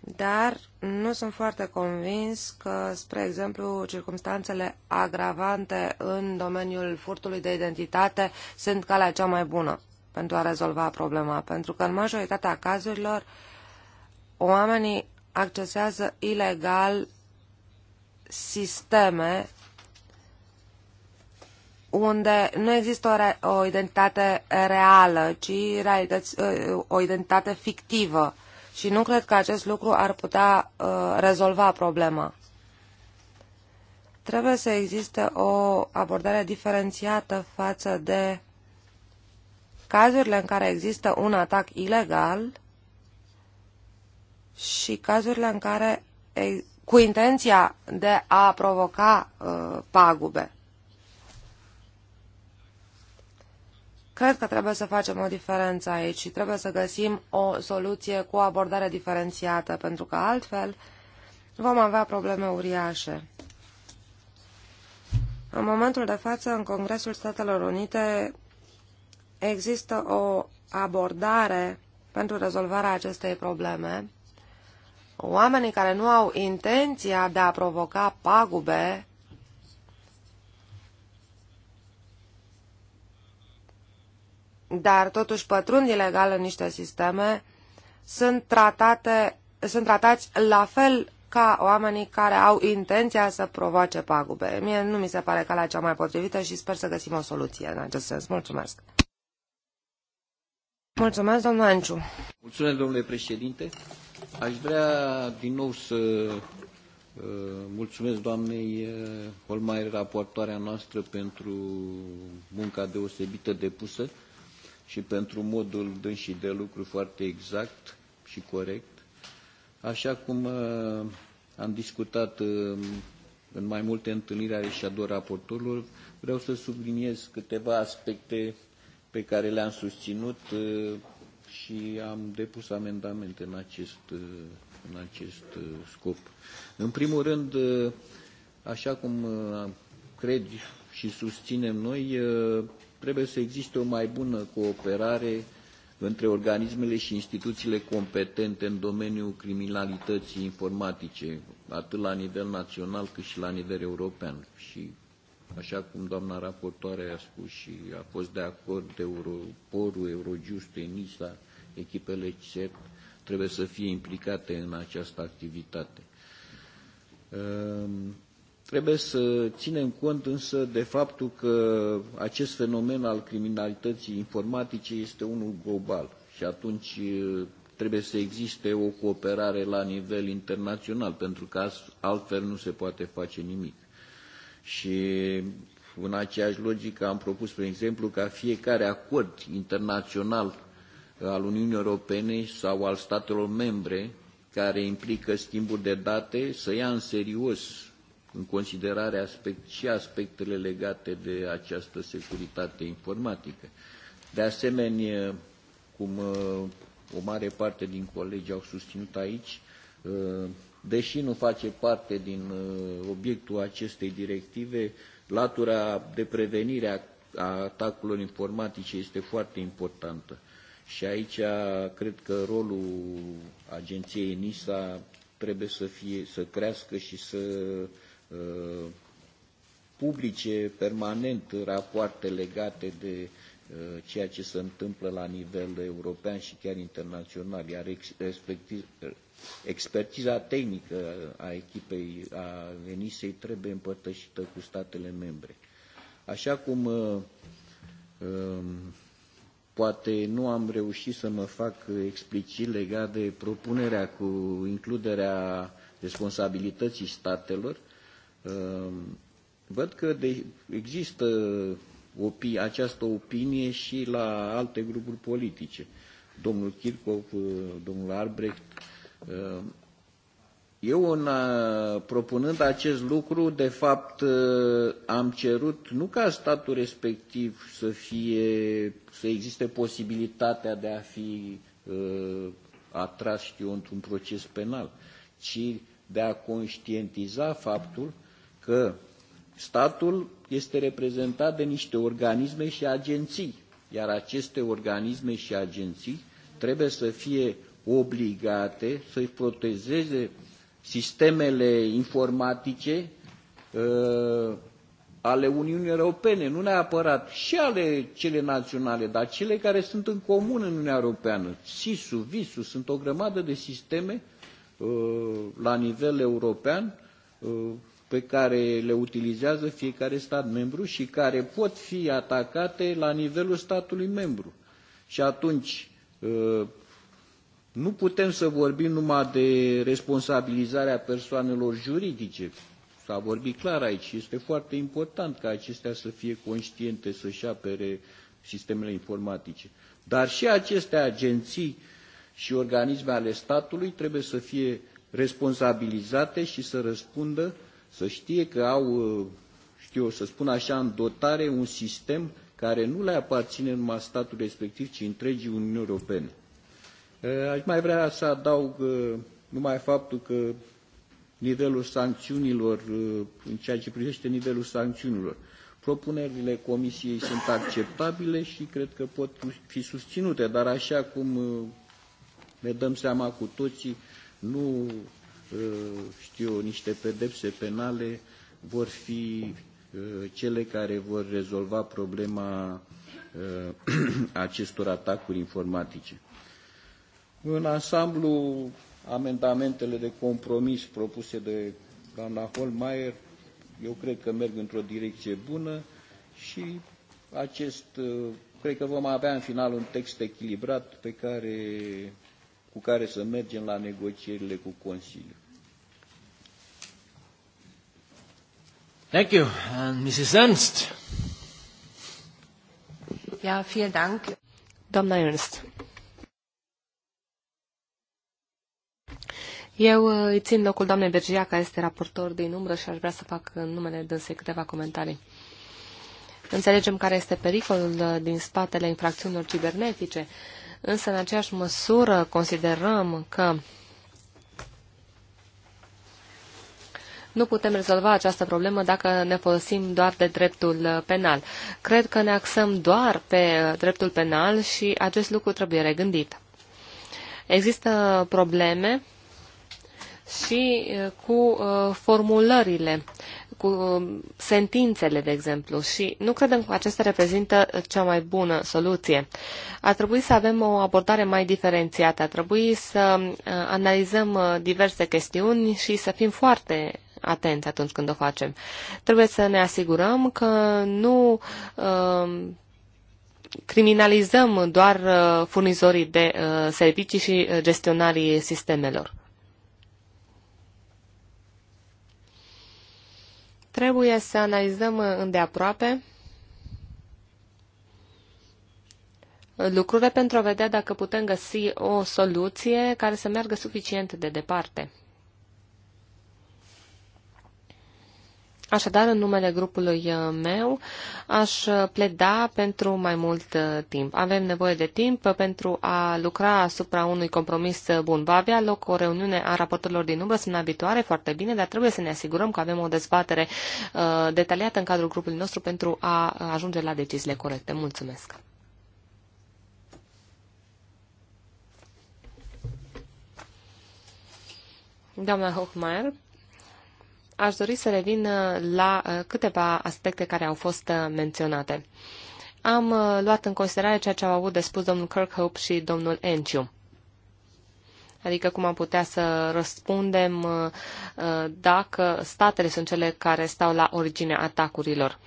dar nu sunt foarte convins că, spre exemplu, circumstanțele agravante în domeniul furtului de identitate sunt calea cea mai bună pentru a rezolva problema, pentru că în majoritatea cazurilor oamenii accesează ilegal sisteme unde nu există o, o identitate reală, ci realități, uh, o identitate fictivă. Și nu cred că acest lucru ar putea uh, rezolva problema. Trebuie să existe o abordare diferențiată față de cazurile în care există un atac ilegal și cazurile în care cu intenția de a provoca uh, pagube. Cred că trebuie să facem o diferență aici și trebuie să găsim o soluție cu o abordare diferențiată, pentru că altfel vom avea probleme uriașe. În momentul de față, în Congresul Statelor Unite, există o abordare pentru rezolvarea acestei probleme, oamenii care nu au intenția de a provoca pagube dar totuși pătrund ilegal în niște sisteme, sunt, tratate, sunt tratați la fel ca oamenii care au intenția să provoace pagube. Mie nu mi se pare calea cea mai potrivită și sper să găsim o soluție în acest sens. Mulțumesc! Mulțumesc, domnul Anciu! Mulțumesc, domnule președinte! Aș vrea din nou să uh, mulțumesc doamnei uh, Holmaier, raportoarea noastră, pentru munca deosebită depusă și pentru modul dânsii de lucru foarte exact și corect. Așa cum uh, am discutat uh, în mai multe întâlniri ale shadow raportorilor, vreau să subliniez câteva aspecte pe care le-am susținut uh, și am depus amendamente în acest, uh, în acest uh, scop. În primul rând, uh, așa cum cred și susținem noi, trebuie să existe o mai bună cooperare între organismele și instituțiile competente în domeniul criminalității informatice, atât la nivel național cât și la nivel european. Și așa cum doamna raportoare a spus și a fost de acord Europorul, Eurojust, ENISA, echipele CERT, trebuie să fie implicate în această activitate. Ehm, trebuie să ținem cont însă de faptul că acest fenomen al criminalității informatice este unul global și atunci trebuie să existe o cooperare la nivel internațional, pentru că altfel nu se poate face nimic. Și în aceeași logică am propus, spre exemplu, ca fiecare acord internațional uh, al Uniunii Europene sau al statelor membre care implică schimburi de date să ia în serios în considerare aspect, și aspectele legate de această securitate informatică. De asemenea, cum uh, o mare parte din colegi au susținut aici, uh, deși nu face parte din uh, obiectul acestei directive, latura de prevenire a, atacurilor informatice este foarte importantă. Și aici uh, cred că rolul agenției NISA trebuie să, fie, să crească și să uh, publice permanent rapoarte legate de uh, ceea ce se întâmplă la nivel european și chiar internațional, iar respectiv, Expertiza tehnică a echipei a ENISEI trebuie împărtășită cu statele membre. Așa cum uh, um, poate nu am reușit să mă fac explicit legat de propunerea cu includerea responsabilității statelor, um, văd că de, există opi, această opinie și la alte grupuri politice. Domnul Kirchhoff, uh, domnul Arbrecht, eu, în, propunând acest lucru, de fapt, am cerut nu ca statul respectiv să, fie, să existe posibilitatea de a fi atras, știu, într-un proces penal, ci de a conștientiza faptul că statul este reprezentat de niște organisme și agenții, iar aceste organisme și agenții trebuie să fie obligate să-și protejeze sistemele informatice uh, ale Uniunii Europene, nu neapărat și ale cele naționale, dar cele care sunt în comun în Uniunea Europeană. SIS-ul, VIS-ul, sunt o grămadă de sisteme uh, la nivel european uh, pe care le utilizează fiecare stat membru și care pot fi atacate la nivelul statului membru. Și atunci uh, nu putem să vorbim numai de responsabilizarea persoanelor juridice. S-a vorbit clar aici. Este foarte important ca acestea să fie conștiente, să-și apere sistemele informatice. Dar și aceste agenții și organisme ale statului trebuie să fie responsabilizate și să răspundă, să știe că au, știu să spun așa, în dotare un sistem care nu le aparține numai statul respectiv, ci întregii Uniuni Europene. Eh, aș mai vrea să adaug eh, numai faptul că nivelul sancțiunilor, eh, în ceea ce privește nivelul sancțiunilor, propunerile Comisiei sunt acceptabile și cred că pot fi susținute, dar așa cum ne dăm seama cu toții, nu știu, niște pedepse penale vor fi cele care vor rezolva problema acestor atacuri informatice. În ansamblu, amendamentele de compromis propuse de doamna Holmeier, eu cred că merg într-o direcție bună și acest, uh, cred că vom avea în final un text echilibrat pe care, cu care să mergem la negocierile cu Consiliul. Thank you. And Mrs. Ernst. Ja, vielen Dank. Doamna Ernst. Eu uh, îi țin locul doamnei Bergia, care este raportor din umbră și aș vrea să fac în uh, numele dânsei câteva comentarii. Înțelegem care este pericolul uh, din spatele infracțiunilor cibernetice, însă în aceeași măsură considerăm că nu putem rezolva această problemă dacă ne folosim doar de dreptul penal. Cred că ne axăm doar pe dreptul penal și acest lucru trebuie regândit. Există probleme și cu formulările, cu sentințele, de exemplu, și nu credem că acestea reprezintă cea mai bună soluție. Ar trebui să avem o abordare mai diferențiată, ar trebui să analizăm diverse chestiuni și să fim foarte atenți atunci când o facem. Trebuie să ne asigurăm că nu criminalizăm doar furnizorii de servicii și gestionarii sistemelor. Trebuie să analizăm îndeaproape lucrurile pentru a vedea dacă putem găsi o soluție care să meargă suficient de departe. Așadar, în numele grupului uh, meu, aș uh, pleda pentru mai mult uh, timp. Avem nevoie de timp pentru a lucra asupra unui compromis bun. Va avea loc o reuniune a raportorilor din umbră sunt abitoare, foarte bine, dar trebuie să ne asigurăm că avem o dezbatere uh, detaliată în cadrul grupului nostru pentru a ajunge la deciziile corecte. Mulțumesc! Doamna Hochmeier. Aș dori să revin uh, la uh, câteva aspecte care au fost uh, menționate. Am luat în considerare ceea ce au avut de spus domnul Kirkhope și domnul Enciu adică cum am putea să răspundem dacă statele sunt cele care stau la originea atacurilor.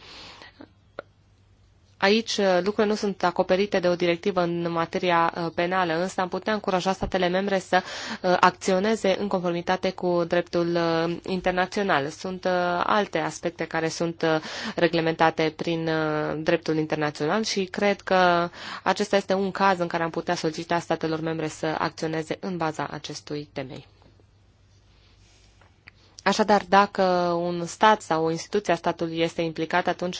Aici uh, lucrurile nu sunt acoperite de o directivă în materia uh, penală, însă am putea încuraja statele membre să uh, acționeze în conformitate cu dreptul internațional. Sunt alte aspecte care sunt reglementate prin dreptul internațional și cred că acesta este un caz în care am putea solicita statelor membre să acționeze în baza acestui temei. Așadar, dacă un stat sau o instituție a statului este implicat, atunci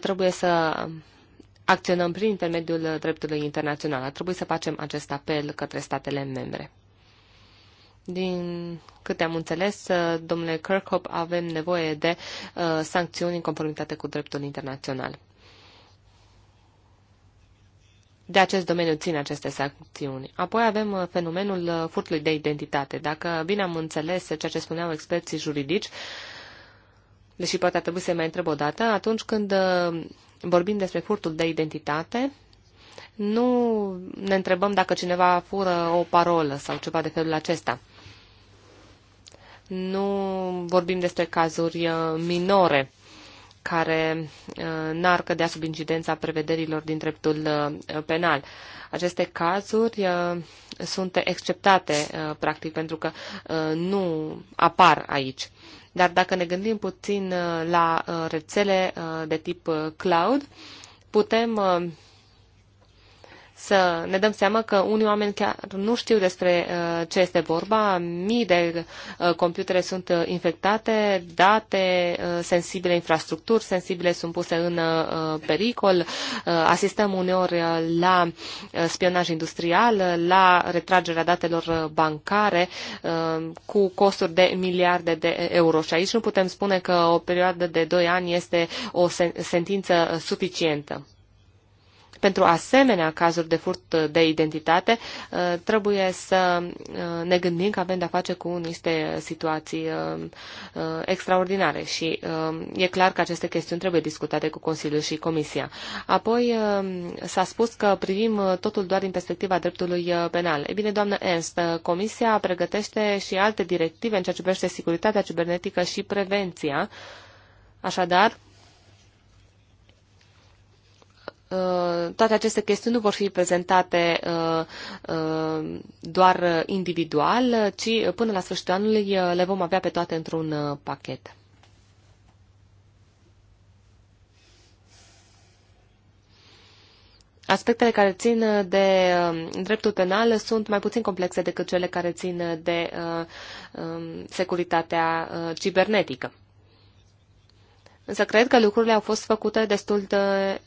trebuie să acționăm prin intermediul dreptului internațional. Ar trebui să facem acest apel către statele membre. Din câte am înțeles, uh, domnule Kirkhope, avem nevoie de uh, sancțiuni în conformitate cu dreptul internațional. De acest domeniu țin aceste sancțiuni. Apoi avem uh, fenomenul uh, furtului de identitate. Dacă bine am înțeles ceea ce spuneau experții juridici, deși poate ar trebui să mai întreb o dată, atunci când vorbim despre furtul de identitate, nu ne întrebăm dacă cineva fură o parolă sau ceva de felul acesta. Nu vorbim despre cazuri uh, minore care uh, n-ar cădea sub incidența prevederilor din dreptul uh, penal. Aceste cazuri sunt exceptate, practic, pentru că nu apar aici. Dar dacă ne gândim puțin uh, la uh, rețele uh, de tip cloud, putem să ne dăm seama că unii oameni chiar nu știu despre uh, ce este vorba. Mii de uh, computere sunt uh, infectate, date sensibile, infrastructuri sensibile sunt puse în pericol. Asistăm uneori la spionaj industrial, la retragerea datelor bancare cu costuri de miliarde de euro. Și aici nu putem spune că o perioadă de 2 ani este o sentință suficientă. Pentru asemenea cazuri de furt de identitate, uh, trebuie să uh, ne gândim că avem de-a face cu niște situații uh, extraordinare și e clar că aceste chestiuni trebuie discutate cu Consiliul și Comisia. Apoi s-a spus că privim totul doar din perspectiva dreptului penal. E bine, doamnă Ernst, Comisia pregătește și alte directive în ceea ce privește securitatea cibernetică și prevenția. Așadar, Uh, toate aceste chestiuni nu vor fi prezentate uh, uh, doar individual, ci până la sfârșitul anului le vom avea pe toate într-un pachet. Aspectele care țin de dreptul penal sunt mai puțin complexe decât cele care țin de um, securitatea cibernetică. Însă cred că lucrurile au fost făcute destul de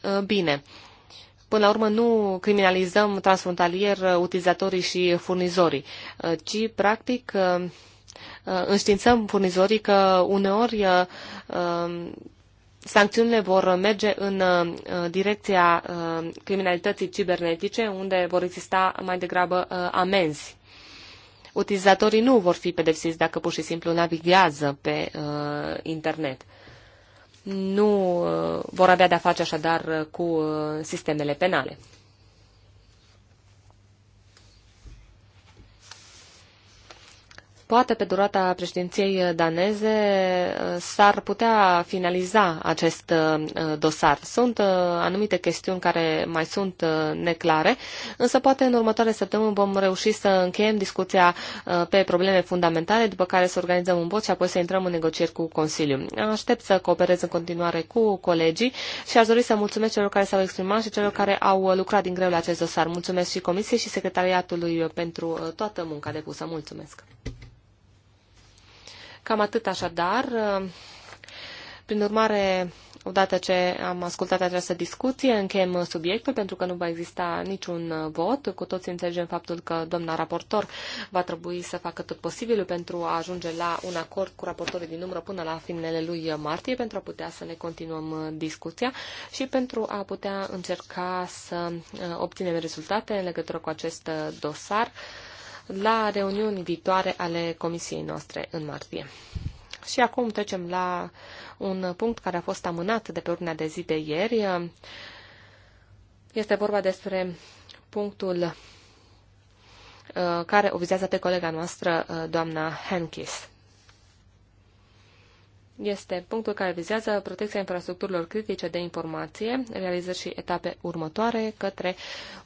uh, bine. Până la urmă, nu criminalizăm transfrontalier uh, utilizatorii și furnizorii, uh, ci, practic, înștiințăm furnizorii că uneori um, sancțiunile vor merge în direcția criminalității cibernetice, unde vor exista mai degrabă amenzi. Utilizatorii nu vor fi pedepsiți dacă pur și simplu navighează pe internet nu uh, vor avea de-a face așadar uh, cu uh, sistemele penale. Poate pe durata președinției daneze s-ar putea finaliza acest uh, dosar. Sunt uh, anumite chestiuni care mai sunt uh, neclare, însă poate în următoarele săptămâni vom reuși să încheiem discuția pe probleme fundamentale, după care să organizăm un vot și apoi să intrăm în negocieri cu Consiliul. Aștept să cooperez în continuare cu colegii și aș dori să mulțumesc celor care s-au exprimat și celor care au lucrat din greu la acest dosar. Mulțumesc și Comisiei și Secretariatului pentru toată munca depusă. Mulțumesc! Cam atât așadar. Prin urmare, odată ce am ascultat această discuție, încheiem subiectul pentru că nu va exista niciun vot. Cu toți înțelegem faptul că doamna raportor va trebui să facă tot posibilul pentru a ajunge la un acord cu raportorii din umbră până la finele lui martie pentru a putea să ne continuăm discuția și pentru a putea încerca să obținem rezultate în legătură cu acest dosar la reuniuni viitoare ale comisiei noastre în martie. Și acum trecem la un punct care a fost amânat de pe urmea de zi de ieri. Este vorba despre punctul uh, care o vizează pe colega noastră, uh, doamna Hankis este punctul care vizează protecția infrastructurilor critice de informație, realizări și etape următoare către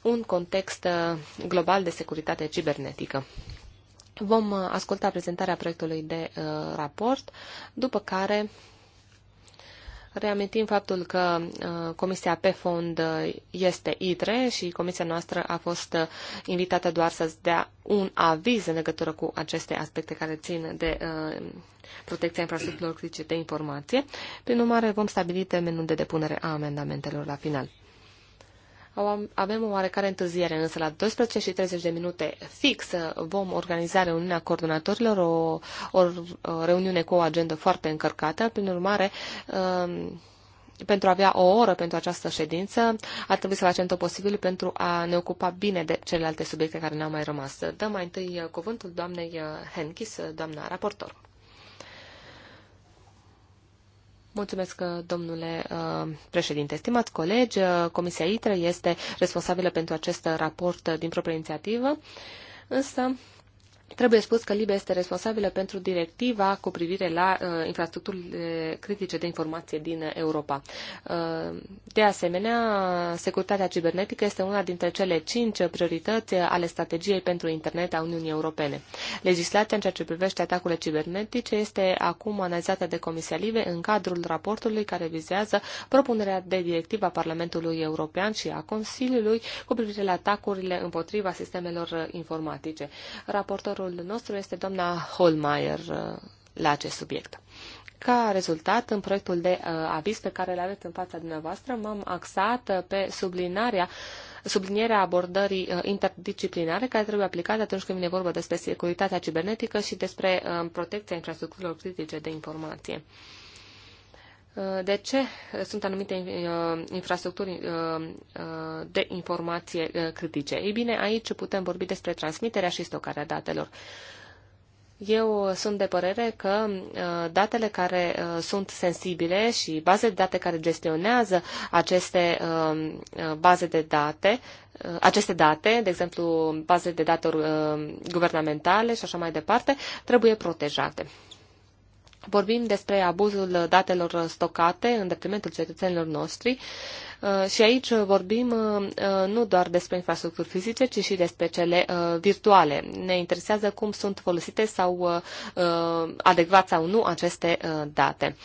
un context uh, global de securitate cibernetică. Vom uh, asculta prezentarea proiectului de uh, raport, după care Reamintim faptul că uh, Comisia pe fond uh, este ITRE și Comisia noastră a fost uh, invitată doar să-ți dea un aviz în legătură cu aceste aspecte care țin de protecția infrastructurilor critice de informație. Prin urmare, vom stabili termenul de depunere a amendamentelor la final avem o oarecare întârziere, însă la 12 și 30 de minute fix uh, vom organiza reuniunea coordonatorilor, o, o uh, reuniune cu o agendă foarte încărcată, prin urmare um, pentru a avea o oră pentru această ședință, ar trebui să facem tot posibilul pentru a ne ocupa bine de celelalte subiecte care ne-au mai rămas. Dăm mai întâi uh, cuvântul doamnei Henkis, doamna raportor. Mulțumesc, uh, domnule uh, președinte. Stimați colegi, uh, Comisia ITRE este responsabilă pentru acest raport din proprie inițiativă, însă Trebuie spus că Libia este responsabilă pentru directiva cu privire la uh, infrastructurile critice de informație din Europa. Uh, de asemenea, securitatea cibernetică este una dintre cele cinci priorități ale strategiei pentru internet a Uniunii Europene. Legislația în ceea ce privește atacurile cibernetice este acum analizată de Comisia Libe în cadrul raportului care vizează propunerea de directiva Parlamentului European și a Consiliului cu privire la atacurile împotriva sistemelor informatice. Raportor raportorul nostru este doamna Holmeier uh, la acest subiect. Ca rezultat, în proiectul de uh, avis pe care îl aveți în fața dumneavoastră, m-am axat uh, pe sublinarea sublinierea abordării uh, interdisciplinare care trebuie aplicată atunci când vine vorba despre securitatea cibernetică și despre uh, protecția infrastructurilor critice de informație. Uh, Uh, de ce sunt anumite uh, infrastructuri uh, de informație critice? Ei bine, aici putem vorbi despre transmiterea și stocarea datelor. Eu sunt de părere că datele care sunt sensibile și baze de date care gestionează aceste baze de date, aceste date, de exemplu baze de date guvernamentale și așa mai departe, trebuie protejate. Vorbim despre abuzul datelor stocate în detrimentul cetățenilor noștri Uh, și aici vorbim uh, nu doar despre infrastructuri fizice, ci și despre cele uh, virtuale. Ne interesează cum sunt folosite sau adecvat sau nu aceste date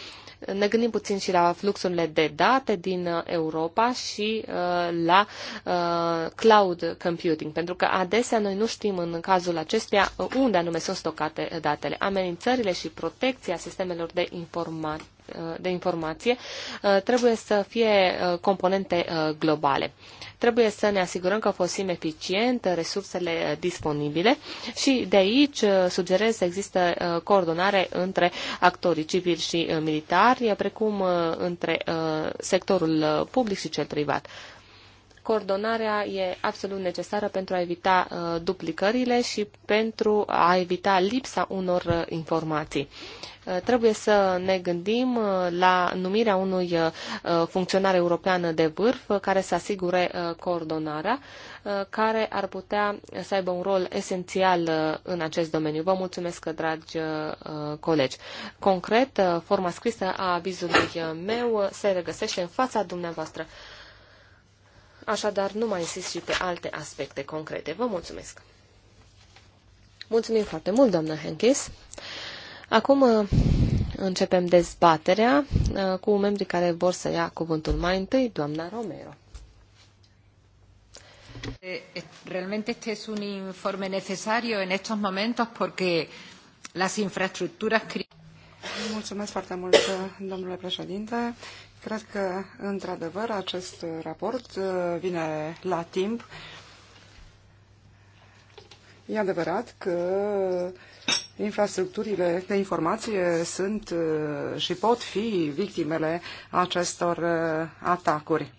ne gândim puțin și la fluxurile de date din Europa și uh, la uh, cloud computing, pentru că adesea noi nu știm în cazul acestuia unde anume sunt stocate datele. Amenințările și protecția sistemelor de informare Uh, de informație uh, trebuie să fie uh, componente globale. Trebuie să ne asigurăm că folosim eficient resursele disponibile și de aici sugerez să există coordonare între actorii civili și militari, precum între sectorul public și cel privat coordonarea e absolut necesară pentru a evita uh, duplicările și pentru a evita lipsa unor uh, informații. Uh, trebuie să ne gândim la numirea unui funcționar european de vârf care să asigure coordonarea, care ar putea să aibă un rol esențial în acest domeniu. Vă mulțumesc, dragi colegi. Concret, forma scrisă a avizului meu se regăsește în fața dumneavoastră. Așadar, nu mai insist și pe alte aspecte concrete. Vă mulțumesc! Mulțumim foarte mult, doamnă Henkis. Acum uh, începem dezbaterea uh, cu membrii care vor să ia cuvântul mai întâi, doamna Romero. Eh, eh, realmente este es un informe necesario en estos momentos porque las infraestructuras Mulțumesc foarte mult, domnule președinte. Cred că, într-adevăr, acest raport uh, vine la timp. E adevărat că infrastructurile de informație sunt uh, și pot fi victimele acestor uh, atacuri.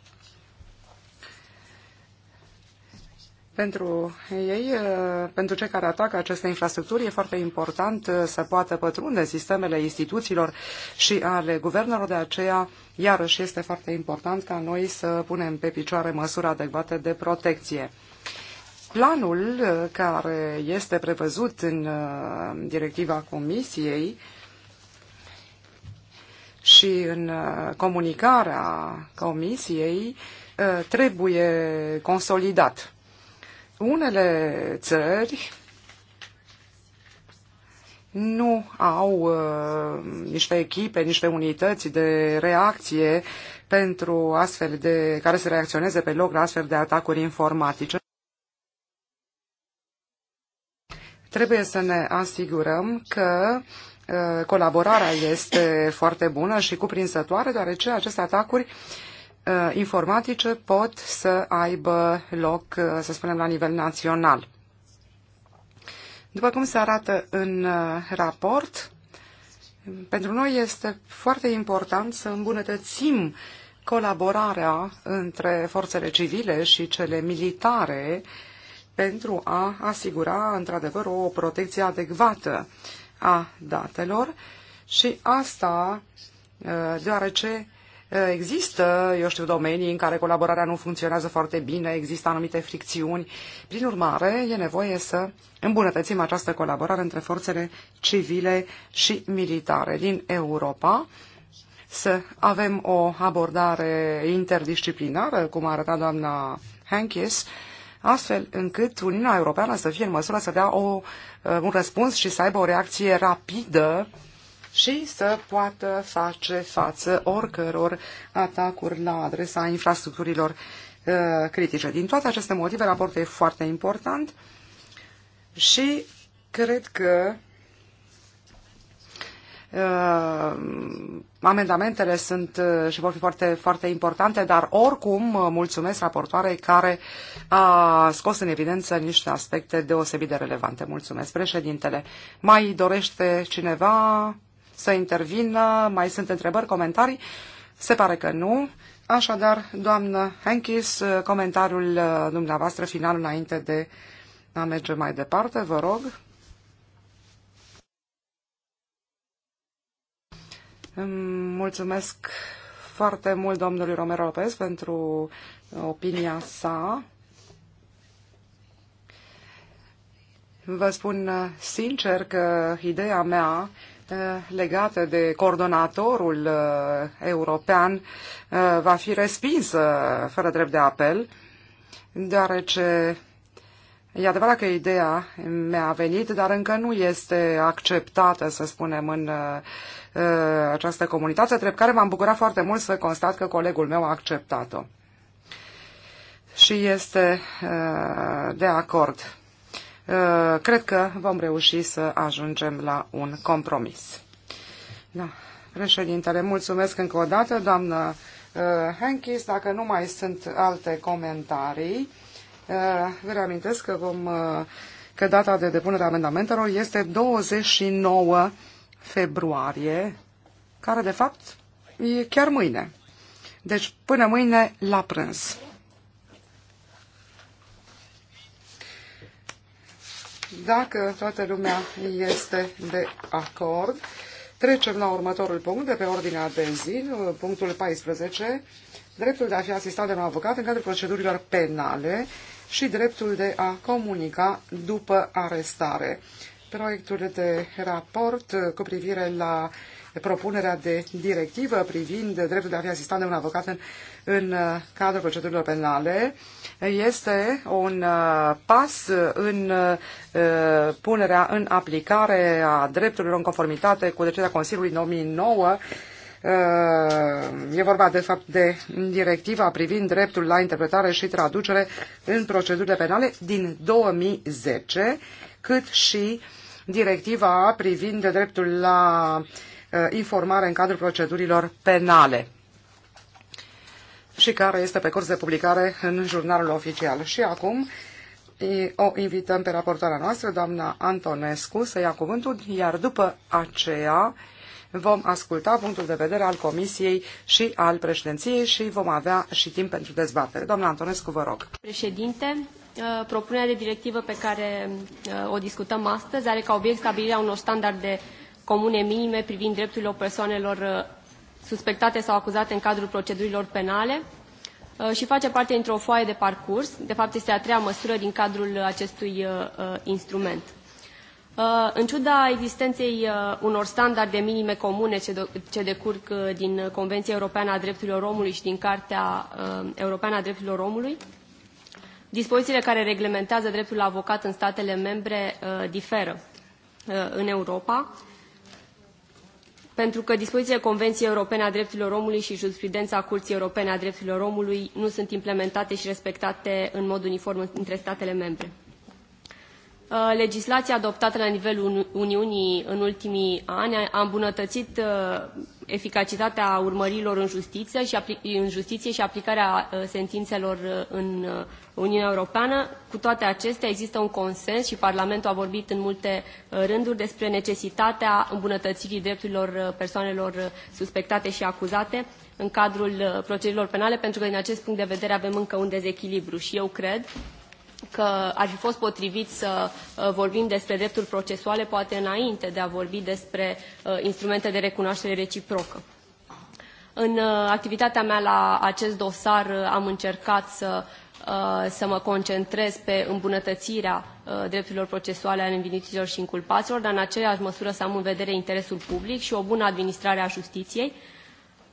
Pentru ei, uh, pentru cei care atacă aceste infrastructuri, e foarte important uh, să poată pătrunde sistemele instituțiilor și ale guvernelor, de aceea, iarăși, este foarte important ca noi să punem pe picioare măsuri adecvate de protecție. Planul uh, care este prevăzut în directiva Comisiei și în comunicarea Comisiei trebuie consolidat. Unele țări nu au uh, niște echipe, niște unități de reacție pentru astfel de, care să reacționeze pe loc la astfel de atacuri informatice. Trebuie să ne asigurăm că uh, colaborarea este foarte bună și cuprinsătoare, deoarece aceste atacuri uh, Uh, informatice pot să aibă loc, uh, să spunem, la nivel național. După cum se arată în uh, raport, pentru noi este foarte important să îmbunătățim colaborarea între forțele civile și cele militare pentru a asigura, într-adevăr, o protecție adecvată a datelor și asta deoarece Există, eu știu, domenii în care colaborarea nu funcționează foarte bine, există anumite fricțiuni. Prin urmare, e nevoie să îmbunătățim această colaborare între forțele civile și militare din Europa, să avem o abordare interdisciplinară, cum arătat doamna Hankis, astfel încât Uniunea Europeană să fie în măsură să dea o, un răspuns și să aibă o reacție rapidă uh, și să poată face față oricăror atacuri la adresa infrastructurilor uh, critice. Din toate aceste motive, raportul e foarte important și cred că Uh, amendamentele sunt uh, și vor fi foarte, foarte importante, dar oricum uh, mulțumesc raportoarei care a scos în evidență niște aspecte deosebit de relevante. Mulțumesc, președintele. Mai dorește cineva să intervină? Mai sunt întrebări, comentarii? Se pare că nu. Așadar, doamnă Henkis, comentariul uh, dumneavoastră final înainte de a merge mai departe, vă rog. Mulțumesc foarte mult domnului Romero Lopez pentru opinia sa. Vă spun uh, sincer că ideea mea legată de coordonatorul uh, european uh, va fi respinsă fără drept de apel, deoarece e adevărat că ideea mi-a venit, dar încă nu este acceptată, să spunem, în uh, această comunitate, drept care m-am bucurat foarte mult să constat că colegul meu a acceptat-o. Și este de acord. Uh, cred că vom reuși să ajungem la un compromis. Da. Președintele, mulțumesc încă o dată, doamnă uh, Henkis. Dacă nu mai sunt alte comentarii, uh, vă reamintesc că, vom, că data de depunere a amendamentelor este 29 februarie, care de fapt e chiar mâine. Deci până mâine la prânz. Dacă toată lumea este de acord, trecem la următorul punct de pe ordinea de zi, punctul 14, dreptul de a fi asistat de un avocat în cadrul procedurilor penale și dreptul de a comunica după arestare. Proiectul de raport cu privire la uh, propunerea de directivă privind dreptul de a fi asistat de un avocat în, în uh, cadrul procedurilor penale este un uh, pas în uh, punerea în aplicare a drepturilor în conformitate cu decizia Consiliului 2009 E vorba, de fapt, de directiva privind dreptul la interpretare și traducere în procedurile penale din 2010, cât și directiva privind dreptul la Uh, informare în cadrul procedurilor penale și care este pe curs de publicare în jurnalul oficial. Și acum o invităm pe raportoarea noastră, doamna Antonescu, să ia cuvântul, iar după aceea vom asculta punctul de vedere al Comisiei și al președinției și vom avea și timp pentru dezbatere. Doamna Antonescu, vă rog. Președinte, uh, propunerea de directivă pe care uh, o discutăm astăzi are ca obiect stabilirea unor standarde comune minime privind drepturile persoanelor uh, suspectate sau acuzate în cadrul procedurilor penale uh, și face parte dintr-o foaie de parcurs. De fapt, este a treia măsură din cadrul acestui uh, instrument. În ciuda existenței unor standarde minime comune ce decurg din Convenția Europeană a Drepturilor Omului și din Cartea Europeană a Drepturilor Omului, dispozițiile care reglementează dreptul la avocat în statele membre diferă în Europa pentru că dispozițiile Convenției Europene a Drepturilor Omului și jurisprudența Curții Europene a Drepturilor Omului nu sunt implementate și respectate în mod uniform între statele membre. Uh, legislația adoptată la nivelul Uniunii în ultimii ani a îmbunătățit uh, eficacitatea urmărilor în justiție și, în justiție și aplicarea uh, sentințelor în Uniunea Europeană. Cu toate acestea, există un consens și Parlamentul a vorbit în multe rânduri despre necesitatea îmbunătățirii drepturilor persoanelor suspectate și acuzate în cadrul procedurilor penale, pentru că din acest punct de vedere avem încă un dezechilibru și eu cred că ar fi fost potrivit să uh, vorbim despre drepturi procesuale poate înainte de a vorbi despre uh, instrumente de recunoaștere reciprocă. În uh, activitatea mea la acest dosar am încercat să, să mă concentrez pe îmbunătățirea drepturilor procesuale ale învinuților și inculpaților, dar în aceeași măsură să am în vedere interesul public și o bună administrare a justiției,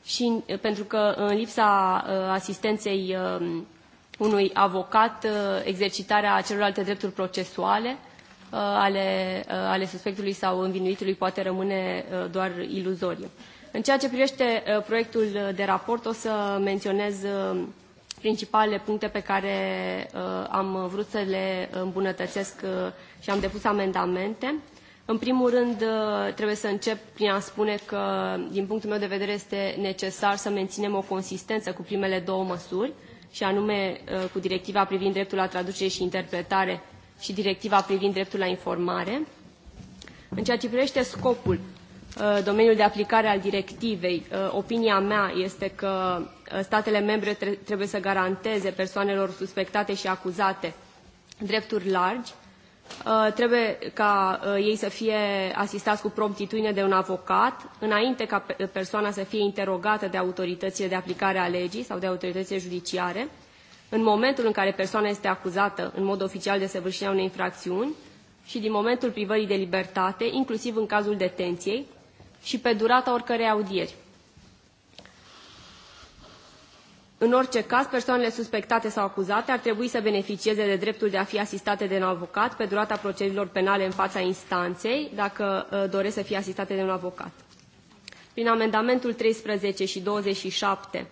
și pentru că în lipsa asistenței unui avocat uh, exercitarea celorlalte drepturi procesuale uh, ale, uh, ale suspectului sau învinuitului poate rămâne doar iluzoriu. În ceea ce privește proiectul de raport, o să menționez principalele puncte pe care am vrut să le îmbunătățesc și am depus amendamente. În primul rând, trebuie să încep prin a spune că, din punctul meu de vedere, este necesar să menținem o consistență cu primele două măsuri, și anume uh, cu directiva privind dreptul la traducere și interpretare și directiva privind dreptul la informare. În ceea ce privește scopul, uh, domeniul de aplicare al directivei, uh, opinia mea este că statele membre trebuie să garanteze persoanelor suspectate și acuzate drepturi largi, Uh, trebuie ca uh, ei să fie asistați cu promptitudine de un avocat, înainte ca persoana să fie interogată de autoritățile de aplicare a legii sau de autoritățile judiciare, în momentul în care persoana este acuzată în mod oficial de săvârșirea unei infracțiuni și din momentul privării de libertate, inclusiv în cazul detenției, și pe durata oricărei audieri. În orice caz, persoanele suspectate sau acuzate ar trebui să beneficieze de dreptul de a fi asistate de un avocat pe durata procedurilor penale în fața instanței, dacă ă, doresc să fie asistate de un avocat. Prin amendamentul 13 și 27,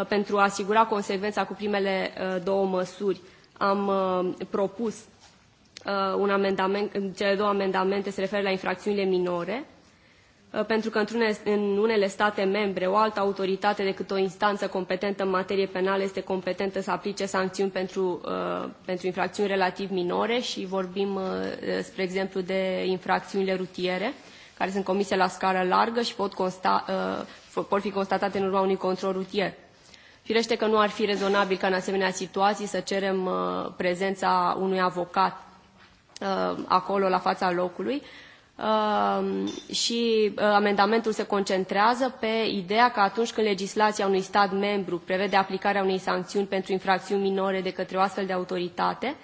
ă, pentru a asigura consecvența cu primele ă, două măsuri, am propus un amendament, cele două amendamente se referă la infracțiunile minore, Uh, pentru că în unele state membre o altă autoritate decât o instanță competentă în materie penală este competentă să aplice sancțiuni pentru, uh, pentru infracțiuni relativ minore și vorbim, uh, spre exemplu, de infracțiunile rutiere care sunt comise la scară largă și pot, consta, pot fi constatate în urma unui control rutier. Firește că nu ar fi rezonabil ca în asemenea situații să cerem prezența unui avocat acolo la fața locului, Ehm, și eh, amendamentul se concentrează pe ideea că atunci când legislația unui stat membru prevede aplicarea unei sancțiuni pentru infracțiuni minore de către o astfel de autoritate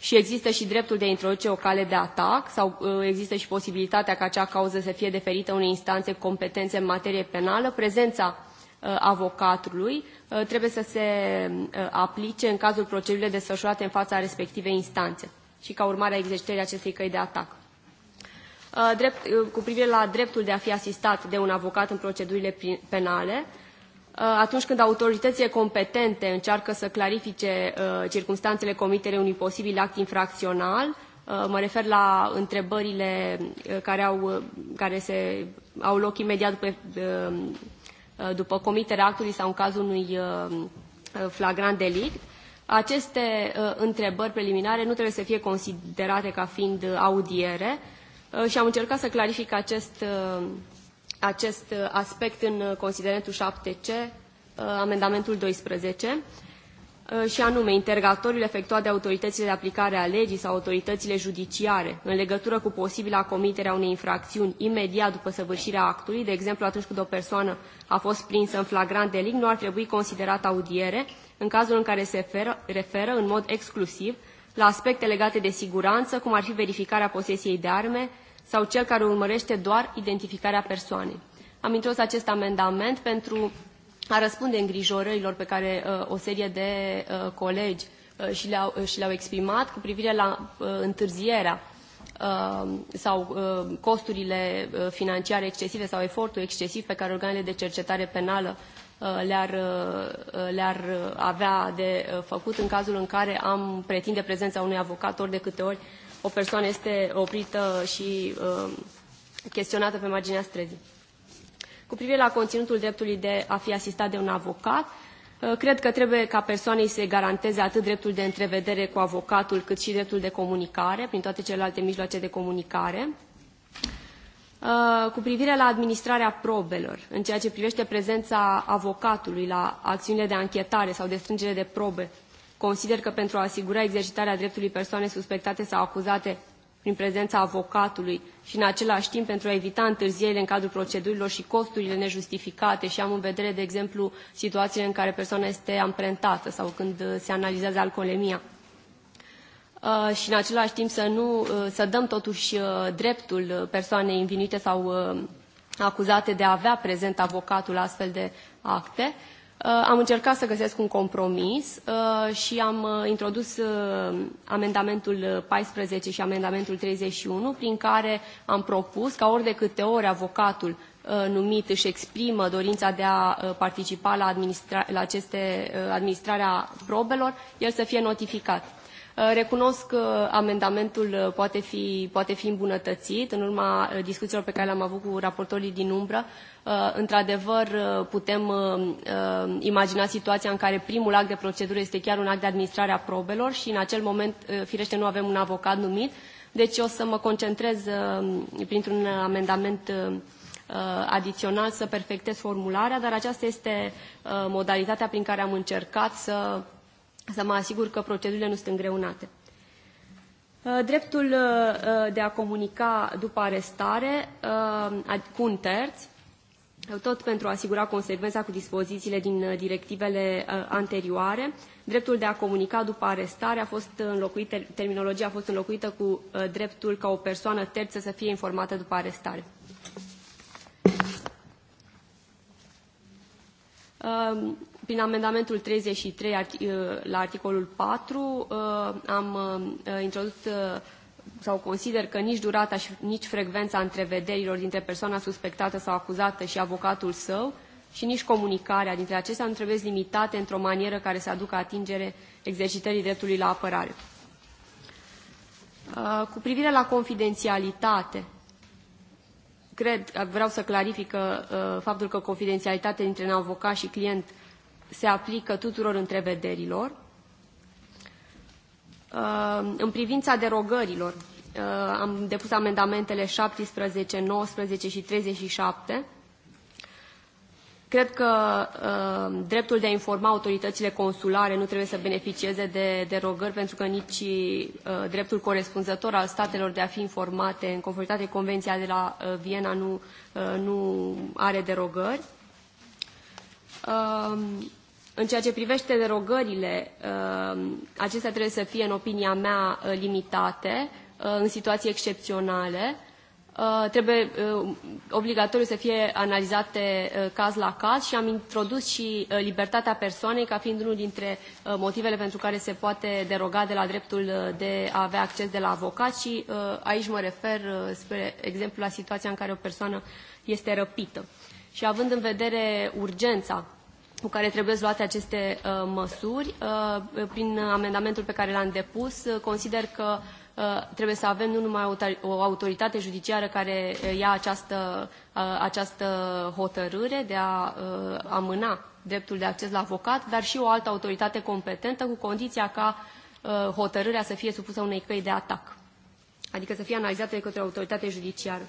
și există și dreptul de a introduce o cale de atac sau eh, există și posibilitatea ca acea cauză să fie deferită unei instanțe competențe în materie penală, prezența eh, avocatului trebuie să se aplice în cazul procedurilor desfășurate în fața respectivei instanțe și ca urmare a exercitării acestei căi de atac. Uh, drept, uh, cu privire la dreptul de a fi asistat de un avocat în procedurile penale, uh, atunci când autoritățile competente încearcă să clarifice circumstanțele comiterii unui posibil act infracțional, mă refer la întrebările care, au, care se, au loc imediat după, după comiterea actului sau în cazul unui flagrant delict, aceste întrebări preliminare nu trebuie să fie considerate ca fiind audiere, Uh, și am încercat să clarific acest, uh, acest uh, aspect în considerentul 7C, amendamentul 12, și anume interrogatoriul efectuat de autoritățile de aplicare a legii sau autoritățile judiciare în legătură cu posibila comiterea unei infracțiuni imediat după săvârșirea actului, de exemplu atunci când o persoană a fost prinsă în flagrant delict, nu ar trebui considerat audiere în cazul în care se referă, referă în mod exclusiv la aspecte legate de siguranță, cum ar fi verificarea posesiei de arme sau cel care urmărește doar identificarea persoanei. Am introdus acest amendament pentru a răspunde îngrijorărilor pe care uh, o serie de uh, colegi uh, și le-au uh, le exprimat cu privire la uh, întârzierea uh, sau costurile financiare excesive sau efortul excesiv pe care organele de cercetare penală Uh, le-ar, uh, le-ar avea de uh, făcut în cazul în care am pretinde prezența unui avocat ori de câte ori o persoană este oprită și chestionată pe marginea străzii. Cu privire la conținutul dreptului de a fi asistat de un avocat, cred că trebuie ca persoanei să garanteze atât dreptul de întrevedere cu avocatul, cât și dreptul de comunicare, prin toate celelalte mijloace de comunicare. Uh, cu privire la administrarea probelor, în ceea ce privește prezența avocatului la acțiunile de anchetare sau de strângere de probe, consider că pentru a asigura exercitarea dreptului persoane suspectate sau acuzate prin prezența avocatului și în același timp pentru a evita întârzierile în cadrul procedurilor și costurile nejustificate și am în vedere, de exemplu, situațiile în care persoana este amprentată sau când se analizează alcoolemia. Uh, și în același timp să, nu, uh, să dăm totuși uh, dreptul persoanei învinuite sau acuzate de a avea prezent avocatul astfel de acte. Am încercat să găsesc un compromis și am introdus amendamentul 14 și amendamentul 31, prin care am propus ca ori de câte ori avocatul numit își exprimă dorința de a participa la, administra la aceste, administrarea probelor, el să fie notificat. Uh, recunosc că amendamentul uh, poate fi, poate fi îmbunătățit în urma uh, discuțiilor pe care le-am avut cu raportorii din umbră. Într-adevăr, putem imagina situația în care primul act de procedură este chiar un act de administrare a probelor și în acel moment, firește, nu avem un avocat numit, deci o să mă concentrez printr-un amendament adițional să perfectez formularea, dar aceasta este modalitatea prin care am încercat să să mă asigur că procedurile nu sunt îngreunate. Uh, dreptul uh, uh, de a comunica după arestare cu un terț, tot pentru a asigura consecvența cu dispozițiile din directivele anterioare, dreptul de a comunica după arestare a fost înlocuit, terminologia a fost înlocuită cu dreptul ca o persoană terță să fie informată după arestare. Um, prin amendamentul 33 uh, la articolul 4 uh, am uh, introdus sau consider că nici durata și nici frecvența întrevederilor dintre persoana suspectată sau acuzată și avocatul său și nici comunicarea dintre acestea nu trebuie limitate într-o manieră care să aducă atingere exercitării dreptului la apărare. Cu privire la confidențialitate, cred, vreau să clarific faptul că confidențialitatea dintre un avocat și client se aplică tuturor întrevederilor. Uh, în privința derogărilor, uh, am depus amendamentele 17, 19 și 37. Cred că uh, dreptul de a informa autoritățile consulare nu trebuie să beneficieze de derogări, pentru că nici dreptul corespunzător al statelor de a fi informate în conformitate cu Convenția de la Viena nu, nu are derogări. În ceea ce privește derogările, uh, acestea trebuie să fie, în opinia mea, uh, limitate uh, în situații excepționale. Trebuie obligatoriu să fie analizate caz la caz și am introdus și libertatea persoanei ca fiind unul dintre motivele pentru care se poate deroga de la dreptul de a avea acces de la avocat și aici mă refer, spre exemplu, la situația în care o persoană este răpită. Și având în vedere urgența cu care trebuie luate aceste uh, măsuri. Uh, prin amendamentul pe care l-am depus, uh, consider că trebuie să avem nu numai o autoritate judiciară care ia această, această hotărâre de a amâna dreptul de acces la avocat, dar și o altă autoritate competentă cu condiția ca hotărârea să fie supusă unei căi de atac, adică să fie analizată de către o autoritate judiciară.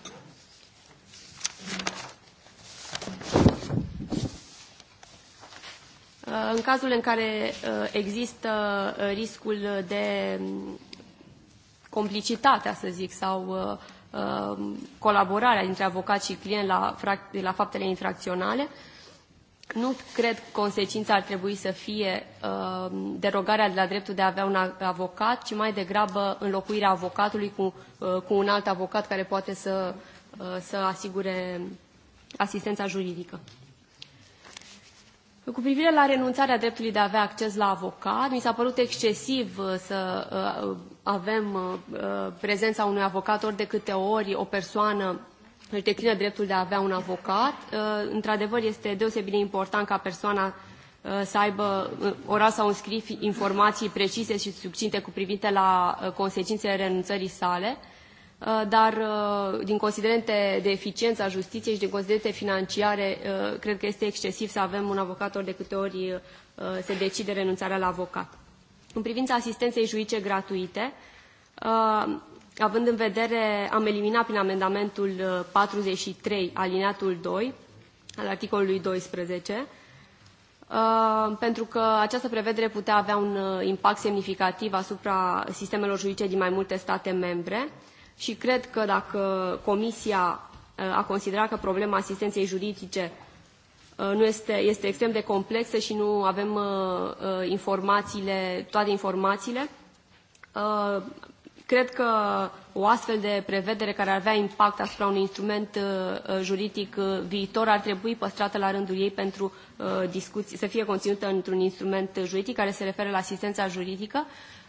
În cazul în care uh, există uh, riscul de um, complicitate, să zic, sau uh, um, colaborarea dintre avocat și client la, la faptele infracționale, nu cred consecința ar trebui să fie uh, derogarea de la dreptul de a avea un avocat, ci mai degrabă înlocuirea avocatului cu, uh, cu un alt avocat care poate să, uh, să asigure asistența juridică. Cu privire la renunțarea dreptului de a avea acces la avocat, mi s-a părut excesiv uh, să uh, avem uh, prezența unui avocat ori de câte ori o persoană își declină dreptul de a avea un avocat. Într-adevăr, este deosebit de important ca persoana să aibă oral sau scris informații precise și succinte cu privire la consecințele renunțării sale. Uh, dar uh, din considerente de eficiență a justiției și din considerente financiare, uh, cred că este excesiv să avem un avocat ori de câte ori se decide renunțarea la avocat. În privința asistenței juice gratuite, având în vedere, am eliminat prin amendamentul 43, alineatul 2, al articolului 12, pentru că această prevedere putea avea un impact semnificativ asupra sistemelor juice din mai multe state membre, și cred că dacă Comisia uh, a considerat că problema asistenței juridice uh, nu este, este extrem de complexă și nu avem uh, informațiile, toate informațiile, cred că o astfel de prevedere care ar avea impact asupra unui instrument juridic viitor ar trebui păstrată la rândul ei pentru discuții, să fie conținută într-un instrument juridic care se referă la asistența juridică,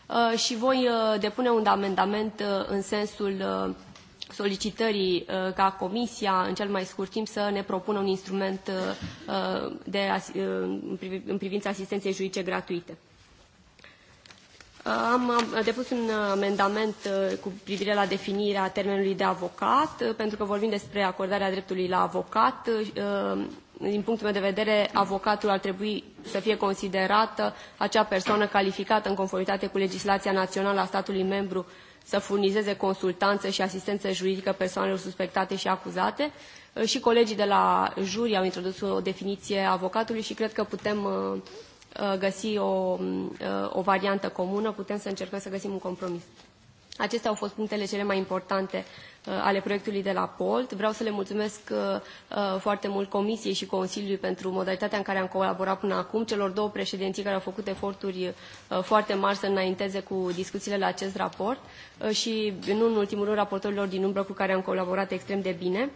Uh, și voi uh, depune un amendament uh, în sensul solicitării ca Comisia, în cel mai scurt timp, să ne propună un instrument de, în privința asistenței juridice gratuite. Am depus un amendament cu privire la definirea termenului de avocat, pentru că vorbim despre acordarea dreptului la avocat din punctul meu de vedere, avocatul ar trebui să fie considerată acea persoană calificată în conformitate cu legislația națională a statului membru să furnizeze consultanță și asistență juridică persoanelor suspectate și acuzate. Uh, și colegii de la juri au introdus o definiție a avocatului și cred că putem uh, uh, găsi o, o variantă comună, putem să încercăm să găsim un compromis. Acestea au fost punctele cele mai importante uh, ale proiectului de la POLT. Vreau să le mulțumesc uh, uh, foarte mult Comisiei și Consiliului pentru modalitatea în care am colaborat până acum, celor două președinții care au făcut eforturi foarte mari să înainteze cu discuțiile la acest raport și, nu în ultimul rând, raportorilor din umbră cu care am colaborat extrem de bine.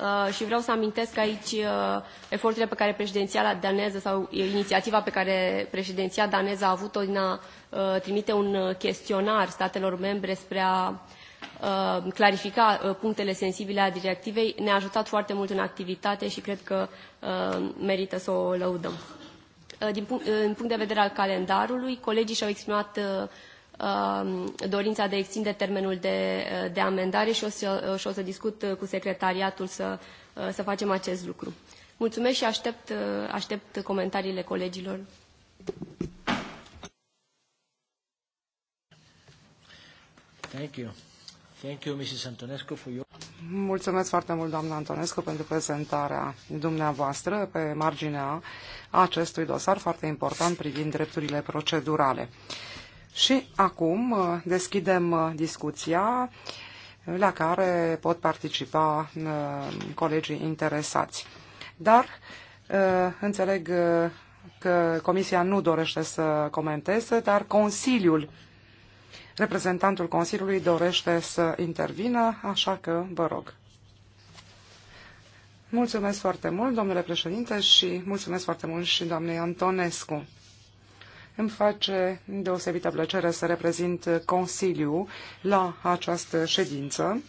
Uh, și vreau să amintesc aici uh, eforturile pe care președinția daneză sau inițiativa pe care președinția daneză a avut-o din a uh, trimite un chestionar statelor membre spre a clarifica punctele sensibile a directivei ne-a ajutat foarte mult în activitate și cred că merită să o lăudăm. Din punct, de vedere al calendarului, colegii și-au exprimat Um, dorința de a extinde termenul de, uh, de amendare și o, să, uh, și o să discut uh, cu secretariatul să, să facem acest lucru. Mulțumesc și aștept, aștept comentariile colegilor. Thank you. Thank you, Mrs. Antonescu, for your... Mulțumesc foarte mult, doamna Antonescu, pentru prezentarea dumneavoastră pe marginea acestui dosar foarte important privind drepturile procedurale. Și acum uh, deschidem uh, discuția uh, la care pot participa colegii interesați. Dar înțeleg că Comisia nu dorește să comenteze, dar Consiliul, reprezentantul Consiliului dorește să intervină, așa că vă rog. Mulțumesc foarte mult, domnule președinte, și mulțumesc foarte mult și doamnei Antonescu. Îmi face deosebită plăcere să reprezint Consiliu la această ședință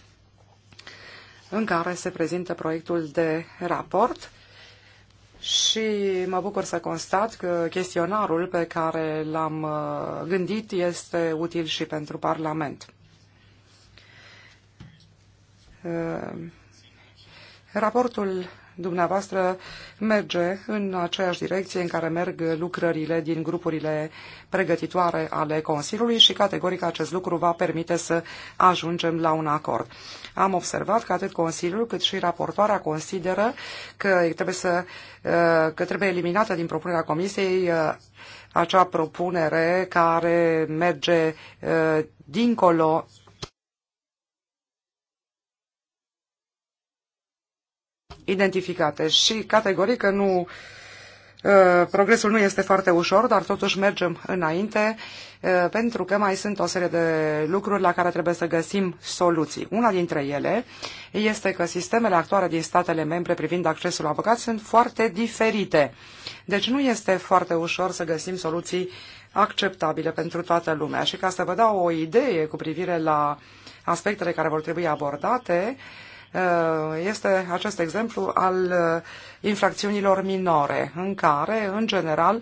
în care se prezintă proiectul de raport și mă bucur să constat că chestionarul pe care l-am uh, gândit este util și pentru Parlament. Uh, raportul dumneavoastră merge în aceeași direcție în care merg lucrările din grupurile pregătitoare ale Consiliului și categoric acest lucru va permite să ajungem la un acord. Am observat că atât Consiliul cât și raportoarea consideră că trebuie, să, uh, că trebuie eliminată din propunerea Comisiei uh, acea propunere care merge uh, dincolo identificate și categoric că nu, uh, progresul nu este foarte ușor, dar totuși mergem înainte uh, pentru că mai sunt o serie de lucruri la care trebuie să găsim soluții. Una dintre ele este că sistemele actuale din statele membre privind accesul la avocat sunt foarte diferite. Deci nu este foarte ușor să găsim soluții acceptabile pentru toată lumea. Și ca să vă dau o idee cu privire la aspectele care vor trebui abordate, uh, Uh, este acest exemplu al uh, infracțiunilor minore, în care, în general,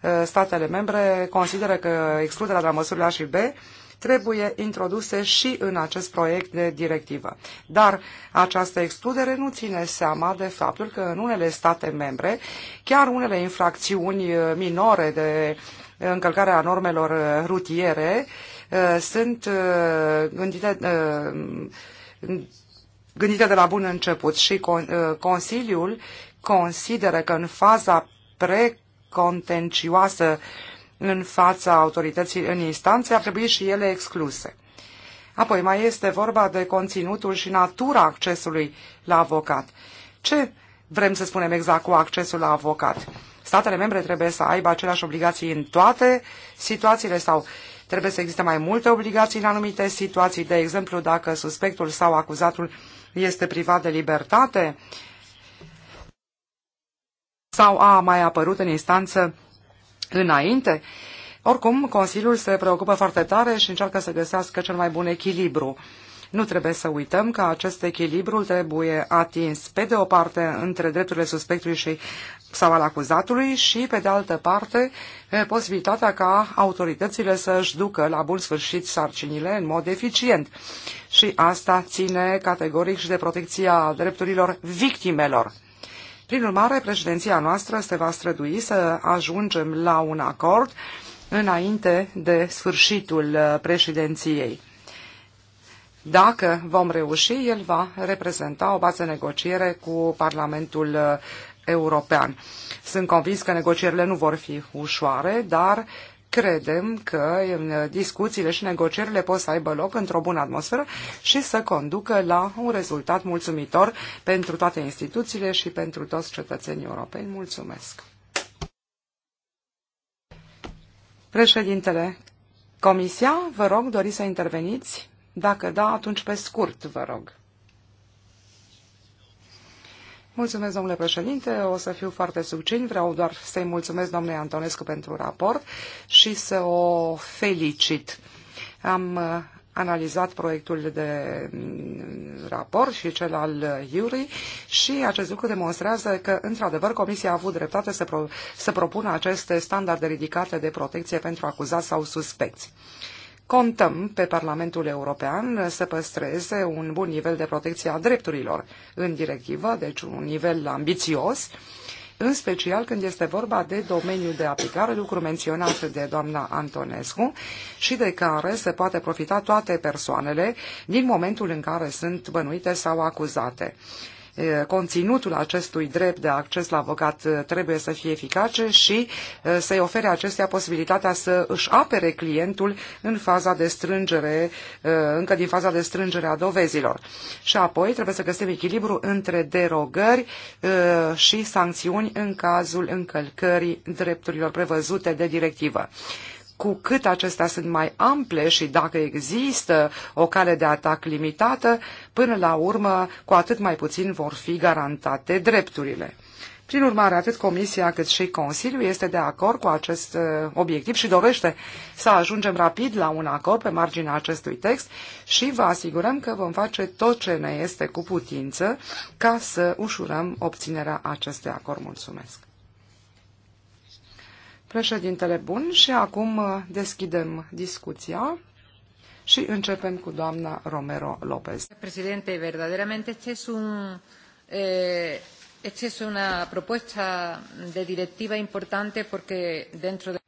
uh, statele membre consideră că excluderea de la măsurile A și B trebuie introduse și în acest proiect de directivă. Dar această excludere nu ține seama de faptul că în unele state membre, chiar unele infracțiuni minore de încălcare a normelor rutiere sunt gândite gândită de la bun început și uh, Consiliul consideră că în faza precontencioasă în fața autorității în instanțe ar trebui și ele excluse. Apoi mai este vorba de conținutul și natura accesului la avocat. Ce vrem să spunem exact cu accesul la avocat? Statele membre trebuie să aibă aceleași obligații în toate situațiile sau trebuie să existe mai multe obligații în anumite situații, de exemplu dacă suspectul sau acuzatul este privat de libertate? Sau a mai apărut în instanță înainte? Oricum, Consiliul se preocupă foarte tare și încearcă să găsească cel mai bun echilibru. Nu trebuie să uităm că acest echilibru trebuie atins, pe de o parte, între drepturile suspectului și sau al acuzatului și, pe de altă parte, posibilitatea ca autoritățile să-și ducă la bun sfârșit sarcinile în mod eficient. Și asta ține categoric și de protecția drepturilor victimelor. Prin urmare, președinția noastră se va strădui să ajungem la un acord înainte de sfârșitul președinției. Dacă vom reuși, el va reprezenta o bază negociere cu Parlamentul european. Sunt convins că negocierile nu vor fi ușoare, dar credem că uh, discuțiile și negocierile pot să aibă loc într-o bună atmosferă și să conducă la un rezultat mulțumitor pentru toate instituțiile și pentru toți cetățenii europeni. Mulțumesc! Președintele, Comisia, vă rog, doriți să interveniți? Dacă da, atunci pe scurt, vă rog. Mulțumesc, domnule președinte, o să fiu foarte succint. Vreau doar să-i mulțumesc doamnei Antonescu pentru raport și să o felicit. Am uh, analizat proiectul de mm, raport și cel al Iuri și acest lucru demonstrează că, într-adevăr, Comisia a avut dreptate să, pro- să propună aceste standarde ridicate de protecție pentru acuzați sau suspecți. Contăm pe Parlamentul European să păstreze un bun nivel de protecție a drepturilor în directivă, deci un nivel ambițios, în special când este vorba de domeniul de aplicare, lucru menționat de doamna Antonescu și de care se poate profita toate persoanele din momentul în care sunt bănuite sau acuzate conținutul acestui drept de acces la avocat trebuie să fie eficace și să-i ofere acestea posibilitatea să își apere clientul în faza de strângere, încă din faza de strângere a dovezilor. Și apoi trebuie să găsim echilibru între derogări și sancțiuni în cazul încălcării drepturilor prevăzute de directivă cu cât acestea sunt mai ample și dacă există o cale de atac limitată, până la urmă, cu atât mai puțin vor fi garantate drepturile. Prin urmare, atât Comisia cât și Consiliul este de acord cu acest uh, obiectiv și dorește să ajungem rapid la un acord pe marginea acestui text și vă asigurăm că vom face tot ce ne este cu putință ca să ușurăm obținerea acestui acord. Mulțumesc! Președintele bun și acum uh, deschidem discuția și începem cu doamna Romero Lopez. Președinte, verdaderamente este un eh, este es una propuesta de directiva importante porque dentro de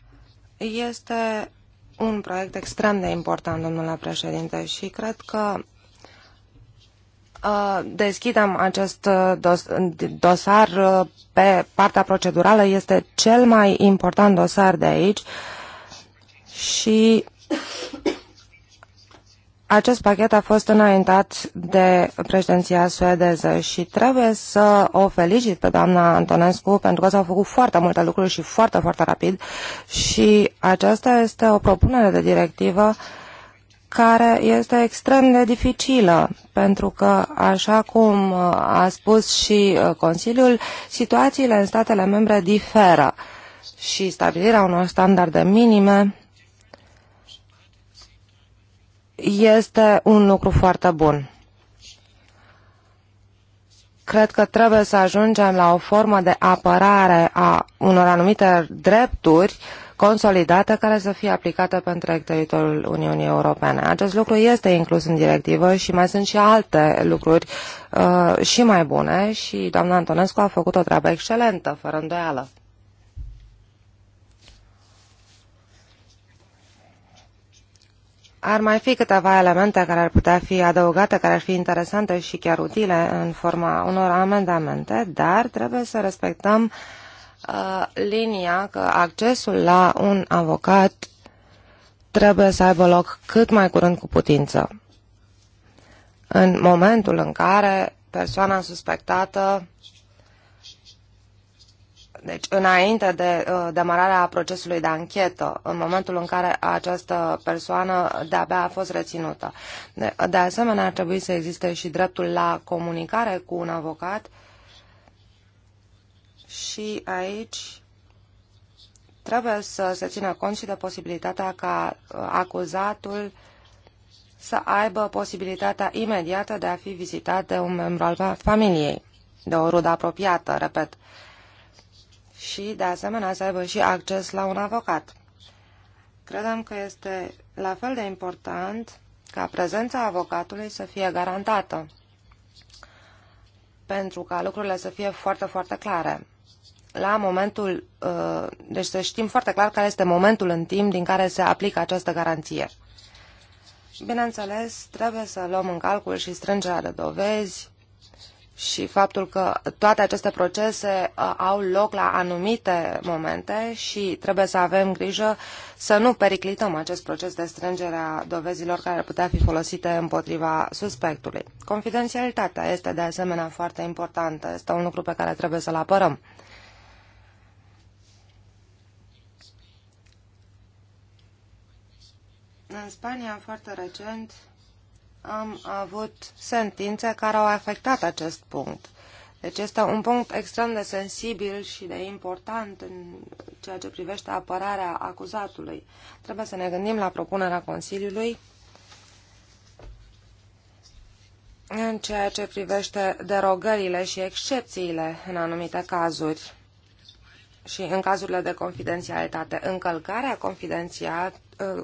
este un proiect extrem de important, domnule președinte, și cred că Uh, deschidem acest uh, dosar uh, pe partea procedurală. Este cel mai important dosar de aici și acest pachet a fost înaintat de președinția suedeză și trebuie să o felicit pe doamna Antonescu pentru că s-au făcut foarte multe lucruri și foarte, foarte rapid și aceasta este o propunere de directivă uh, care este extrem de dificilă, pentru că, așa cum uh, a spus și uh, Consiliul, situațiile în statele membre diferă și stabilirea unor standarde minime este un lucru foarte bun. Cred că trebuie să ajungem la o formă de apărare a unor anumite drepturi uh, consolidată care să fie aplicată pe întreg teritoriul Uniunii Europene. Acest lucru este inclus în directivă și mai sunt și alte lucruri uh, și mai bune și doamna Antonescu a făcut o treabă excelentă, fără îndoială. Ar mai fi câteva elemente care ar putea fi adăugate, care ar fi interesante și chiar utile în forma unor amendamente, dar trebuie să respectăm uh, Uh, linia că accesul la un avocat trebuie să aibă loc cât mai curând cu putință. În momentul în care persoana suspectată deci, înainte de uh, demararea procesului de anchetă, în momentul în care această persoană de-abia a fost reținută. De, de asemenea, ar trebui să existe și dreptul la comunicare cu un avocat și aici trebuie să se țină cont și de posibilitatea ca uh, acuzatul să aibă posibilitatea imediată de a fi vizitat de un membru al familiei, de o rudă apropiată, repet, și de asemenea să aibă și acces la un avocat. Credem că este la fel de important ca prezența avocatului să fie garantată, pentru ca lucrurile să fie foarte, foarte clare la momentul, uh, deci să știm foarte clar care este momentul în timp din care se aplică această garanție. Bineînțeles, trebuie să luăm în calcul și strângerea de dovezi și faptul că toate aceste procese uh, au loc la anumite momente și trebuie să avem grijă să nu periclităm acest proces de strângere a dovezilor care ar putea fi folosite împotriva suspectului. Confidențialitatea este de asemenea foarte importantă, este un lucru pe care trebuie să-l apărăm. În Spania, foarte recent, am avut sentințe care au afectat acest punct. Deci este un punct extrem de sensibil și de important în ceea ce privește apărarea acuzatului. Trebuie să ne gândim la propunerea Consiliului în ceea ce privește derogările și excepțiile în anumite cazuri și în cazurile de confidențialitate. Încălcarea uh,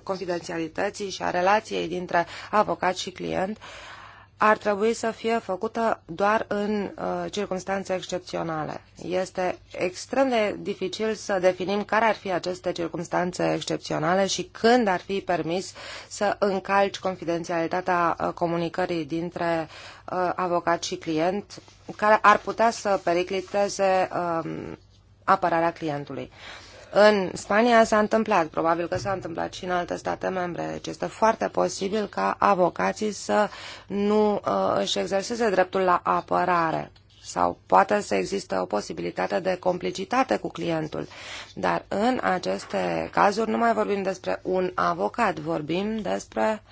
confidențialității și a relației dintre avocat și client ar trebui să fie făcută doar în uh, circunstanțe excepționale. Este extrem de dificil să definim care ar fi aceste circunstanțe excepționale și când ar fi permis să încalci confidențialitatea uh, comunicării dintre uh, avocat și client, care ar putea să pericliteze uh, apărarea clientului. În Spania s-a întâmplat, probabil că s-a întâmplat și în alte state membre, deci este foarte posibil ca avocații să nu uh, își exerseze dreptul la apărare sau poate să există o posibilitate de complicitate cu clientul. Dar în aceste cazuri nu mai vorbim despre un avocat, vorbim despre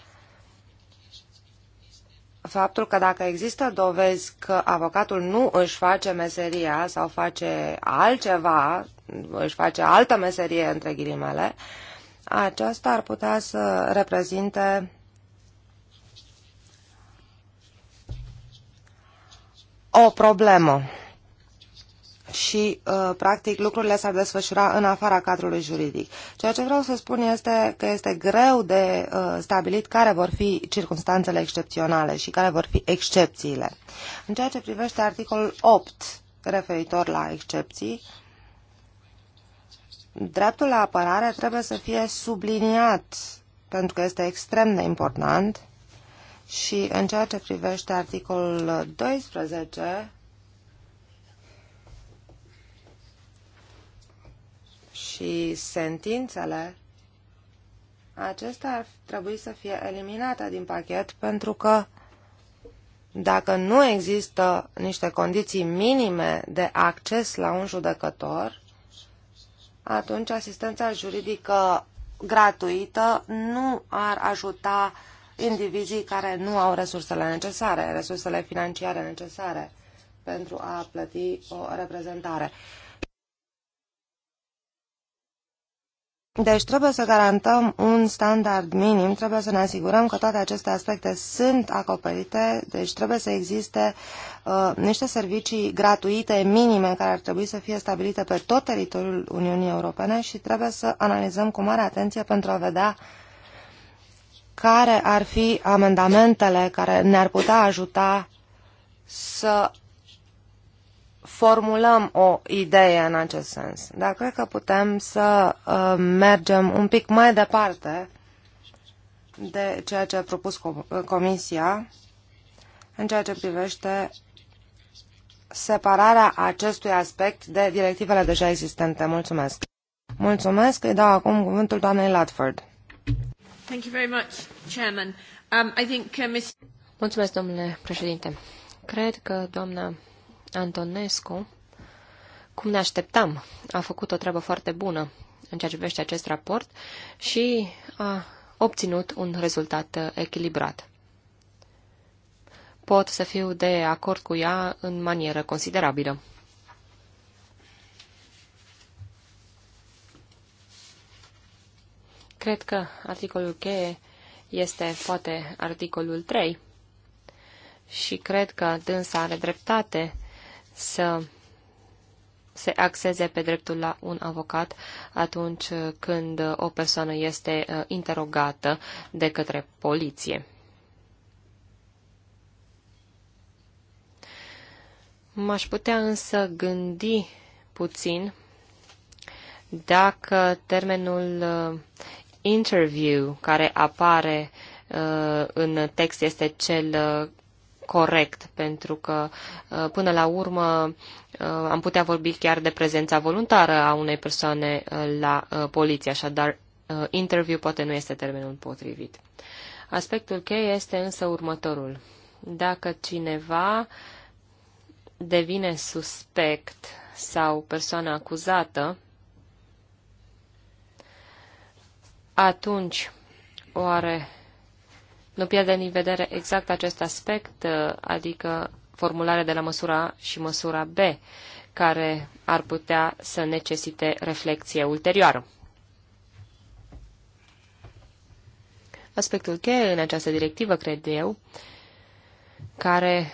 faptul că dacă există dovezi că avocatul nu își face meseria sau face altceva, își face altă meserie între ghilimele, aceasta ar putea să reprezinte o problemă și, uh, practic, lucrurile s-ar desfășura în afara cadrului juridic. Ceea ce vreau să spun este că este greu de uh, stabilit care vor fi circunstanțele excepționale și care vor fi excepțiile. În ceea ce privește articolul 8 referitor la excepții, dreptul la apărare trebuie să fie subliniat pentru că este extrem de important și în ceea ce privește articolul 12, și sentințele acestea ar trebui să fie eliminate din pachet pentru că dacă nu există niște condiții minime de acces la un judecător, atunci asistența juridică gratuită nu ar ajuta indivizii care nu au resursele necesare, resursele financiare necesare pentru a plăti o reprezentare. Deci trebuie să garantăm un standard minim, trebuie să ne asigurăm că toate aceste aspecte sunt acoperite, deci trebuie să existe uh, niște servicii gratuite minime care ar trebui să fie stabilite pe tot teritoriul Uniunii Europene și trebuie să analizăm cu mare atenție pentru a vedea care ar fi amendamentele care ne-ar putea ajuta să formulăm o idee în acest sens, dar cred că putem să uh, mergem un pic mai departe de ceea ce a propus uh, Comisia în ceea ce privește separarea acestui aspect de directivele deja existente. Mulțumesc! Mulțumesc! Îi dau acum cuvântul doamnei Latford. Thank you very much, Chairman. Um, I think, uh, Mulțumesc, domnule președinte. Cred că doamna Antonescu, cum ne așteptam, a făcut o treabă foarte bună în ceea ce privește acest raport și a obținut un rezultat uh, echilibrat. Pot să fiu de acord cu ea în manieră considerabilă. Cred că articolul cheie este poate articolul 3 și cred că dânsa are dreptate să se axeze pe dreptul la un avocat atunci când o persoană este uh, interogată de către poliție. M-aș putea însă gândi puțin dacă termenul uh, interview care apare uh, în text este cel corect, pentru că uh, până la urmă uh, am putea vorbi chiar de prezența voluntară a unei persoane uh, la poliție, așadar interviu poate nu este termenul potrivit. Aspectul cheie este însă următorul. Dacă cineva devine suspect sau persoană acuzată, atunci oare nu pierde din vedere exact acest aspect, uh, adică formularea de la măsura A și măsura B, care ar putea să necesite reflexie ulterioară. Aspectul cheie în această directivă, cred eu, care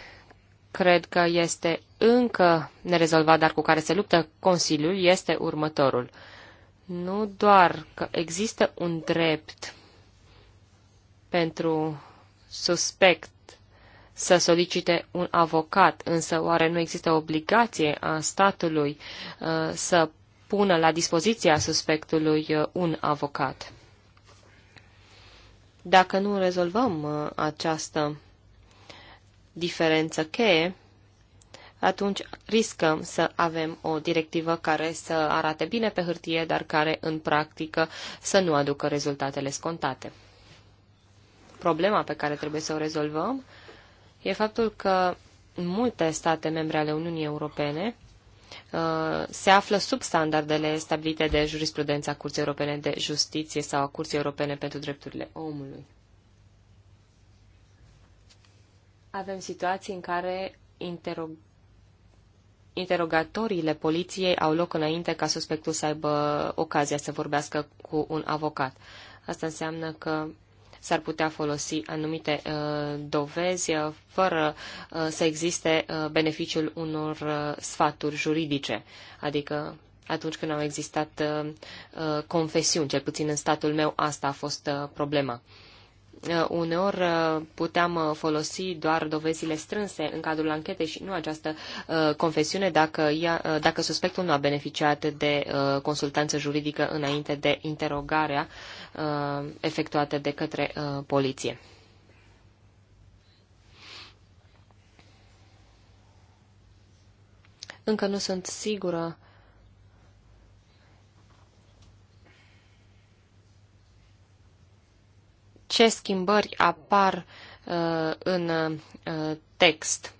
cred că este încă nerezolvat, dar cu care se luptă Consiliul, este următorul. Nu doar că există un drept pentru suspect să solicite un avocat, însă oare nu există obligație a statului uh, să pună la dispoziția suspectului uh, un avocat? Dacă nu rezolvăm uh, această diferență cheie, atunci riscăm să avem o directivă care să arate bine pe hârtie, dar care în practică să nu aducă rezultatele scontate problema pe care trebuie să o rezolvăm e faptul că multe state membre ale Uniunii Europene uh, se află sub standardele stabilite de jurisprudența Curții Europene de Justiție sau a Curții Europene pentru Drepturile Omului. Avem situații în care interog... interogatoriile poliției au loc înainte ca suspectul să aibă ocazia să vorbească cu un avocat. Asta înseamnă că s-ar putea folosi anumite uh, dovezi uh, fără uh, să existe beneficiul unor sfaturi juridice, adică atunci când au existat confesiuni, cel puțin în statul meu asta a fost problema. Eh, uneori eh, puteam eh, folosi doar dovezile strânse în cadrul anchetei și nu această confesiune dacă, ea, dacă suspectul nu a beneficiat de consultanță juridică înainte de interogarea efectuată de către poliție. Încă nu sunt sigură uh, ce schimbări apar uh, în uh, text.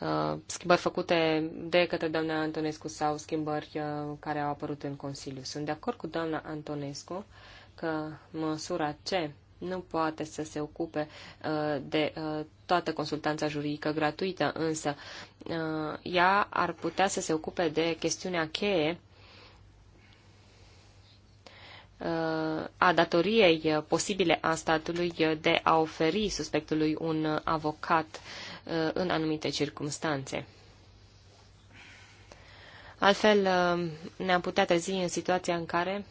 Uh, schimbări făcute de către doamna Antonescu sau schimbări care au apărut în Consiliu. Sunt de acord cu doamna Antonescu că măsura ce nu poate să se ocupe de toată consultanța juridică gratuită, însă ea ar putea să se ocupe de chestiunea cheie Uh, a datoriei posibile a statului de a oferi suspectului un avocat uh, în anumite circunstanțe. Altfel, uh, ne-am putea trezi în situația în care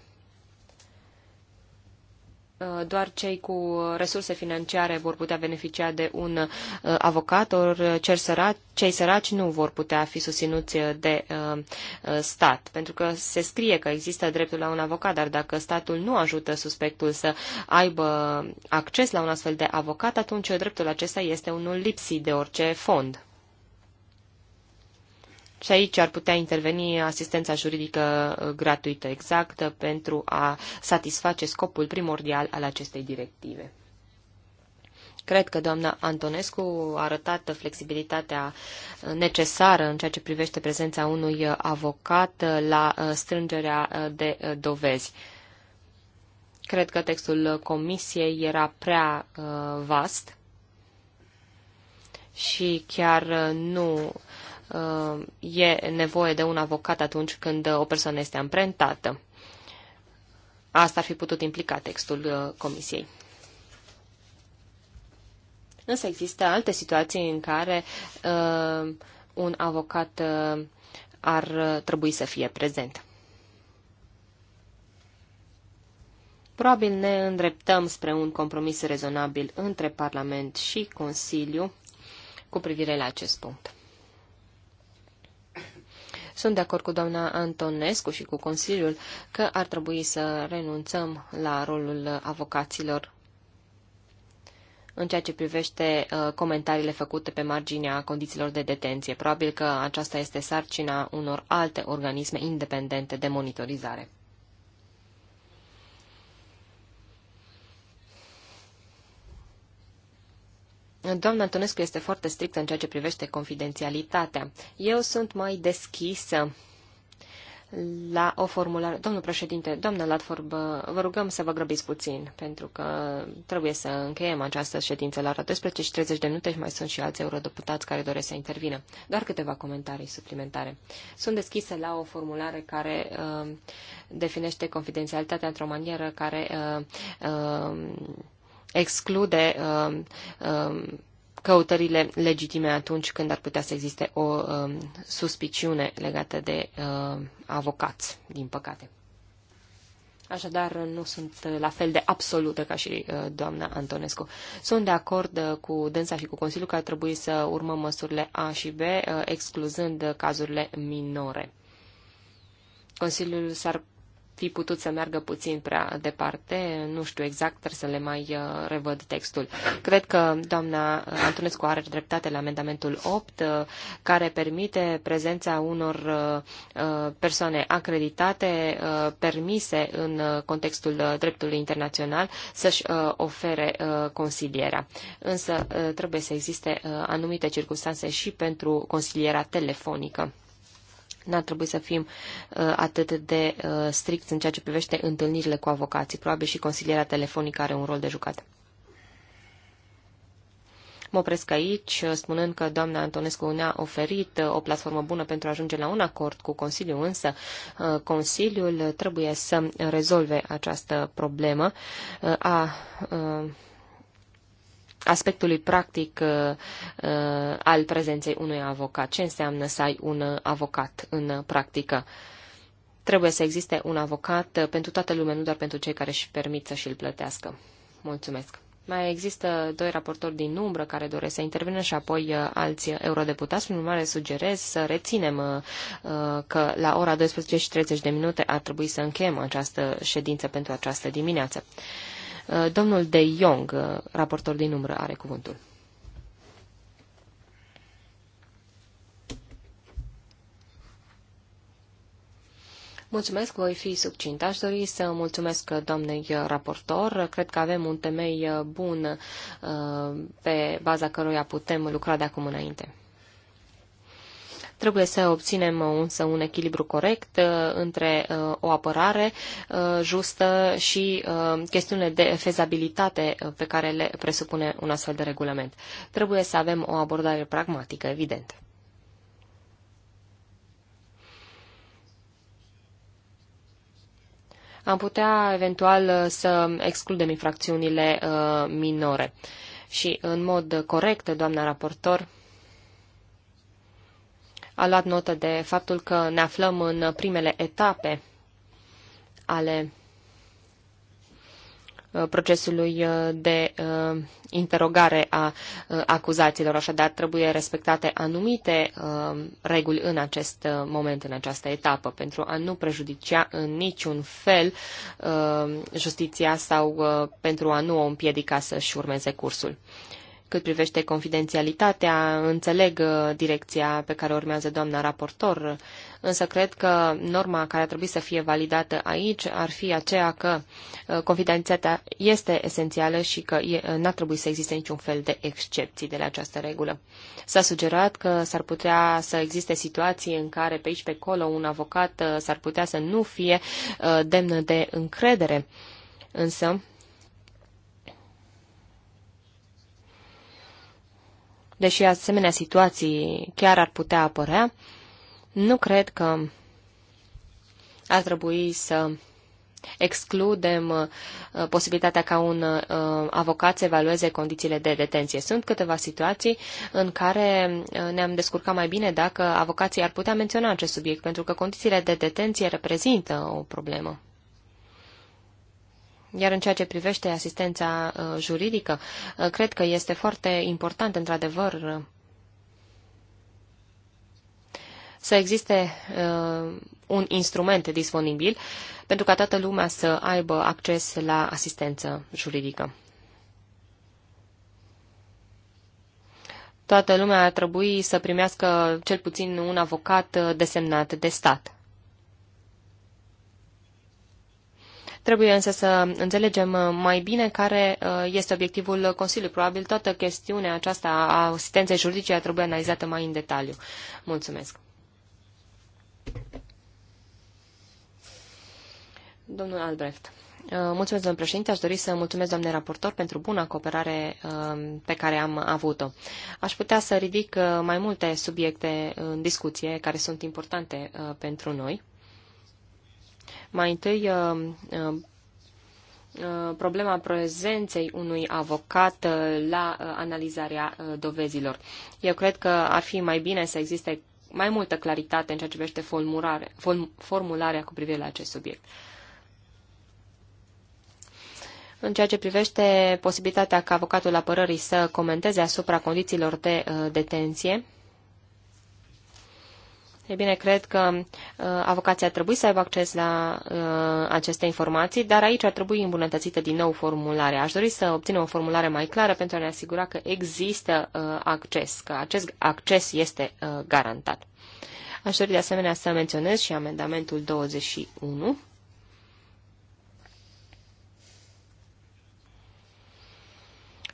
Uh, doar cei cu resurse financiare vor putea beneficia de un uh, avocat, ori uh, săraci, cei săraci nu vor putea fi susținuți de stat. Pentru că se scrie că există dreptul la un avocat, dar dacă statul nu ajută suspectul să aibă acces la un astfel de avocat, atunci dreptul acesta este unul lipsit de orice fond. Și aici ar putea interveni asistența juridică uh, gratuită exactă uh, pentru a satisface scopul primordial al acestei directive. Cred că doamna Antonescu a arătat flexibilitatea uh, necesară în ceea ce privește prezența unui avocat la strângerea de dovezi. Cred că textul comisiei era prea vast și chiar nu Uh, e nevoie de un avocat atunci când o persoană este amprentată. Asta ar fi putut implica textul uh, comisiei. Însă există alte situații în care uh, un avocat uh, ar uh, trebui să fie prezent. Probabil ne îndreptăm spre un compromis rezonabil între Parlament și Consiliu cu privire la acest punct. Sunt de acord cu doamna Antonescu și cu Consiliul că ar trebui să renunțăm la rolul avocaților în ceea ce privește uh, comentariile făcute pe marginea condițiilor de detenție. Probabil că aceasta este sarcina unor alte organisme independente de monitorizare. Doamna Antonescu este foarte strictă în ceea ce privește confidențialitatea. Eu sunt mai deschisă la o formulare. Domnul președinte, domnul Latforb, vă rugăm să vă grăbiți puțin, pentru că trebuie să încheiem această ședință la ora 12 și 30 de minute și mai sunt și alți eurodeputați care doresc să intervină. Doar câteva comentarii suplimentare. Sunt deschise la o formulare care uh, definește confidențialitatea într-o manieră care uh, uh, exclude uh, uh, căutările legitime atunci când ar putea să existe o uh, suspiciune legată de avocați, din păcate. Așadar, nu sunt la fel de absolută ca și doamna Antonescu. Sunt de acord cu Dânsa și cu Consiliul că ar trebui să urmăm măsurile A și B, excluzând cazurile minore. Consiliul s-ar fi putut să meargă puțin prea departe, nu știu exact, trebuie să le mai uh, revăd textul. Cred că doamna uh, Antonescu are dreptate la amendamentul 8, uh, care permite prezența unor persoane acreditate, permise în contextul dreptului internațional, să-și ofere consilierea. Însă trebuie să existe anumite circunstanțe și pentru consilierea telefonică n-ar trebui să fim uh, atât de uh, stricți în ceea ce privește întâlnirile cu avocații. Probabil și consilierea telefonică are un rol de jucat. Mă opresc aici, uh, spunând că doamna Antonescu ne-a oferit uh, o platformă bună pentru a ajunge la un acord cu Consiliul, însă uh, Consiliul trebuie să rezolve această problemă a aspectului practic uh, uh, al prezenței unui avocat. Ce înseamnă să ai un avocat în practică? Trebuie să existe un avocat uh, pentru toată lumea, nu doar pentru cei care își permit să și-l plătească. Mulțumesc! Mai există doi raportori din umbră care doresc să intervină și apoi alți eurodeputați. Prin urmare, sugerez să reținem că la ora 12.30 de minute ar trebui să încheiem această ședință pentru această dimineață. Uh, domnul De Jong, uh, raportor din umbră, are cuvântul. Mulțumesc, voi fi succint. Aș dori să mulțumesc doamnei raportor. Cred că avem un temei bun uh, pe baza căruia putem lucra de acum înainte. Trebuie să obținem însă un echilibru corect uh, între uh, o apărare uh, justă și chestiunile de fezabilitate pe care le presupune un astfel de regulament. Trebuie să avem o abordare pragmatică, evident. am putea eventual să excludem infracțiunile minore. Și în mod corect, doamna raportor, a luat notă de faptul că ne aflăm în primele etape ale uh, procesului uh, de uh, interogare a acuzațiilor. Așadar, trebuie respectate anumite reguli în acest moment, în această etapă, pentru a nu prejudicia în niciun fel justiția sau pentru a nu o împiedica să-și urmeze cursul. Cât privește confidențialitatea, înțeleg uh, direcția pe care urmează doamna raportor, însă cred că norma care ar trebui să fie validată aici ar fi aceea că uh, confidențialitatea este esențială și că uh, nu ar trebui să existe niciun fel de excepții de la această regulă. S-a sugerat că s-ar putea să existe situații în care pe aici pe acolo un avocat s-ar putea să nu fie demn de încredere. Însă, deși asemenea situații chiar ar putea apărea, nu cred că ar trebui să excludem uh, posibilitatea ca un uh, avocat să evalueze condițiile de detenție. Sunt câteva situații în care uh, ne-am descurcat mai bine dacă avocații ar putea menționa acest subiect, pentru că condițiile de detenție reprezintă o problemă. Iar în ceea ce privește asistența uh, juridică, uh, cred că este foarte important, într-adevăr, uh, să existe un instrument disponibil pentru ca toată lumea să aibă acces la asistență juridică. Toată lumea ar trebui să primească cel puțin un avocat desemnat de stat. Trebuie însă să înțelegem uh, mai bine care uh, este obiectivul Consiliului. Probabil toată chestiunea aceasta a asistenței juridice trebuie analizată mai în detaliu. Mulțumesc. Domnul Albrecht. Uh, mulțumesc, domnule președinte. Aș dori să mulțumesc, domnule raportor, pentru buna cooperare pe care am avut-o. Aș putea să ridic mai multe subiecte în discuție care sunt importante pentru noi. Mai întâi, uh, uh, uh, problema prezenței unui avocat la analizarea dovezilor. Eu cred că ar fi mai bine să existe mai multă claritate în ceea ce privește formularea cu privire la acest subiect. În ceea ce privește posibilitatea ca avocatul apărării să comenteze asupra condițiilor de detenție, ei bine, cred că uh, avocații ar trebui să aibă acces la uh, aceste informații, dar aici ar trebui îmbunătățită din nou formularea. Aș dori să obținem o formulare mai clară pentru a ne asigura că există uh, acces, că acest acces este uh, garantat. Aș dori de asemenea să menționez și amendamentul 21.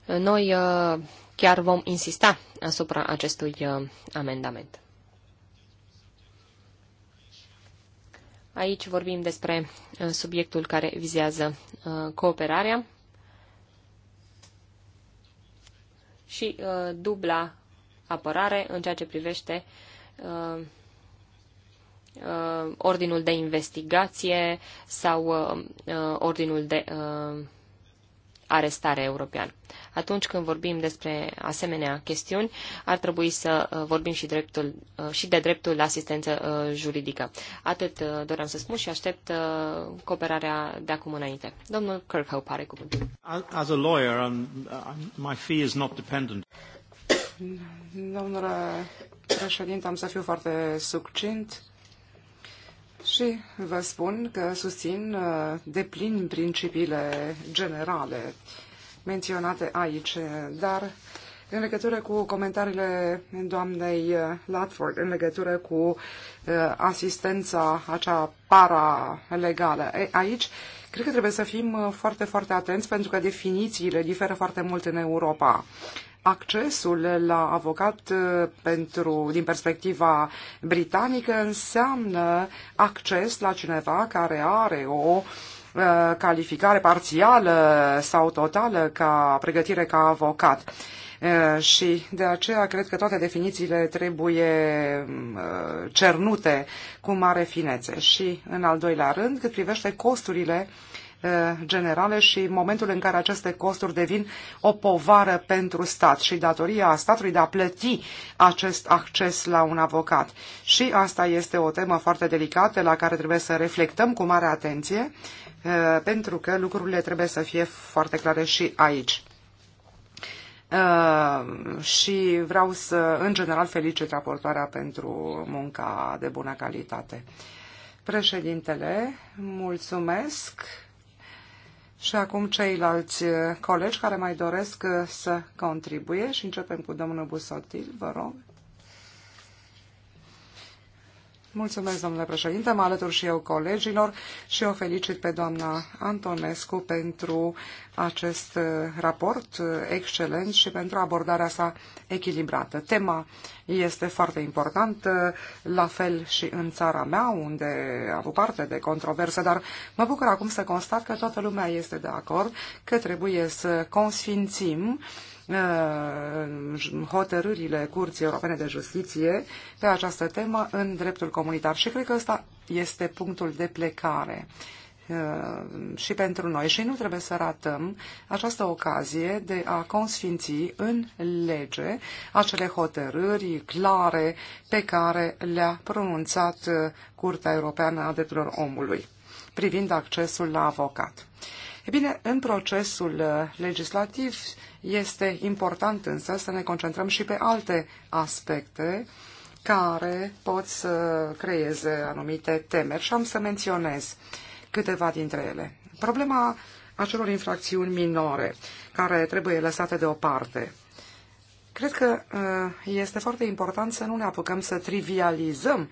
Noi uh, chiar vom insista asupra acestui uh, amendament. Aici vorbim despre uh, subiectul care vizează uh, cooperarea și uh, dubla apărare în ceea ce privește ordinul de investigație sau ordinul de arestare european. Atunci când vorbim despre asemenea chestiuni, ar trebui să uh, vorbim și, dreptul, uh, și de dreptul la asistență uh, juridică. Atât doream să spun și aștept cooperarea de acum înainte. Domnul Kirkhope are cuvântul. As a lawyer, I'm, my fee is not dependent. Domnule președinte, am să fiu foarte succint. Și vă spun că susțin uh, de plin principiile generale menționate aici, dar în legătură cu comentariile doamnei uh, Latford, în legătură cu uh, asistența acea paralegală, aici cred că trebuie să fim foarte, foarte atenți pentru că definițiile diferă foarte mult în Europa accesul la avocat uh, pentru, din perspectiva britanică înseamnă acces la cineva care are o uh, calificare parțială sau totală ca pregătire ca avocat. Uh, și de aceea cred că toate definițiile trebuie cernute cu mare finețe. Și în al doilea rând, cât privește costurile uh, Uh, generale și momentul în care aceste costuri devin o povară pentru stat și datoria statului de a plăti acest acces la un avocat. Și asta este o temă foarte delicată la care trebuie să reflectăm cu mare atenție uh, pentru că lucrurile trebuie să fie foarte clare și aici. Uh, și vreau să, în general, felicit raportoarea pentru munca de bună calitate. Președintele, mulțumesc și acum ceilalți eh, colegi care mai doresc eh, să contribuie și începem cu domnul Busotil, vă rog. Mulțumesc, domnule președinte, mă alătur și eu colegilor și o felicit pe doamna Antonescu pentru acest uh, raport uh, excelent și pentru abordarea sa echilibrată. Tema este foarte importantă, la fel și în țara mea, unde a avut parte de controverse, dar mă bucur acum să constat că toată lumea este de acord că trebuie să consfințim uh, Uh, hotărârile Curții Europene de Justiție pe această temă în dreptul comunitar. Și cred că ăsta este punctul de plecare uh, și pentru noi și nu trebuie să ratăm această ocazie de a consfinți în lege acele hotărâri clare pe care le-a pronunțat uh, Curtea Europeană a Drepturilor Omului privind accesul la avocat. E bine, în procesul legislativ este important însă să ne concentrăm și pe alte aspecte care pot să creeze anumite temeri și am să menționez câteva dintre ele. Problema acelor infracțiuni minore care trebuie lăsate deoparte. Cred că uh, este foarte important să nu ne apucăm să trivializăm uh,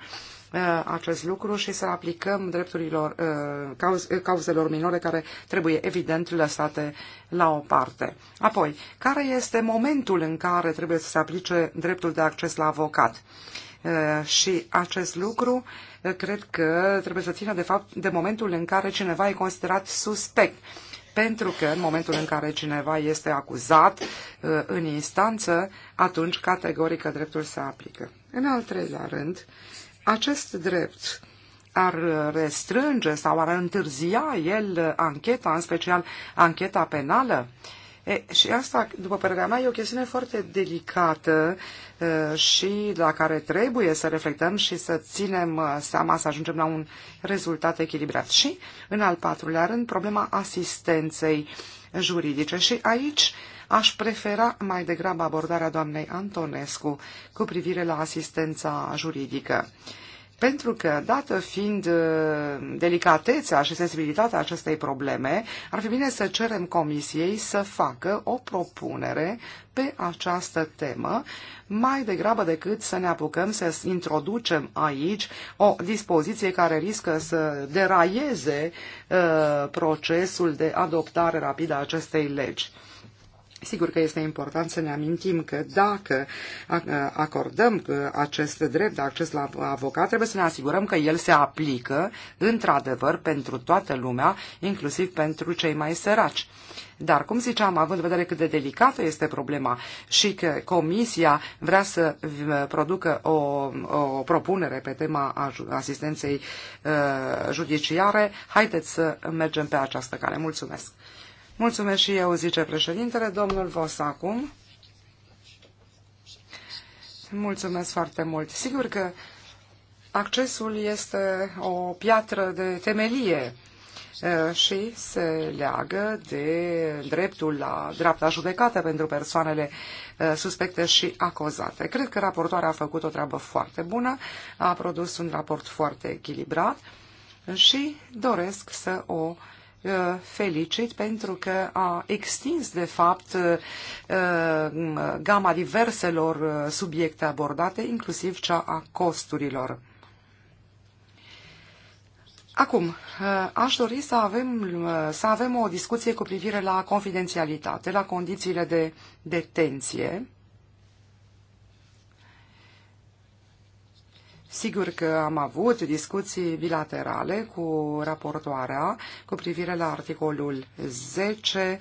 Uh, acest lucru și să aplicăm drepturilor uh, cauz, uh, cauzelor minore care trebuie evident lăsate la o parte. Apoi, care este momentul în care trebuie să se aplice dreptul de acces la avocat? Și acest lucru cred că trebuie să țină de fapt de momentul în care cineva e considerat suspect pentru că în momentul în care cineva este acuzat în instanță, atunci categorică dreptul se aplică. În al treilea rând, acest drept ar restrânge sau ar întârzia el ancheta, în special ancheta penală? E, și asta, după părerea mea, e o chestiune foarte delicată și la care trebuie să reflectăm și să ținem uh, seama să ajungem la un rezultat echilibrat. Și, în al patrulea rând, problema asistenței juridice. Și aici Aș prefera mai degrabă abordarea doamnei Antonescu cu privire la asistența juridică. Pentru că, dată fiind uh, delicatețea și sensibilitatea acestei probleme, ar fi bine să cerem Comisiei să facă o propunere pe această temă, mai degrabă decât să ne apucăm să introducem aici o dispoziție care riscă să deraieze uh, procesul de adoptare rapidă a acestei legi. Sigur că este important să ne amintim că dacă acordăm uh, acest drept de acces la avocat, trebuie să ne asigurăm că el se aplică într-adevăr pentru toată lumea, inclusiv pentru cei mai săraci. Dar, cum ziceam, având în vedere cât de delicată este problema și că Comisia vrea să uh, producă o, o propunere pe tema asistenței uh, judiciare, haideți să mergem pe această cale. Mulțumesc! Mulțumesc și eu, zice președintele, domnul Vos acum. Mulțumesc foarte mult. Sigur că accesul este o piatră de temelie și se leagă de dreptul la dreapta judecată pentru persoanele suspecte și acozate. Cred că raportoarea a făcut o treabă foarte bună, a produs un raport foarte echilibrat și doresc să o uh, Uh, felicit pentru că a extins, de fapt, uh, uh, gama diverselor subiecte abordate, inclusiv cea a costurilor. Acum, aș dori să avem, să avem o discuție cu privire la confidențialitate, la condițiile de detenție Sigur că am avut discuții bilaterale cu raportoarea cu privire la articolul 10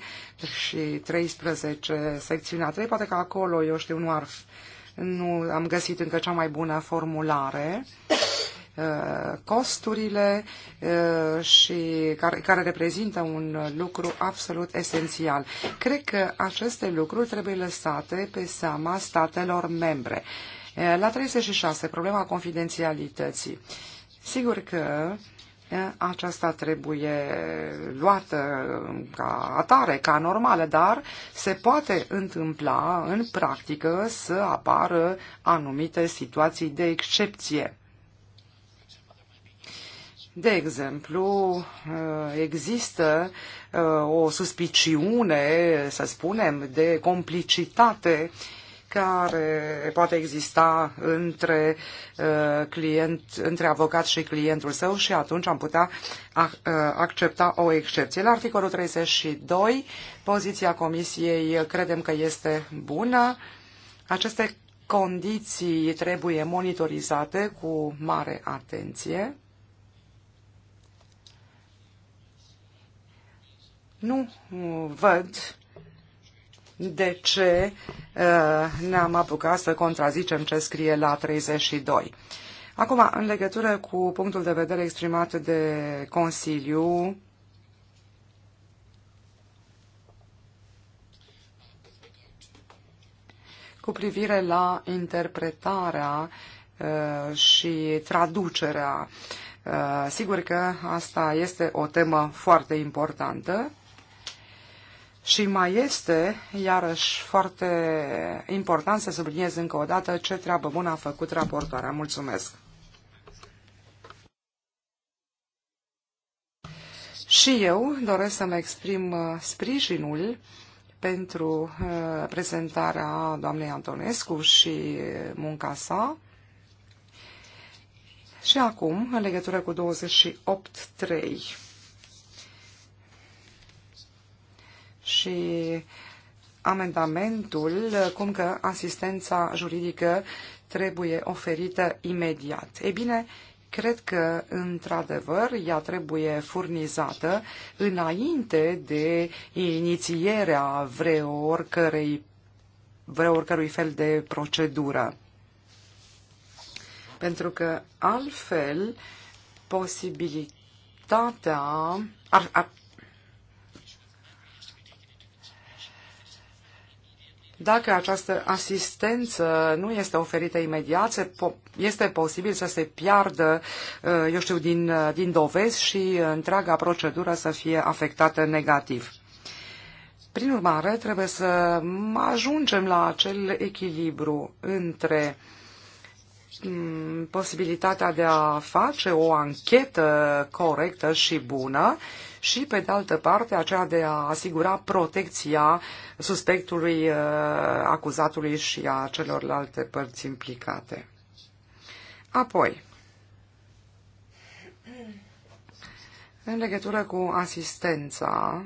și 13, secțiunea 3. Poate că acolo, eu știu, nu, ar, nu am găsit încă cea mai bună formulare uh, costurile uh, și care, care reprezintă un lucru absolut esențial. Cred că aceste lucruri trebuie lăsate pe seama statelor membre. La 36, problema confidențialității. Sigur că aceasta trebuie luată ca atare, ca normală, dar se poate întâmpla în practică să apară anumite situații de excepție. De exemplu, există o suspiciune, să spunem, de complicitate care poate exista între, uh, client, între avocat și clientul său și atunci am putea uh, accepta o excepție. La articolul 32, poziția comisiei uh, credem că este bună. Aceste condiții trebuie monitorizate cu mare atenție. Nu văd de ce uh, ne-am apucat să contrazicem ce scrie la 32. Acum, în legătură cu punctul de vedere exprimat de Consiliu, cu privire la interpretarea uh, și traducerea. Uh, sigur că asta este o temă foarte importantă și mai este, iarăși, foarte important să subliniez încă o dată ce treabă bună a făcut raportoarea. Mulțumesc! Și eu doresc să-mi exprim uh, sprijinul pentru uh, prezentarea doamnei Antonescu și munca sa. Și acum, în legătură cu 28.3. și amendamentul cum că asistența juridică trebuie oferită imediat. Ei bine, cred că, într-adevăr, ea trebuie furnizată înainte de inițierea vreo oricărui fel de procedură. Pentru că, altfel, posibilitatea ar, ar Dacă această asistență nu este oferită imediat, este posibil să se piardă, uh, eu știu, din, uh, din dovezi și uh, întreaga procedură să fie afectată negativ. Prin urmare, trebuie să ajungem la acel echilibru între uh, posibilitatea de a face o anchetă corectă și bună și, pe de altă parte, aceea de a asigura protecția suspectului, uh, acuzatului și a celorlalte părți implicate. Apoi, în legătură cu asistența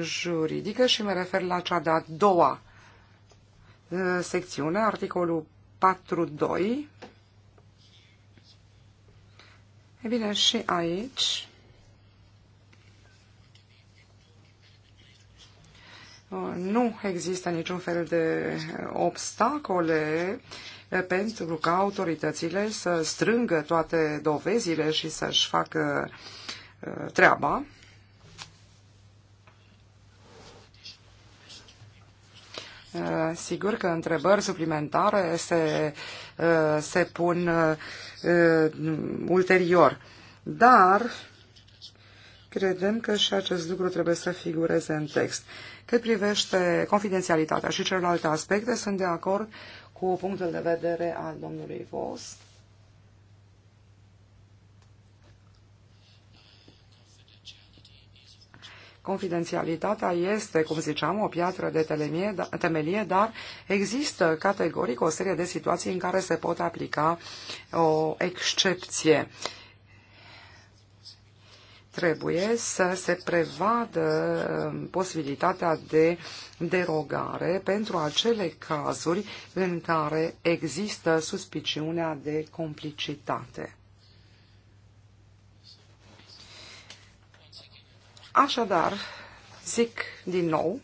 juridică și mă refer la cea de-a doua uh, secțiune, articolul 4-2. E bine, și aici nu există niciun fel de obstacole pentru ca autoritățile să strângă toate dovezile și să-și facă uh, treaba. Uh, sigur că întrebări suplimentare se, uh, se pun uh, ulterior, dar credem că și acest lucru trebuie să figureze în text. Cât privește confidențialitatea și celelalte aspecte, sunt de acord cu punctul de vedere al domnului Vost Confidențialitatea este, cum ziceam, o piatră de telemie, da, temelie, dar există categoric o serie de situații în care se pot aplica o excepție. Trebuie să se prevadă um, posibilitatea de derogare pentru acele cazuri în care există suspiciunea de complicitate. Așadar, zic din nou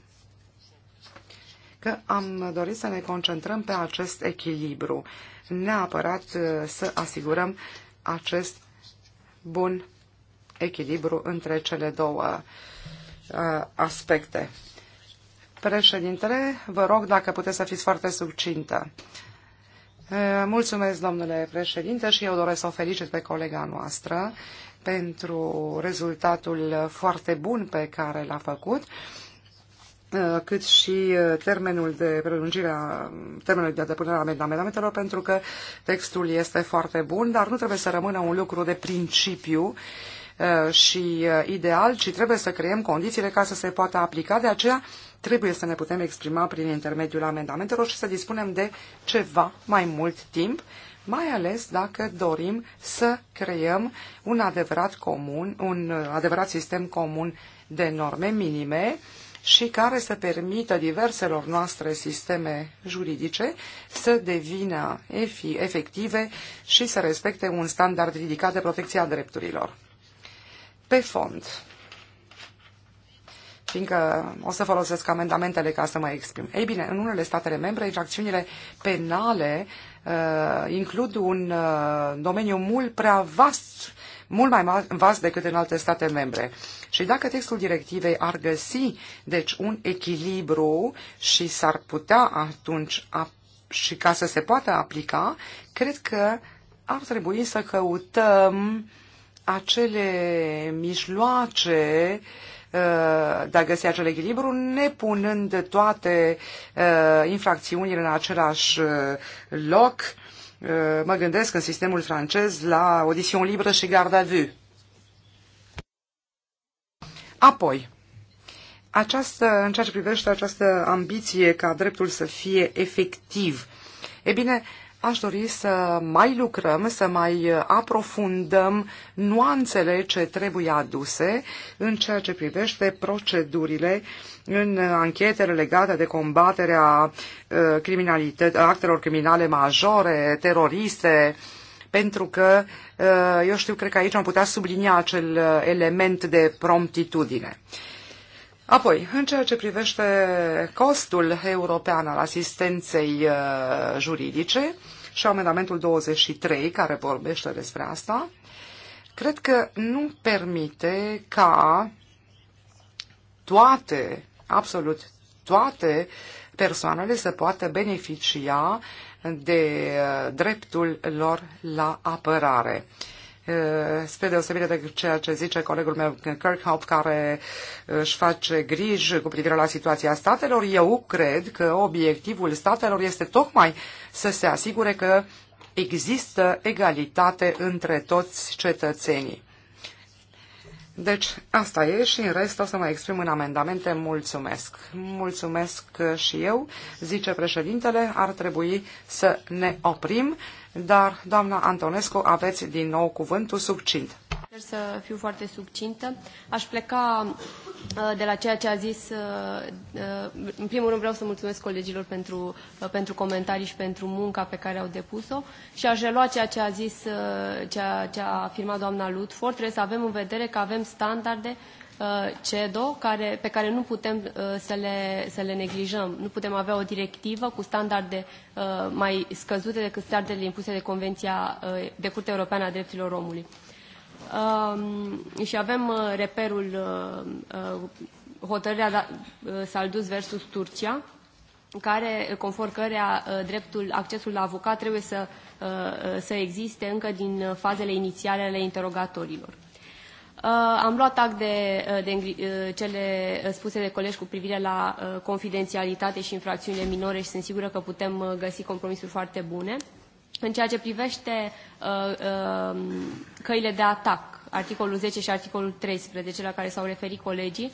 că am dorit să ne concentrăm pe acest echilibru, neapărat uh, să asigurăm acest bun echilibru între cele două uh, aspecte. Președintele, vă rog dacă puteți să fiți foarte succintă. Uh, mulțumesc, domnule președinte, și eu doresc să o felicit pe colega noastră pentru rezultatul foarte bun pe care l-a făcut, uh, cât și uh, termenul de prelungire a termenului de depunere a amendamentelor, pentru că textul este foarte bun, dar nu trebuie să rămână un lucru de principiu uh, și ideal, ci trebuie să creăm condițiile ca să se poată aplica. De aceea trebuie să ne putem exprima prin intermediul amendamentelor și să dispunem de ceva mai mult timp mai ales dacă dorim să creăm un adevărat, comun, un uh, adevărat sistem comun de norme minime și care să permită diverselor noastre sisteme juridice să devină efective și să respecte un standard ridicat de protecție a drepturilor. Pe fond, fiindcă o să folosesc amendamentele ca să mă exprim. Ei bine, în unele statele membre, infracțiunile penale Uh, includ un uh, domeniu mult prea vast, mult mai vast decât în alte state membre. Și dacă textul directivei ar găsi, deci, un echilibru și s-ar putea atunci și ca să se poată aplica, cred că ar trebui să căutăm acele mijloace uh, Uh, de a găsi acel echilibru, nepunând toate uh, infracțiunile în același uh, loc. Mă gândesc în sistemul francez la audition libră și garde à vue. Apoi, această, în ceea ce privește această ambiție ca dreptul să fie efectiv, e bine, uh, aș dori să mai lucrăm, să mai aprofundăm nuanțele ce trebuie aduse în ceea ce privește procedurile în anchetele legate de combaterea uh, actelor criminale majore, teroriste, pentru că uh, eu știu, cred că aici am putea sublinia acel uh, element de promptitudine. Apoi, în ceea ce privește costul european al asistenței uh, juridice și amendamentul 23 care vorbește despre asta, cred că nu permite ca toate, absolut toate persoanele să poată beneficia de uh, dreptul lor la apărare. Uh, spre deosebire de ceea ce zice colegul meu Kirkhope, care își face griji cu privire la situația statelor, eu cred că obiectivul statelor este tocmai să se asigure că există egalitate între toți cetățenii. Deci, asta e și în rest o să mă exprim în amendamente. Mulțumesc. Mulțumesc și eu, zice președintele, ar trebui să ne oprim dar, doamna Antonescu, aveți din nou cuvântul subcint. Sper să fiu foarte subcintă. Aș pleca uh, de la ceea ce a zis. Uh, uh, în primul rând vreau să mulțumesc colegilor pentru, pentru comentarii și pentru munca pe care au depus-o și aș relua ceea ce a zis, ceea ce a afirmat doamna Lutfort. Trebuie să avem în vedere că avem standarde Uh, CEDO, care, pe care nu putem uh, să le, să le neglijăm. Nu putem avea o directivă cu standarde uh, mai scăzute decât standardele impuse de Convenția de Curte Europeană a Drepturilor Omului. Um, și avem reperul hotărârea Saldus versus Turcia, care, conform cărea dreptul, accesul la avocat trebuie să, să existe încă din fazele inițiale ale interogatorilor. Uh, am luat act de, uh, de uh, cele spuse de colegi cu privire la confidențialitate și infracțiunile minore și sunt sigură că putem găsi compromisuri foarte bune. În ceea ce privește um, căile de atac, articolul 10 și articolul 13, la care s-au referit colegii,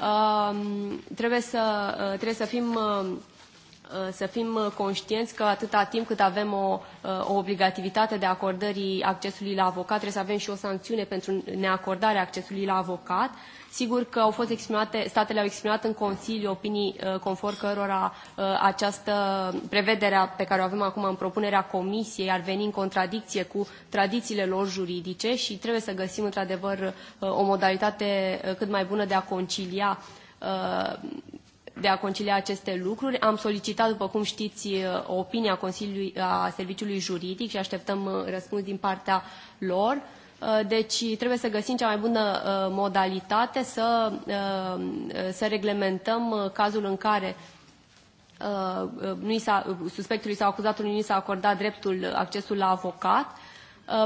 um, trebuie să, trebuie să fim Uh, să fim uh, conștienți că atâta timp cât avem o, uh, o obligativitate de acordării accesului la avocat, trebuie să avem și o sancțiune pentru neacordarea accesului la avocat. Sigur că au fost exprimate, statele au exprimat în Consiliu opinii conform cărora această prevedere pe care o avem acum în propunerea Comisiei ar veni în contradicție cu tradițiile lor juridice și trebuie să găsim într-adevăr o modalitate cât mai bună de a concilia de a concilia aceste lucruri. Am solicitat, după cum știți, uh, opinia Consiliului, a Serviciului Juridic și așteptăm uh, răspuns din partea lor. Uh, deci trebuie să găsim cea mai bună modalitate să, să reglementăm cazul în care nu suspectului sau acuzatului nu i s-a acordat dreptul accesul la avocat,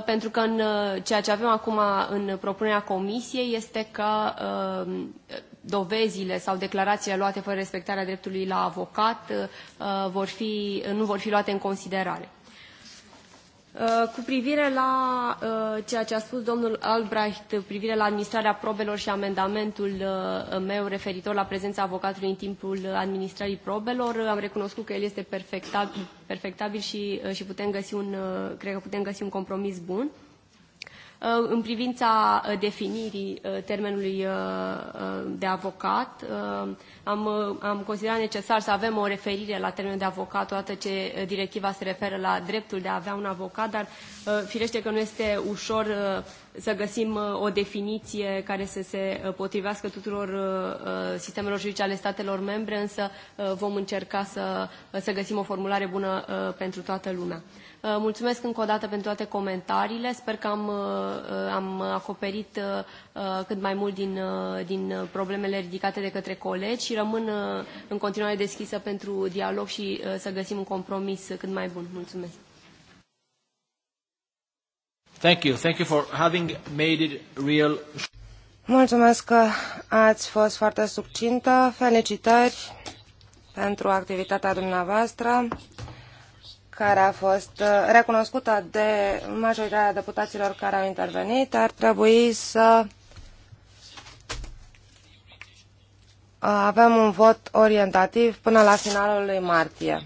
pentru că în ceea ce avem acum în propunerea comisiei este că dovezile sau declarațiile luate fără respectarea dreptului la avocat uh, vor fi, uh, nu vor fi luate în considerare. Uh, cu privire la ceea ce a spus domnul Albrecht, cu privire la administrarea probelor și amendamentul meu referitor la prezența avocatului în timpul administrării probelor, am recunoscut că el este perfectabil, perfectabil și, și putem găsi un, cred că putem găsi un compromis bun. Uh, în privința uh, definirii uh, termenului de avocat. Am, am considerat necesar să avem o referire la termenul de avocat, odată ce directiva se referă la dreptul de a avea un avocat, dar firește că nu este ușor să găsim o definiție care să se potrivească tuturor sistemelor juridice ale statelor membre, însă vom încerca să, să găsim o formulare bună pentru toată lumea. Uh, mulțumesc încă o dată pentru toate comentariile. Sper că am, uh, uh, am acoperit cât mai mult din, din problemele ridicate de către colegi și rămân în continuare deschisă pentru dialog și să găsim un compromis cât mai bun. Mulțumesc. Thank you. Thank you for having made it real. Mulțumesc că ați fost foarte succintă. Felicitări pentru activitatea dumneavoastră care a fost uh, recunoscută de majoritatea deputaților care au intervenit, ar trebui să uh, avem un vot orientativ până la finalul lui martie,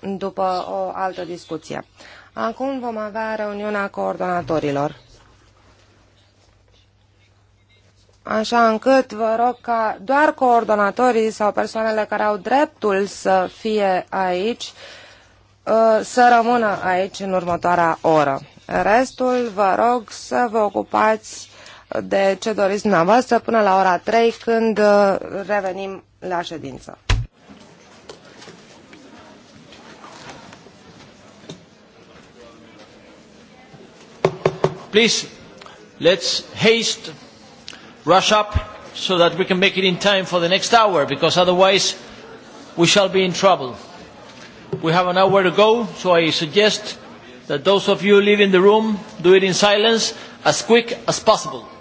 după o altă discuție. Acum vom avea reuniunea coordonatorilor. așa încât vă rog ca doar coordonatorii sau persoanele care au dreptul să fie aici uh, să rămână aici în următoarea oră. Restul vă rog să vă ocupați de ce doriți dumneavoastră până la ora 3 când uh, revenim la ședință. Please, let's haste rush up so that we can make it in time for the next hour, because otherwise we shall be in trouble. We have an hour to go, so I suggest that those of you leaving the room do it in silence as quick as possible.